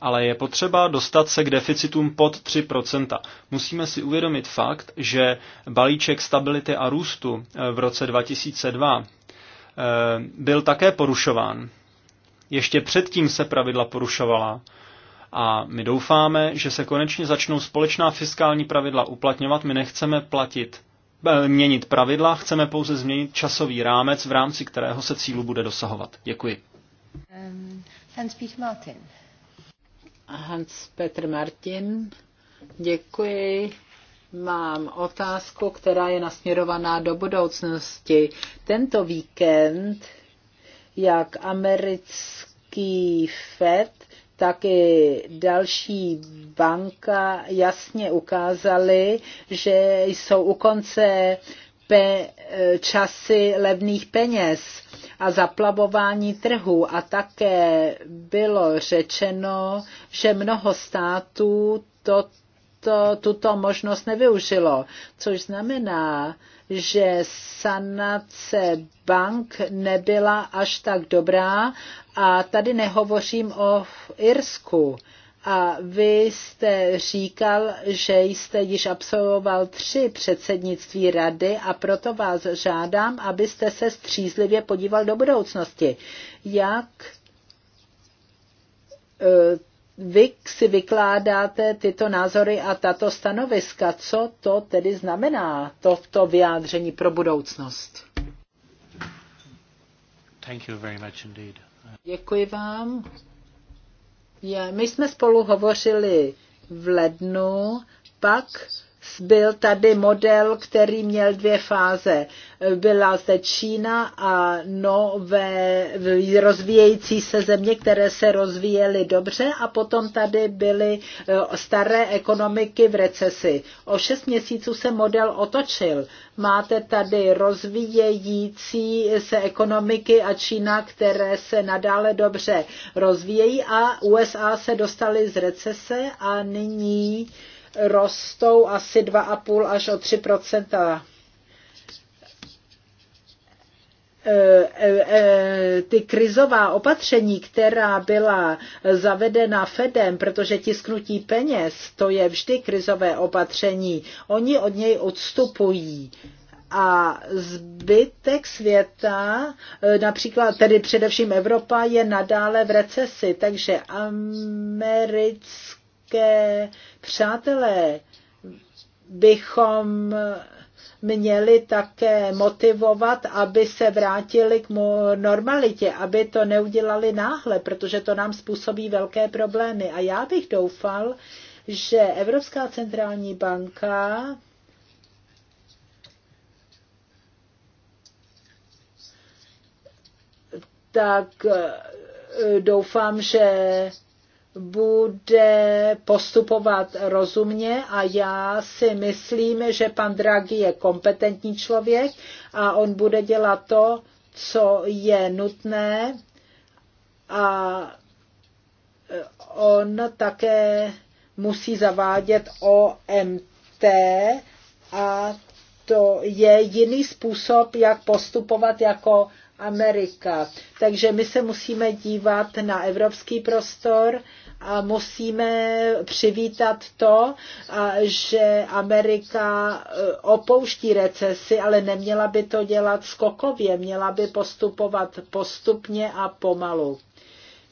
C: ale je potřeba dostat se k deficitům pod 3%. Musíme si uvědomit fakt, že balíček stability a růstu eh, v roce 2002 eh, byl také porušován. Ještě předtím se pravidla porušovala a my doufáme, že se konečně začnou společná fiskální pravidla uplatňovat. My nechceme platit, eh, měnit pravidla, chceme pouze změnit časový rámec, v rámci kterého se cílu bude dosahovat. Děkuji.
B: Um, Hans-Peter Martin.
D: Hans Petr Martin. Děkuji. Mám otázku, která je nasměrovaná do budoucnosti. Tento víkend, jak americký FED, tak i další banka jasně ukázali, že jsou u konce pe- e, časy levných peněz a zaplavování trhu. A také bylo řečeno, že mnoho států to, to, tuto možnost nevyužilo, což znamená, že sanace bank nebyla až tak dobrá. A tady nehovořím o Irsku a vy jste říkal, že jste již absolvoval tři předsednictví rady a proto vás žádám, abyste se střízlivě podíval do budoucnosti. Jak e, vy si vykládáte tyto názory a tato stanoviska? Co to tedy znamená, toto vyjádření pro budoucnost?
A: Thank you very much indeed.
D: Děkuji vám. My jsme spolu hovořili v lednu, pak byl tady model, který měl dvě fáze. Byla zde Čína a nové rozvíjející se země, které se rozvíjely dobře a potom tady byly eh, staré ekonomiky v recesi. O šest měsíců se model otočil. Máte tady rozvíjející se ekonomiky a Čína, které se nadále dobře rozvíjejí a USA se dostaly z recese a nyní rostou asi 2,5 až o 3 e, e, e, ty krizová opatření, která byla zavedena Fedem, protože tisknutí peněz, to je vždy krizové opatření, oni od něj odstupují a zbytek světa, například tedy především Evropa, je nadále v recesi, takže americká také přátelé bychom měli také motivovat, aby se vrátili k normalitě, aby to neudělali náhle, protože to nám způsobí velké problémy. A já bych doufal, že Evropská centrální banka tak eh, doufám, že bude postupovat rozumně a já si myslím, že pan Draghi je kompetentní člověk a on bude dělat to, co je nutné a eh, on také musí zavádět OMT a to je jiný způsob, jak postupovat jako Amerika. Takže my se musíme dívat na evropský prostor a musíme přivítat to, že Amerika e, opouští recesi, ale neměla by to dělat skokově, měla by postupovat postupně a pomalu.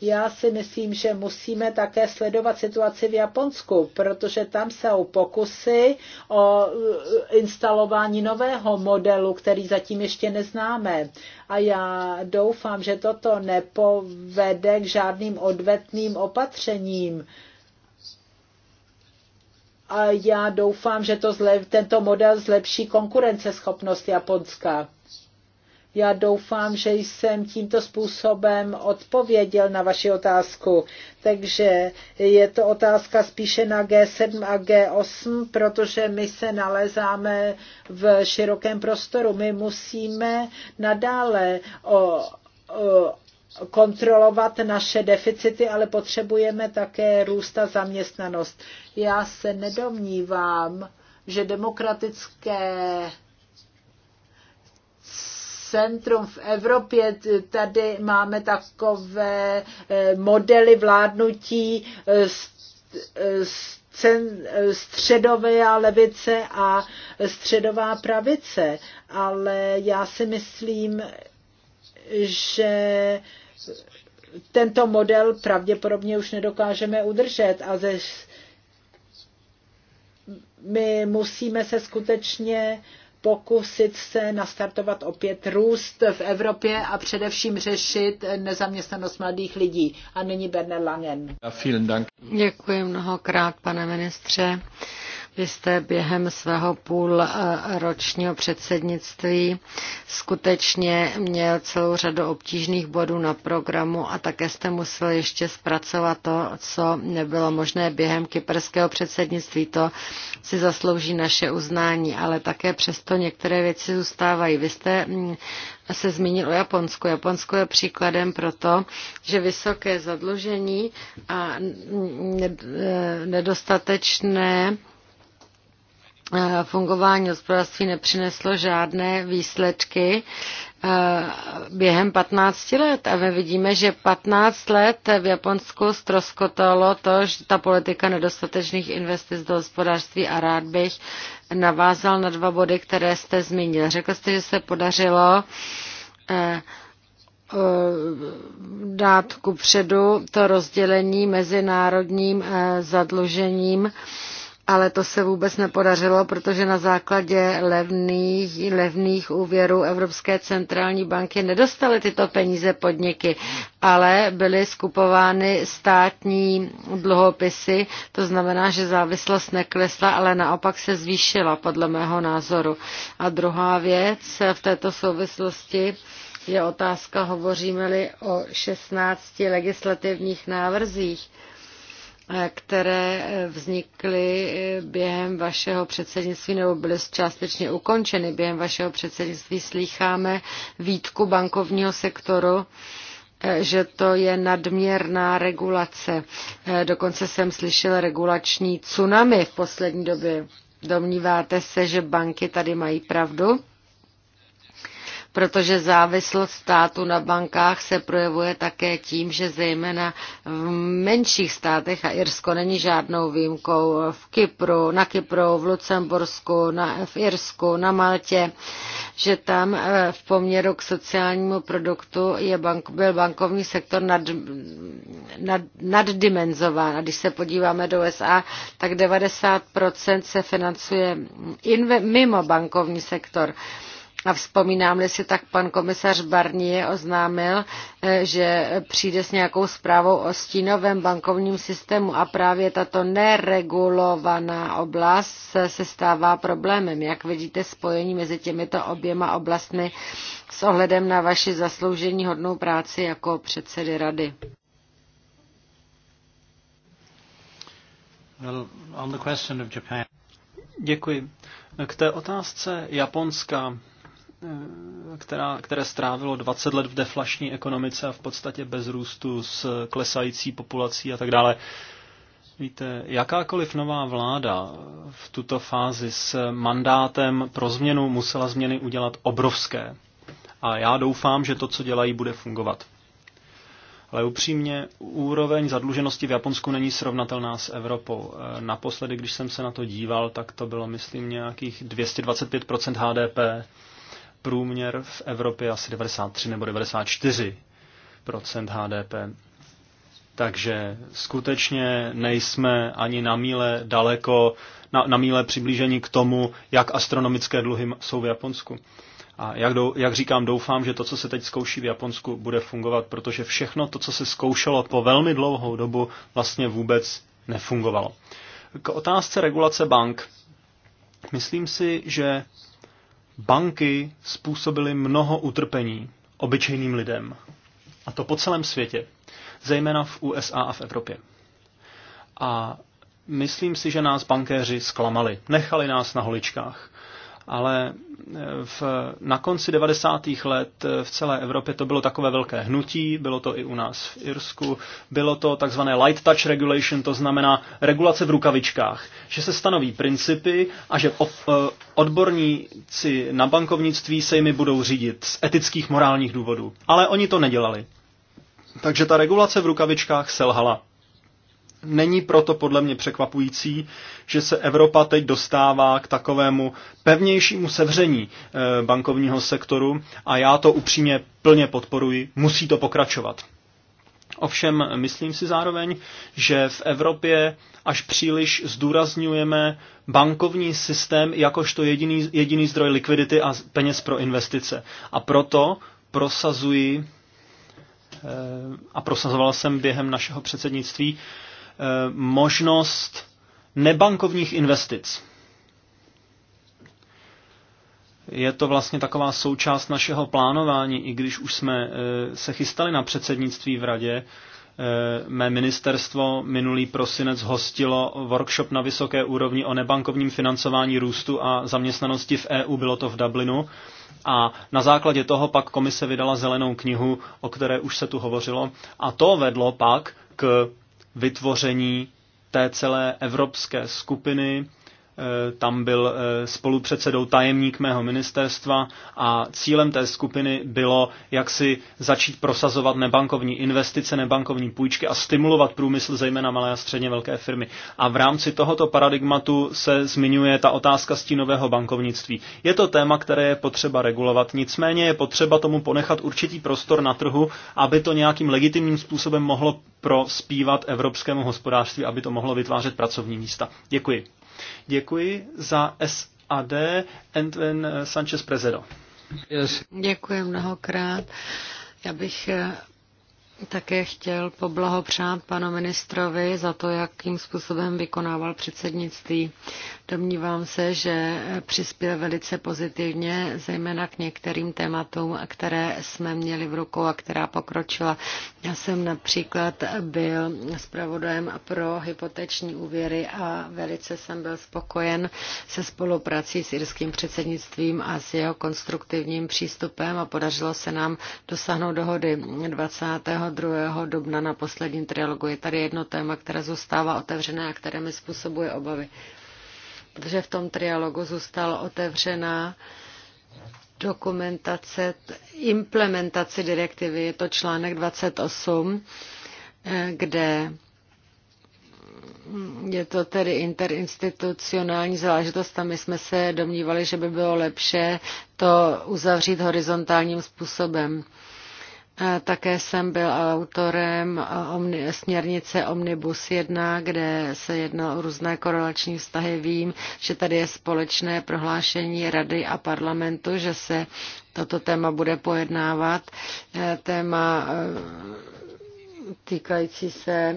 D: Já si myslím, že musíme také sledovat situaci v Japonsku, protože tam jsou pokusy o eh, instalování nového modelu, který zatím ještě neznáme. A já doufám, že toto nepovede k žádným odvetným opatřením. A já doufám, že to zlep, tento model zlepší konkurenceschopnost Japonska já doufám, že jsem tímto způsobem odpověděl na vaši otázku. Takže je to otázka spíše na G7 a G8, protože my se nalezáme v širokém prostoru. My musíme nadále o, o kontrolovat naše deficity, ale potřebujeme také růsta zaměstnanost. Já se nedomnívám, že demokratické centrum v Evropě. Tady máme takové eh, modely vládnutí eh, eh, středové a levice a středová pravice, ale já si myslím, že tento model pravděpodobně už nedokážeme udržet a ze, my musíme se skutečně pokusit se nastartovat opět růst v Evropě a především řešit nezaměstnanost mladých lidí. A nyní Berne Langen.
B: Děkuji mnohokrát, pane ministře. Vy jste během svého půlročního eh, předsednictví skutečně měl celou řadu obtížných bodů na programu a také jste musel ještě zpracovat to, co nebylo možné během kyperského předsednictví. To si zaslouží naše uznání, ale také přesto některé věci zůstávají. Vy jste mm, se zmínil o Japonsku. Japonsko je příkladem proto, že vysoké zadlužení a nedostatečné Eh, fungování hospodářství nepřineslo žádné výsledky eh, během 15 let. A my vidíme, že 15 let v Japonsku stroskotalo to, že ta politika nedostatečných investic do hospodářství a rád bych navázal na dva body, které jste zmínil. Řekl jste, že se podařilo eh, dát ku předu to rozdělení mezinárodním zadlužením ale to se vůbec nepodařilo, protože na základě levných, levných úvěrů Evropské centrální banky nedostaly tyto peníze podniky, ale byly skupovány státní dluhopisy, to znamená, že závislost neklesla, ale naopak se zvýšila, podle mého názoru. A druhá věc v této souvislosti je otázka, hovoříme-li o 16 legislativních návrzích které vznikly během vašeho předsednictví nebo byly částečně ukončeny během vašeho předsednictví, slýcháme výtku bankovního sektoru, že to je nadměrná regulace. Dokonce jsem slyšel regulační tsunami v poslední době. Domníváte se, že banky tady mají pravdu? protože závislost státu na bankách se projevuje také tím, že zejména v menších státech, a Irsko není žádnou výjimkou, v Kypru, na Kypru, v Lucembursku, na, v Irsku, na Maltě, že tam eh, v poměru k sociálnímu produktu je bank, byl bankovní sektor nad, nad, naddimenzován. A když se podíváme do USA, tak 90% se financuje inve, mimo bankovní sektor. Uh, a vzpomínám-li si, tak pan komisař Barnier oznámil, eh, že přijde s nějakou zprávou o stínovém bankovním systému a právě tato neregulovaná oblast se stává problémem. Jak vidíte spojení mezi těmito oběma oblastmi s ohledem na vaši zasloužení hodnou práci jako předsedy rady?
C: Well, on the question of Japan. Děkuji. K té otázce Japonska Eh, která, které strávilo 20 let v deflační ekonomice a v podstatě bez růstu s klesající populací a tak dále. Víte, jakákoliv nová vláda v tuto fázi s mandátem pro změnu musela změny udělat obrovské. A já doufám, že to, co dělají, bude fungovat. Ale upřímně, úroveň zadluženosti v Japonsku není srovnatelná s Evropou. Eh, naposledy, když jsem se na to díval, tak to bylo, myslím, nějakých 225 HDP průměr v Evropě asi 93 nebo 94 HDP. Takže skutečně nejsme ani na míle daleko, na, na míle přiblížení k tomu, jak astronomické dluhy jsou v Japonsku. A jak, dou, jak říkám, doufám, že to, co se teď zkouší v Japonsku, bude fungovat, protože všechno to, co se zkoušelo po velmi dlouhou dobu, vlastně vůbec nefungovalo. K otázce regulace bank. Myslím si, že Banky způsobily mnoho utrpení obyčejným lidem. A to po celém světě, zejména v USA a v Evropě. A myslím si, že nás bankéři zklamali, nechali nás na holičkách ale e, v, na konci 90. let e, v celé Evropě to bylo takové velké hnutí, bylo to i u nás v Irsku, bylo to takzvané light touch regulation, to znamená regulace v rukavičkách, že se stanoví principy a že e, odborníci na bankovnictví se jimi budou řídit z etických morálních důvodů. Ale oni to nedělali. Takže ta regulace v rukavičkách selhala. Není proto podle mě překvapující, že se Evropa teď dostává k takovému pevnějšímu sevření eh, bankovního sektoru a já to upřímně plně podporuji, musí to pokračovat. Ovšem, myslím si zároveň, že v Evropě až příliš zdůrazňujeme bankovní systém jakožto jediný, jediný zdroj likvidity a peněz pro investice. A proto prosazuji eh, a prosazoval jsem během našeho předsednictví Eh, možnost nebankovních investic. Je to vlastně taková součást našeho plánování, i když už jsme eh, se chystali na předsednictví v radě. Eh, mé ministerstvo minulý prosinec hostilo workshop na vysoké úrovni o nebankovním financování růstu a zaměstnanosti v EU, bylo to v Dublinu. A na základě toho pak komise vydala zelenou knihu, o které už se tu hovořilo. A to vedlo pak k vytvoření té celé evropské skupiny Eh, tam byl eh, spolupředsedou tajemník mého ministerstva a cílem té skupiny bylo, jak si začít prosazovat nebankovní investice, nebankovní půjčky a stimulovat průmysl, zejména malé a středně velké firmy. A v rámci tohoto paradigmatu se zmiňuje ta otázka stínového bankovnictví. Je to téma, které je potřeba regulovat, nicméně je potřeba tomu ponechat určitý prostor na trhu, aby to nějakým legitimním způsobem mohlo prospívat evropskému hospodářství, aby to mohlo vytvářet pracovní místa. Děkuji. Děkuji za SAD Entven Sanchez Prezedo. Yes.
B: Děkuji mnohokrát. Já bych eh, také chtěl poblahopřát panu ministrovi za to, jakým způsobem vykonával předsednictví. Domnívám se, že přispěl velice pozitivně, zejména k některým tématům, které jsme měli v rukou a která pokročila. Já jsem například byl zpravodajem pro hypoteční úvěry a velice jsem byl spokojen se spoluprací s irským předsednictvím a s jeho konstruktivním přístupem a podařilo se nám dosáhnout dohody 20. 22. dubna na posledním trialogu. Je tady jedno téma, které zůstává otevřené a které mi způsobuje obavy. Protože v tom trialogu zůstala otevřená dokumentace implementace direktivy. Je to článek 28, eh, kde je to tedy interinstitucionální záležitost a my jsme se domnívali, že by bylo lepší to uzavřít horizontálním způsobem. Také jsem byl autorem směrnice Omnibus 1, kde se jedná o různé korelační vztahy. Vím, že tady je společné prohlášení Rady a parlamentu, že se toto téma bude pojednávat. E, téma e, týkající se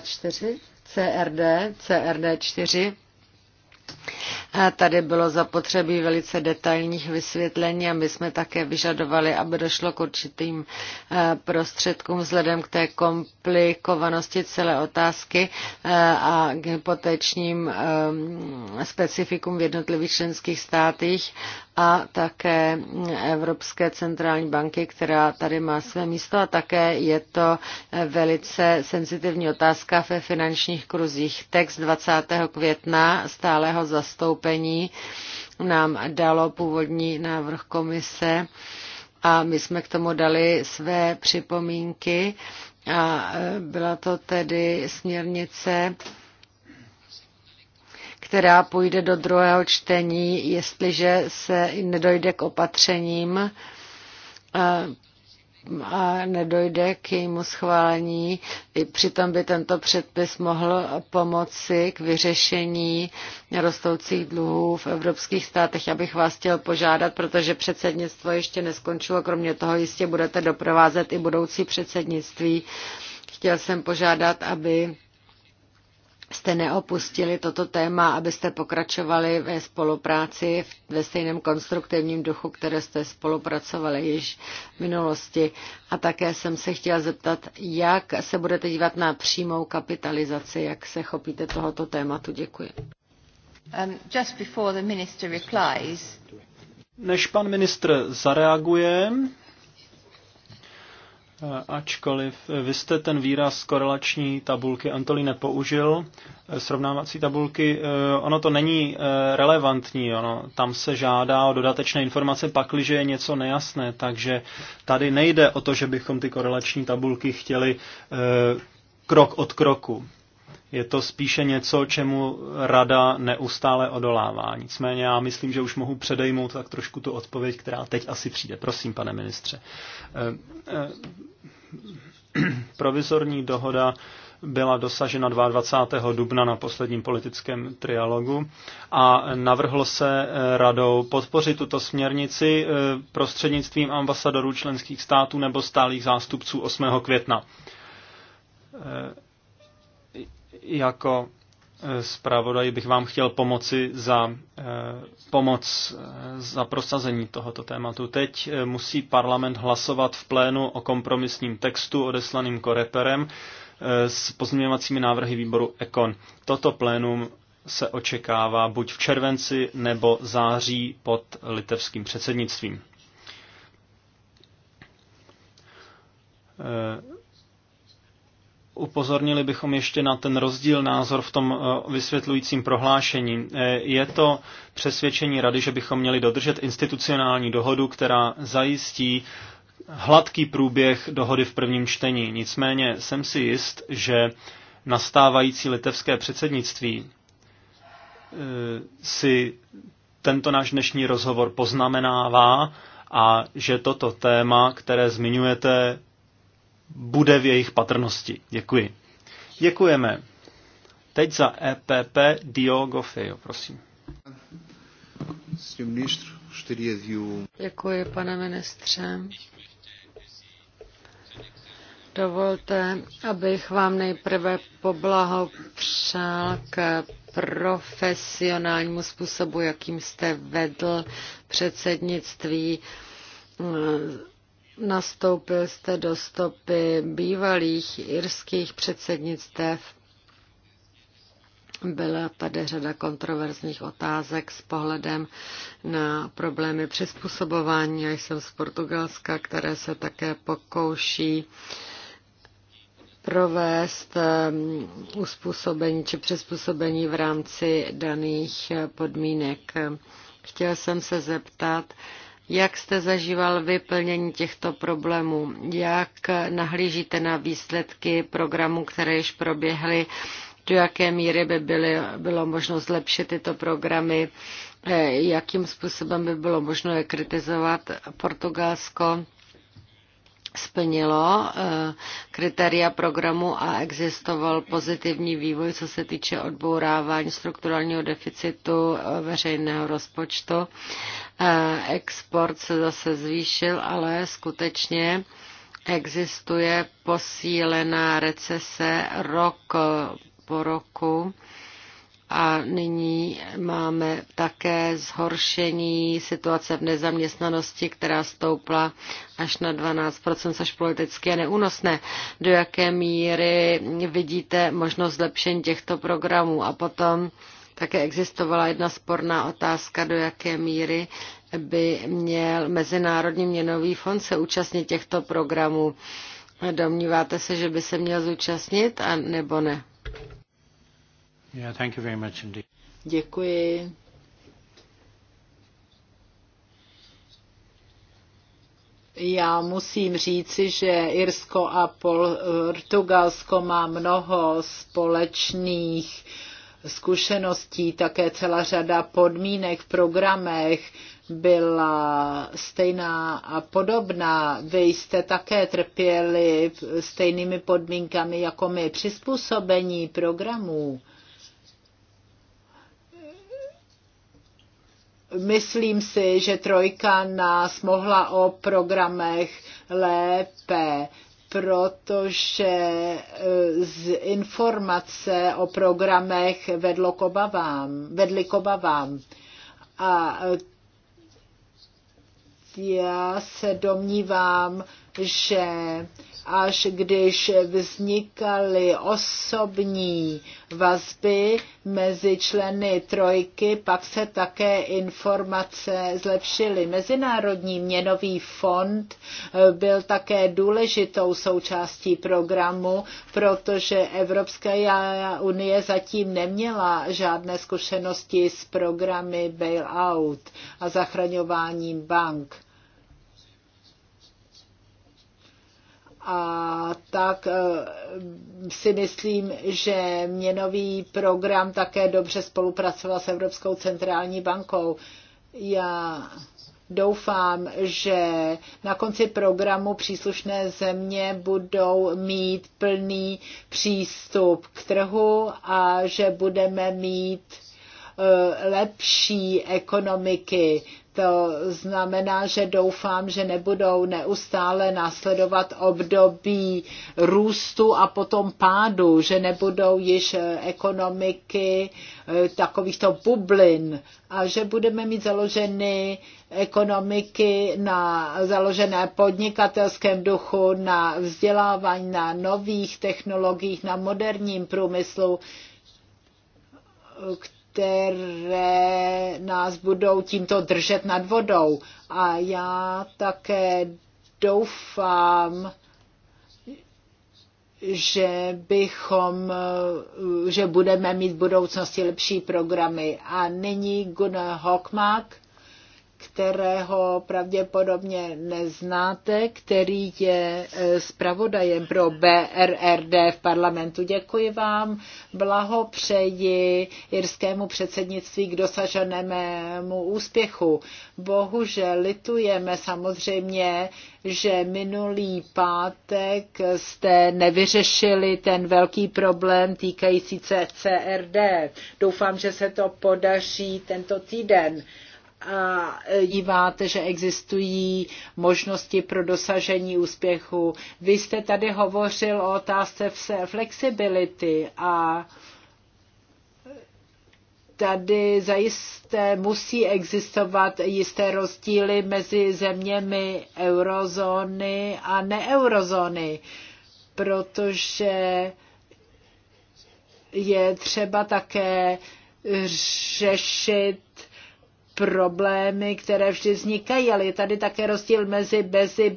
B: 04 CRD, CRD 4 a tady bylo zapotřebí velice detailních vysvětlení a my jsme také vyžadovali, aby došlo k určitým eh, prostředkům vzhledem k té komplikovanosti celé otázky eh, a k hypotečním ehm, specifikům v jednotlivých členských státech a také Evropské centrální banky, která tady má své místo a také je to velice senzitivní otázka ve finančních kruzích. Text 20. května stáleho zastoupení nám dalo původní návrh komise a my jsme k tomu dali své připomínky a byla to tedy směrnice která půjde do druhého čtení, jestliže se nedojde k opatřením a nedojde k jejímu schválení. Přitom by tento předpis mohl pomoci k vyřešení rostoucích dluhů v evropských státech. Já bych vás chtěl požádat, protože předsednictvo ještě neskončilo, kromě toho jistě budete doprovázet i budoucí předsednictví. Chtěl jsem požádat, aby jste neopustili toto téma, abyste pokračovali ve spolupráci ve stejném konstruktivním duchu, které jste spolupracovali již v minulosti. A také jsem se chtěla zeptat, jak se budete dívat na přímou kapitalizaci, jak se chopíte tohoto tématu. Děkuji. Um, just before the minister replies...
C: Než pan ministr zareaguje, Eh, ačkoliv eh, vy jste ten výraz korelační tabulky Antoli nepoužil, eh, srovnávací tabulky, ono to není relevantní, ono, tam se žádá o dodatečné informace pakli, že je něco nejasné, takže tady nejde o to, že bychom ty korelační tabulky chtěli krok od kroku je to spíše něco, čemu rada neustále odolává. Nicméně já myslím, že už mohu předejmout tak trošku tu odpověď, která teď asi přijde. Prosím, pane ministře. Eh, eh, provizorní dohoda byla dosažena 22. dubna na posledním politickém trialogu a navrhlo se eh, radou podpořit tuto směrnici prostřednictvím ambasadorů členských států nebo stálých zástupců 8. května jako e, zpravodaj bych vám chtěl pomoci za e, pomoc e, za prosazení tohoto tématu. Teď musí parlament hlasovat v plénu o kompromisním textu odeslaným koreperem s pozměňovacími návrhy výboru Ekon. Toto plénum se očekává buď v červenci nebo září pod litevským předsednictvím Upozornili bychom ještě na ten rozdíl názor v tom eh, vysvětlujícím prohlášení. Eh, je to přesvědčení rady, že bychom měli dodržet institucionální dohodu, která zajistí hladký průběh dohody v prvním čtení. Nicméně jsem si jist, že nastávající litevské předsednictví eh, si tento náš dnešní rozhovor poznamenává a že toto téma, které zmiňujete, bude v jejich patrnosti. Děkuji. Děkujeme. Teď za EPP Diogo Feio, prosím.
B: Děkuji, pane ministře. Dovolte, abych vám nejprve poblahopřál k profesionálnímu způsobu, jakým jste vedl předsednictví Nastoupil jste do stopy bývalých irských předsednictev. Byla tady řada kontroverzních otázek s pohledem na problémy přizpůsobování. Já jsem z Portugalska, které se také pokouší provést ehm, uspůsobení či přizpůsobení v rámci daných podmínek. Chtěl jsem se zeptat, jak jste zažíval vyplnění těchto problémů? Jak nahlížíte na výsledky programů, které již proběhly? Do jaké míry by byly, bylo možno zlepšit tyto programy? Eh, jakým způsobem by bylo možno je kritizovat Portugalsko? splnilo eh, kritéria programu a existoval pozitivní vývoj, co se týče odbourávání strukturálního deficitu eh, veřejného rozpočtu. Eh, export se zase zvýšil, ale skutečně existuje posílená recese rok po roku a nyní máme také zhoršení situace v nezaměstnanosti, která stoupla až na 12%, což politicky je neúnosné. Do jaké míry vidíte možnost zlepšení těchto programů? A potom také existovala jedna sporná otázka, do jaké míry by měl Mezinárodní měnový fond se účastnit těchto programů. Domníváte se, že by se měl zúčastnit, a nebo ne?
A: Yeah, thank you very much indeed.
D: Děkuji. Já musím říci, že Irsko a Portugalsko má mnoho společných zkušeností, také celá řada podmínek v programech byla stejná a podobná. Vy jste také trpěli stejnými podmínkami jako my přizpůsobení programů Myslím si, že trojka nás mohla o programech lépe protože e, z informace o programech vedlo k obavám, vedli k obavám. A e, já se domnívám, že až když vznikaly osobní vazby mezi členy trojky, pak se také informace zlepšily. Mezinárodní měnový fond eh, byl také důležitou součástí programu, protože Evropská unie zatím neměla žádné zkušenosti s programy bailout a zachraňováním bank a tak eh, si myslím, že měnový program také dobře spolupracoval s Evropskou centrální bankou. Já doufám, že na konci programu příslušné země budou mít plný přístup k trhu a že budeme mít eh, lepší ekonomiky. To znamená, že doufám, že nebudou neustále následovat období růstu a potom pádu, že nebudou již eh, ekonomiky eh, takovýchto bublin a že budeme mít založeny ekonomiky na založené podnikatelském duchu, na vzdělávání, na nových technologiích, na moderním průmyslu, které nás budou tímto držet nad vodou. A já také doufám, že bychom, že budeme mít v budoucnosti lepší programy. A nyní Gunnar Hockmark kterého pravděpodobně neznáte, který je e, zpravodajem pro BRRD v parlamentu. Děkuji vám, blahopřeji jirskému předsednictví k dosaženému úspěchu. Bohužel litujeme samozřejmě, že minulý pátek jste nevyřešili ten velký problém týkající se CRD. Doufám, že se to podaří tento týden E, díváte, že existují možnosti pro dosažení úspěchu. Vy jste tady hovořil o otázce flexibility a tady zajisté musí existovat jisté rozdíly mezi zeměmi eurozóny a neeurozóny, protože je třeba také řešit problémy, které vždy vznikají, ale je tady také rozdíl mezi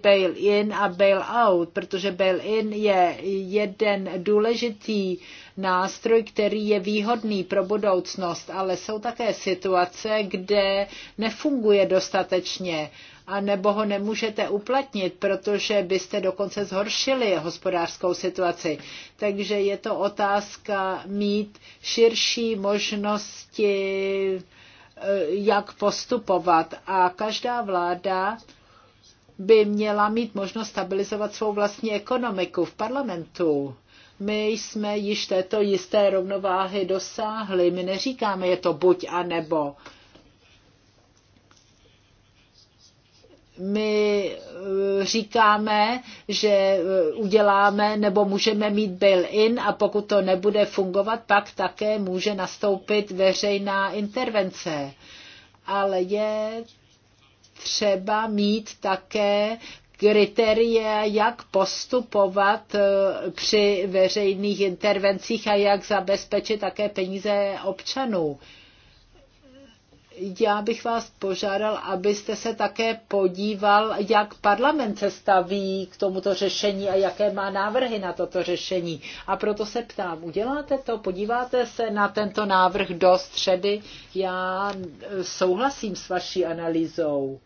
D: bail-in a bail-out, protože bail-in je jeden důležitý nástroj, který je výhodný pro budoucnost, ale jsou také situace, kde nefunguje dostatečně a nebo ho nemůžete uplatnit, protože byste dokonce zhoršili hospodářskou situaci. Takže je to otázka mít širší možnosti Eh, jak postupovat. A každá vláda by měla mít možnost stabilizovat svou vlastní ekonomiku v parlamentu. My jsme již této jisté rovnováhy dosáhli. My neříkáme, je to buď a nebo. My říkáme, že eh, uděláme nebo můžeme mít bail-in a pokud to nebude fungovat, pak také může nastoupit veřejná intervence. Ale je třeba mít také kritéria, jak postupovat eh, při veřejných intervencích a jak zabezpečit také peníze občanů já bych vás požádal, abyste se také podíval, jak parlament se staví k tomuto řešení a jaké má návrhy na toto řešení. A proto se ptám, uděláte to, podíváte se na tento návrh do středy? Já eh, souhlasím s vaší analýzou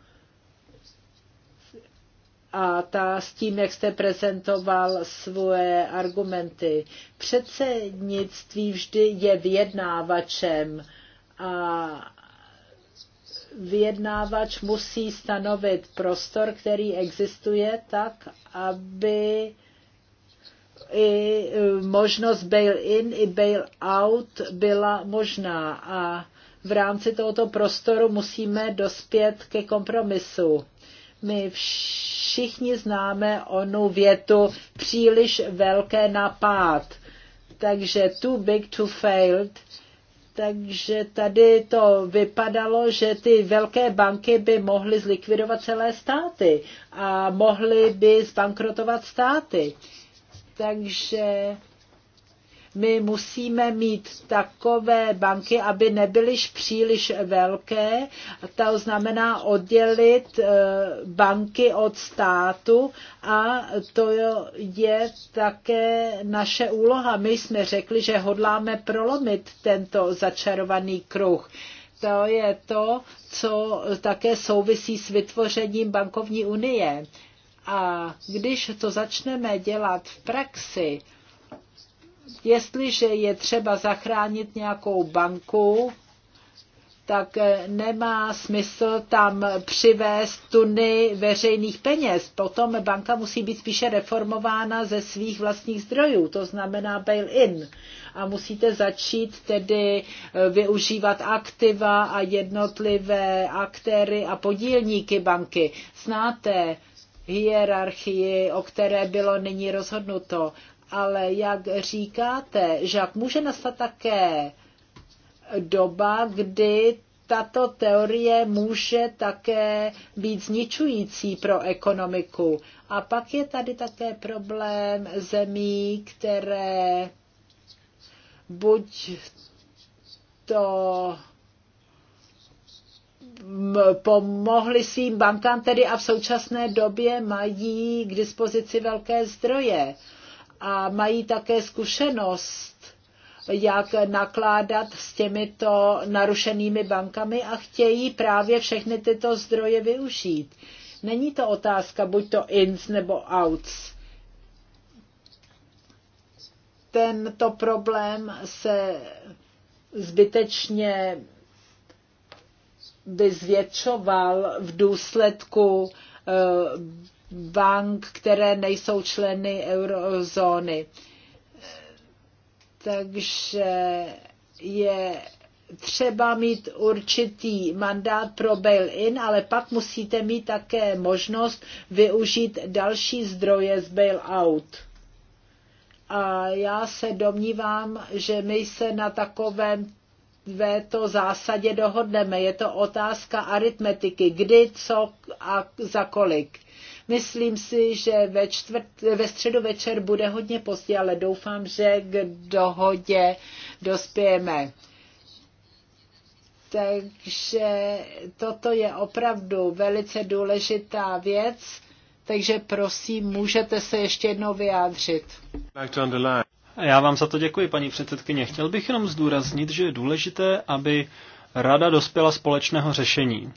D: a ta s tím, jak jste prezentoval svoje argumenty. Předsednictví vždy je vyjednávačem a vyjednávač musí stanovit prostor, který existuje, tak, aby i e, možnost bail-in i bail-out byla možná. A v rámci tohoto prostoru musíme dospět ke kompromisu. My všichni známe onu větu příliš velké napád. Takže too big to fail. Takže tady to vypadalo, že ty velké banky by mohly zlikvidovat celé státy a mohly by zbankrotovat státy. Takže my musíme mít takové banky, aby nebyly příliš velké, to znamená oddělit eh, banky od státu a to je také naše úloha. My jsme řekli, že hodláme prolomit tento začarovaný kruh to je to, co také souvisí s vytvořením bankovní unie. A když to začneme dělat v praxi, Jestliže je třeba zachránit nějakou banku, tak nemá smysl tam přivést tuny veřejných peněz. Potom banka musí být spíše reformována ze svých vlastních zdrojů, to znamená bail-in. A musíte začít tedy eh, využívat aktiva a jednotlivé aktéry a podílníky banky. Znáte hierarchii, o které bylo nyní rozhodnuto ale jak říkáte, že může nastat také doba, kdy tato teorie může také být zničující pro ekonomiku. A pak je tady také problém zemí, které buď to pomohli svým bankám tedy a v současné době mají k dispozici velké zdroje a mají také zkušenost, jak nakládat s těmito narušenými bankami a chtějí právě všechny tyto zdroje využít. Není to otázka buď to ins nebo outs. Tento problém se zbytečně by zvětšoval v důsledku eh, bank, které nejsou členy eurozóny. Takže je třeba mít určitý mandát pro bail-in, ale pak musíte mít také možnost využít další zdroje z bail-out. A já se domnívám, že my se na takovém ve to zásadě dohodneme. Je to otázka aritmetiky, kdy, co a za kolik. Myslím si, že ve, čtvrt, ve středu večer bude hodně pozdě, ale doufám, že k dohodě dospějeme. Takže toto je opravdu velice důležitá věc, takže prosím, můžete se ještě jednou vyjádřit.
C: Já vám za to děkuji, paní předsedkyně. Chtěl bych jenom zdůraznit, že je důležité, aby Rada dospěla společného řešení.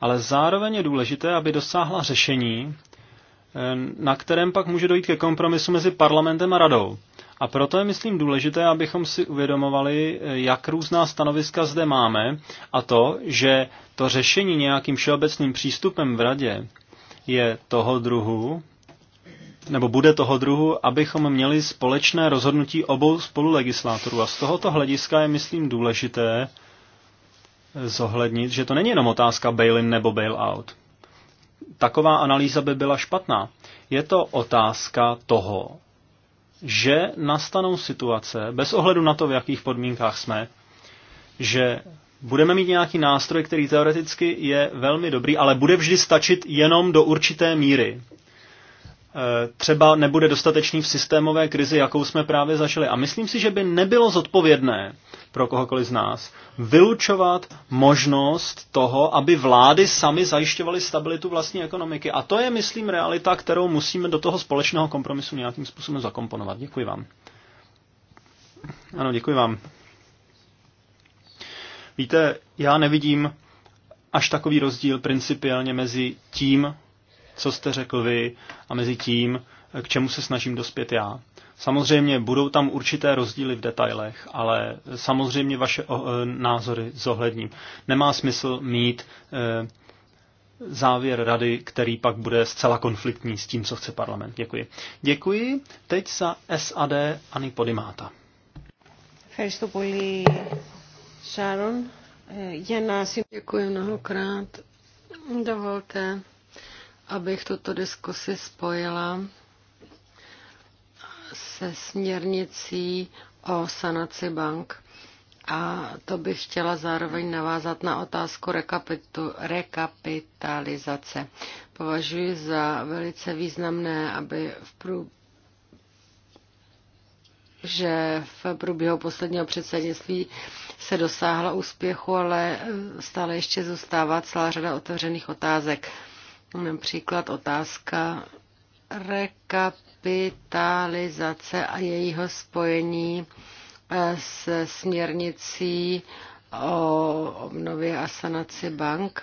C: Ale zároveň je důležité, aby dosáhla řešení, na kterém pak může dojít ke kompromisu mezi parlamentem a radou. A proto je, myslím, důležité, abychom si uvědomovali, jak různá stanoviska zde máme a to, že to řešení nějakým všeobecným přístupem v radě je toho druhu, nebo bude toho druhu, abychom měli společné rozhodnutí obou spolulegislátorů. A z tohoto hlediska je, myslím, důležité zohlednit, že to není jenom otázka bail-in nebo bail-out taková analýza by byla špatná. Je to otázka toho, že nastanou situace, bez ohledu na to, v jakých podmínkách jsme, že budeme mít nějaký nástroj, který teoreticky je velmi dobrý, ale bude vždy stačit jenom do určité míry. Eh, třeba nebude dostatečný v systémové krizi, jakou jsme právě zažili. A myslím si, že by nebylo zodpovědné pro kohokoliv z nás vylučovat možnost toho, aby vlády sami zajišťovaly stabilitu vlastní ekonomiky. A to je, myslím, realita, kterou musíme do toho společného kompromisu nějakým způsobem zakomponovat. Děkuji vám. Ano, děkuji vám. Víte, já nevidím až takový rozdíl principiálně mezi tím, co jste řekl vy, a mezi tím, k čemu se snažím dospět já. Samozřejmě budou tam určité rozdíly v detailech, ale samozřejmě vaše eh, názory zohledním. Nemá smysl mít eh, závěr rady, který pak bude zcela konfliktní s tím, co chce parlament. Děkuji. Děkuji. Teď za SAD Ani Podimáta.
B: Sharon. Děkuji mnohokrát. Dovolte, abych tuto diskusi spojila se směrnicí o sanaci bank. A to bych chtěla zároveň navázat na otázku rekapitu, rekapitalizace. Považuji za velice významné, aby v prů, že v průběhu posledního předsednictví se dosáhla úspěchu, ale stále ještě zůstává celá řada otevřených otázek. Například otázka rekapitalizace a jejího spojení eh, s směrnicí o obnově a sanaci bank.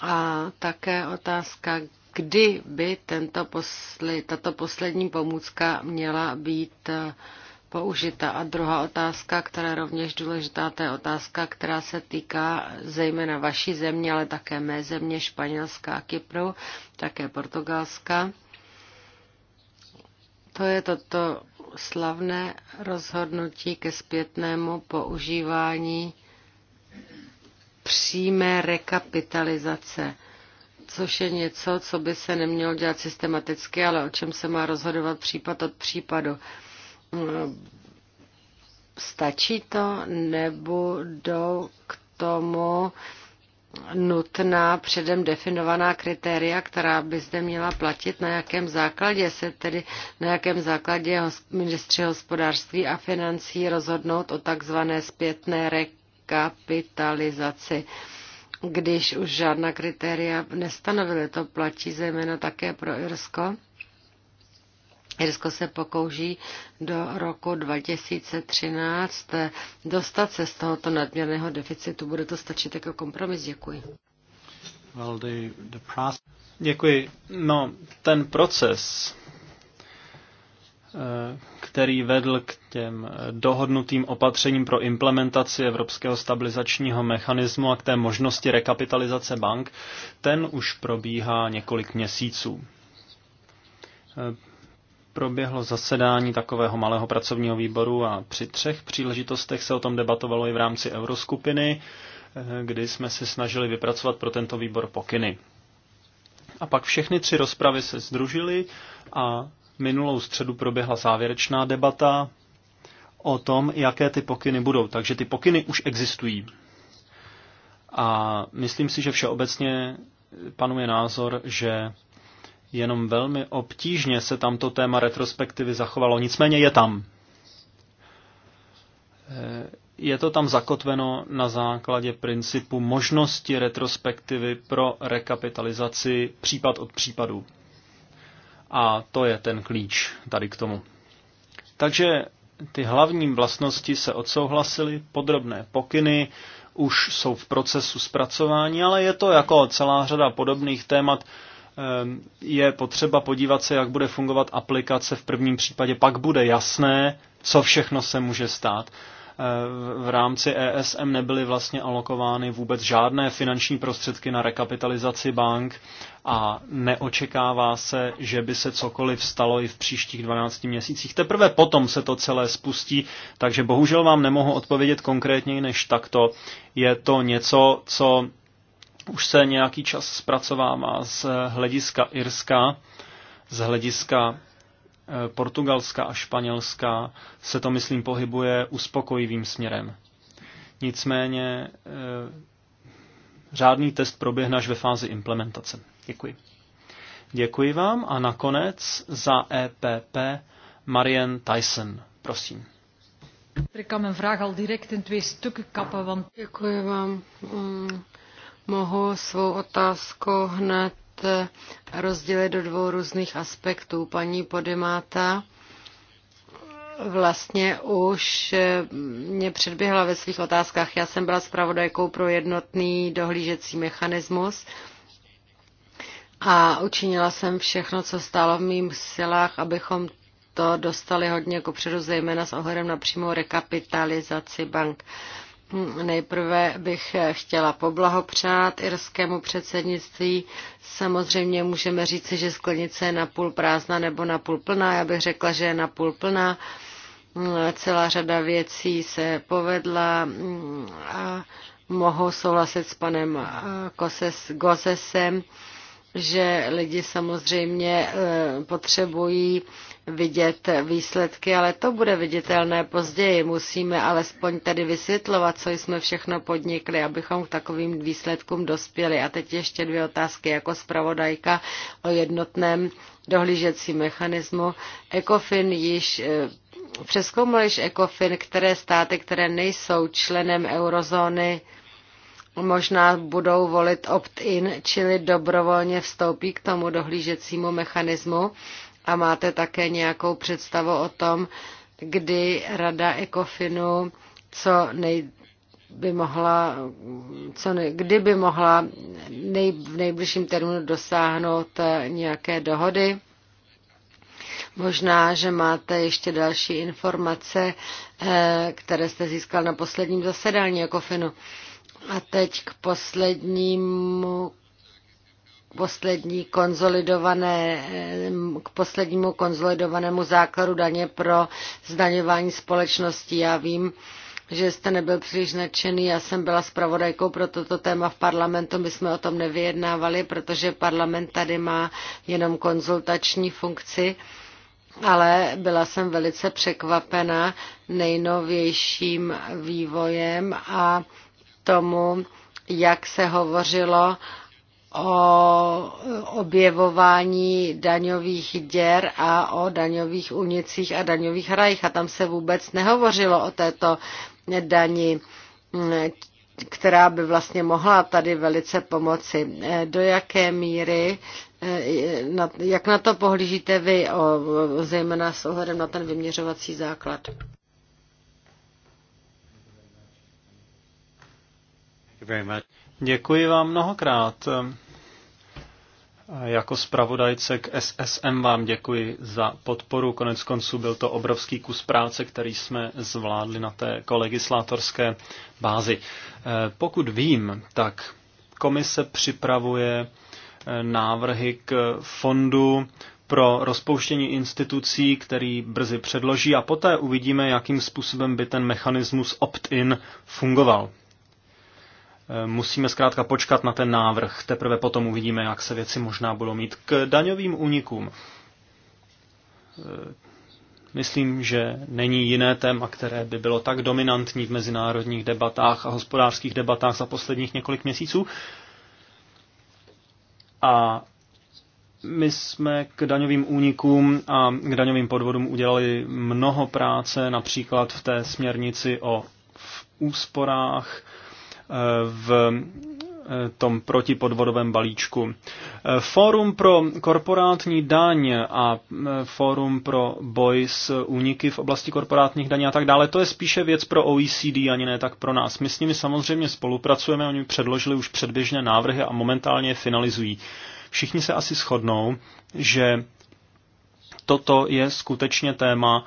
B: A také otázka, kdy by tento posle, tato poslední pomůcka měla být eh, použita. A druhá otázka, která je rovněž důležitá, to je otázka, která se týká zejména vaší země, ale také mé země, Španělská, Kypru, také portugalská. To je toto slavné rozhodnutí ke zpětnému používání přímé rekapitalizace, což je něco, co by se nemělo dělat systematicky, ale o čem se má rozhodovat případ od případu. Stačí to, nebo do k tomu nutná předem definovaná kritéria, která by zde měla platit, na jakém základě se tedy, na jakém základě ministři hospodářství a financí rozhodnout o takzvané zpětné rekapitalizaci. Když už žádná kritéria nestanovily, to platí zejména také pro Irsko. Irsko se pokouší do roku 2013 dostat se z tohoto nadměrného deficitu. Bude to stačit jako kompromis? Děkuji.
C: Well, the, the process... Děkuji. No, ten proces, eh, který vedl k těm eh, dohodnutým opatřením pro implementaci Evropského stabilizačního mechanismu a k té možnosti rekapitalizace bank, ten už probíhá několik měsíců. Eh, proběhlo zasedání takového malého pracovního výboru a při třech příležitostech se o tom debatovalo i v rámci euroskupiny, eh, kdy jsme se snažili vypracovat pro tento výbor pokyny. A pak všechny tři rozpravy se združily a minulou středu proběhla závěrečná debata o tom, jaké ty pokyny budou. Takže ty pokyny už existují. A myslím si, že všeobecně panuje názor, že Jenom velmi obtížně se tam to téma retrospektivy zachovalo, nicméně je tam. Eh, je to tam zakotveno na základě principu možnosti retrospektivy pro rekapitalizaci případ od případu. A to je ten klíč tady k tomu. Takže ty hlavní vlastnosti se odsouhlasily, podrobné pokyny už jsou v procesu zpracování, ale je to jako celá řada podobných témat, Ehm, je potřeba podívat se, jak bude fungovat aplikace v prvním případě. Pak bude jasné, co všechno se může stát. Ehm, v rámci ESM nebyly vlastně alokovány vůbec žádné finanční prostředky na rekapitalizaci bank a neočekává se, že by se cokoliv stalo i v příštích 12 měsících. Teprve potom se to celé spustí, takže bohužel vám nemohu odpovědět konkrétněji než takto. Je to něco, co už se nějaký čas zpracovává z hlediska Irska, z hlediska eh, Portugalska a Španělska se to, myslím, pohybuje uspokojivým směrem. Nicméně eh, řádný test proběhne až ve fázi implementace. Děkuji. Děkuji vám a nakonec za EPP Marian Tyson. Prosím.
B: Ik kan mijn vraag al direct in twee stukken kappen, want... Děkuji vám. Mm, Mohu svou otázku hned rozdělit do dvou různých aspektů. Paní Podimáta vlastně už mě předběhla ve svých otázkách. Já jsem byla zpravodajkou pro jednotný dohlížecí mechanismus a učinila jsem všechno, co stálo v mým silách, abychom to dostali hodně jako předu, zejména s ohledem na přímou rekapitalizaci bank. Uh, Nejprve bych chtěla poblahopřát irskému předsednictví. Samozřejmě můžeme říci, že sklenice je napůl prázdná nebo napůl plná. Já bych řekla, že je napůl plná. Celá řada věcí se povedla a mohu souhlasit s panem Gozesem, že lidi samozřejmě eh, potřebují vidět výsledky, ale to bude viditelné později. Musíme alespoň tedy vysvětlovat, co jsme všechno podnikli, abychom k takovým výsledkům dospěli. A teď ještě dvě otázky jako zpravodajka o jednotném dohlížecí mechanismu. ECOFIN již eh, přeskoumal již ECOFIN, které státy, které nejsou členem eurozóny, možná budou volit opt-in, čili dobrovolně vstoupí k tomu dohlížecímu mechanismu a máte také nějakou představu o tom, kdy Rada Ekofinu co nej, by mohla, co ne, kdyby mohla nej, v nejbližším termínu dosáhnout eh, nějaké dohody. Možná, že máte ještě další informace, eh, které jste získal na posledním zasedání jako Finu. A teď k poslednímu poslední konzolidované, eh, k poslednímu konzolidovanému základu daně pro zdaňování společností. Já vím, že jste nebyl příliš nadšený. Já jsem byla zpravodajkou pro toto téma v parlamentu. My jsme o tom nevyjednávali, protože parlament tady má jenom konzultační funkci. Ale byla jsem velice překvapena nejnovějším vývojem a tomu, jak se hovořilo o objevování daňových děr a o daňových unicích a daňových rajích. A tam se vůbec nehovořilo o této dani, která by vlastně mohla tady velice pomoci. Do jaké míry, jak na to pohlížíte vy, zejména s ohledem na ten vyměřovací základ?
C: Děkuji vám mnohokrát. Jako zpravodajce k SSM vám děkuji za podporu. Konec konců byl to obrovský kus práce, který jsme zvládli na té kolegislátorské bázi. E, pokud vím, tak komise připravuje e, návrhy k fondu pro rozpouštění institucí, který brzy předloží a poté uvidíme, jakým způsobem by ten mechanismus opt-in fungoval. Musíme zkrátka počkat na ten návrh, teprve potom uvidíme, jak se věci možná budou mít k daňovým únikům. Myslím, že není jiné téma, které by bylo tak dominantní v mezinárodních debatách a hospodářských debatách za posledních několik měsíců. A my jsme k daňovým únikům a k daňovým podvodům udělali mnoho práce, například v té směrnici o v úsporách, v eh, tom protipodvodovém balíčku. Eh, fórum pro korporátní daň a eh, fórum pro boj s úniky v oblasti korporátních daní a tak dále, to je spíše věc pro OECD, ani ne tak pro nás. My s nimi samozřejmě spolupracujeme, oni předložili už předběžné návrhy a momentálně je finalizují. Všichni se asi shodnou, že toto je skutečně téma,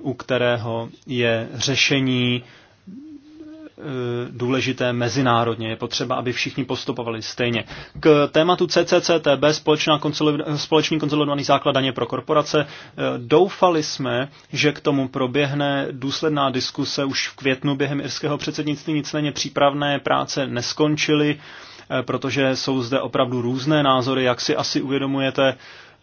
C: u kterého je řešení důležité mezinárodně. Je potřeba, aby všichni postupovali stejně. K tématu CCCTB, společná konsolid- společný konsolidovaný základ daně pro korporace, doufali jsme, že k tomu proběhne důsledná diskuse už v květnu během irského předsednictví, nicméně přípravné práce neskončily, eh, protože jsou zde opravdu různé názory, jak si asi uvědomujete,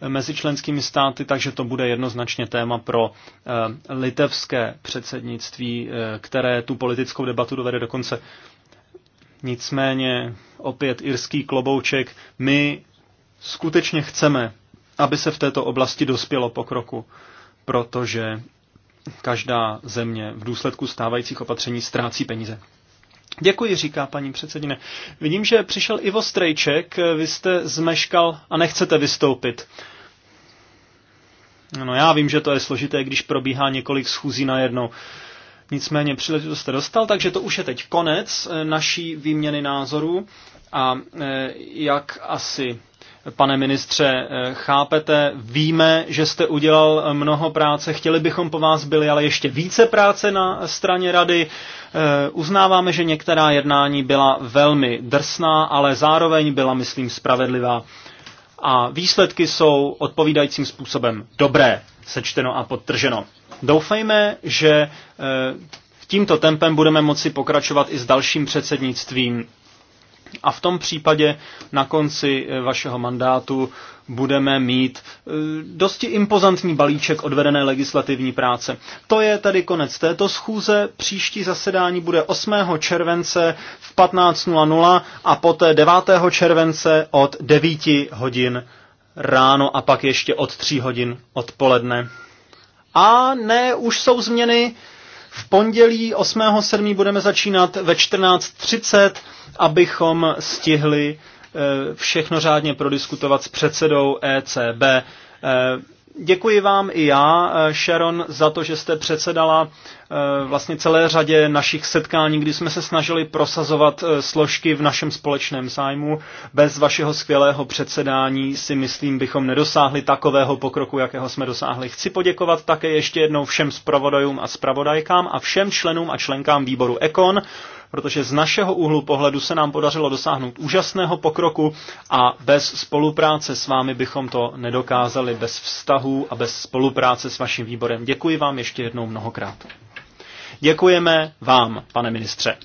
C: mezi členskými státy, takže to bude jednoznačně téma pro eh, litevské předsednictví, eh, které tu politickou debatu dovede dokonce. Nicméně opět irský klobouček, my skutečně chceme, aby se v této oblasti dospělo pokroku, protože každá země v důsledku stávajících opatření ztrácí peníze. Děkuji, říká paní předsedine. Vidím, že přišel Ivo Strejček, vy jste zmeškal a nechcete vystoupit. No já vím, že to je složité, když probíhá několik schůzí na jedno. Nicméně příležitost jste dostal, takže to už je teď konec eh, naší výměny názorů a eh, jak asi pane ministře, eh, chápete, víme, že jste udělal mnoho práce, chtěli bychom po vás byli, ale ještě více práce na straně rady. Uznáváme, že některá jednání byla velmi drsná, ale zároveň byla, myslím, spravedlivá a výsledky jsou odpovídajícím způsobem dobré, sečteno a podtrženo. Doufejme, že eh, tímto tempem budeme moci pokračovat i s dalším předsednictvím a v tom případě na konci eh, vašeho mandátu budeme mít eh, dosti impozantní balíček odvedené legislativní práce. To je tedy konec této schůze. Příští zasedání bude 8. července v 15.00 a poté 9. července od 9 hodin ráno a pak ještě od 3 hodin odpoledne. A ne, už jsou změny v pondělí 8.7. budeme začínat ve 14.30, abychom stihli eh, všechno řádně prodiskutovat s předsedou ECB. Eh, Děkuji vám i já, eh, Sharon, za to, že jste předsedala eh, vlastně celé řadě našich setkání, kdy jsme se snažili prosazovat eh, složky v našem společném zájmu. Bez vašeho skvělého předsedání si myslím, bychom nedosáhli takového pokroku, jakého jsme dosáhli. Chci poděkovat také ještě jednou všem zpravodajům a zpravodajkám a všem členům a členkám výboru EKON, protože z našeho úhlu pohledu se nám podařilo dosáhnout úžasného pokroku a bez spolupráce s vámi bychom to nedokázali, bez vztahů a bez spolupráce s vaším výborem. Děkuji vám ještě jednou mnohokrát. Děkujeme vám, pane ministře.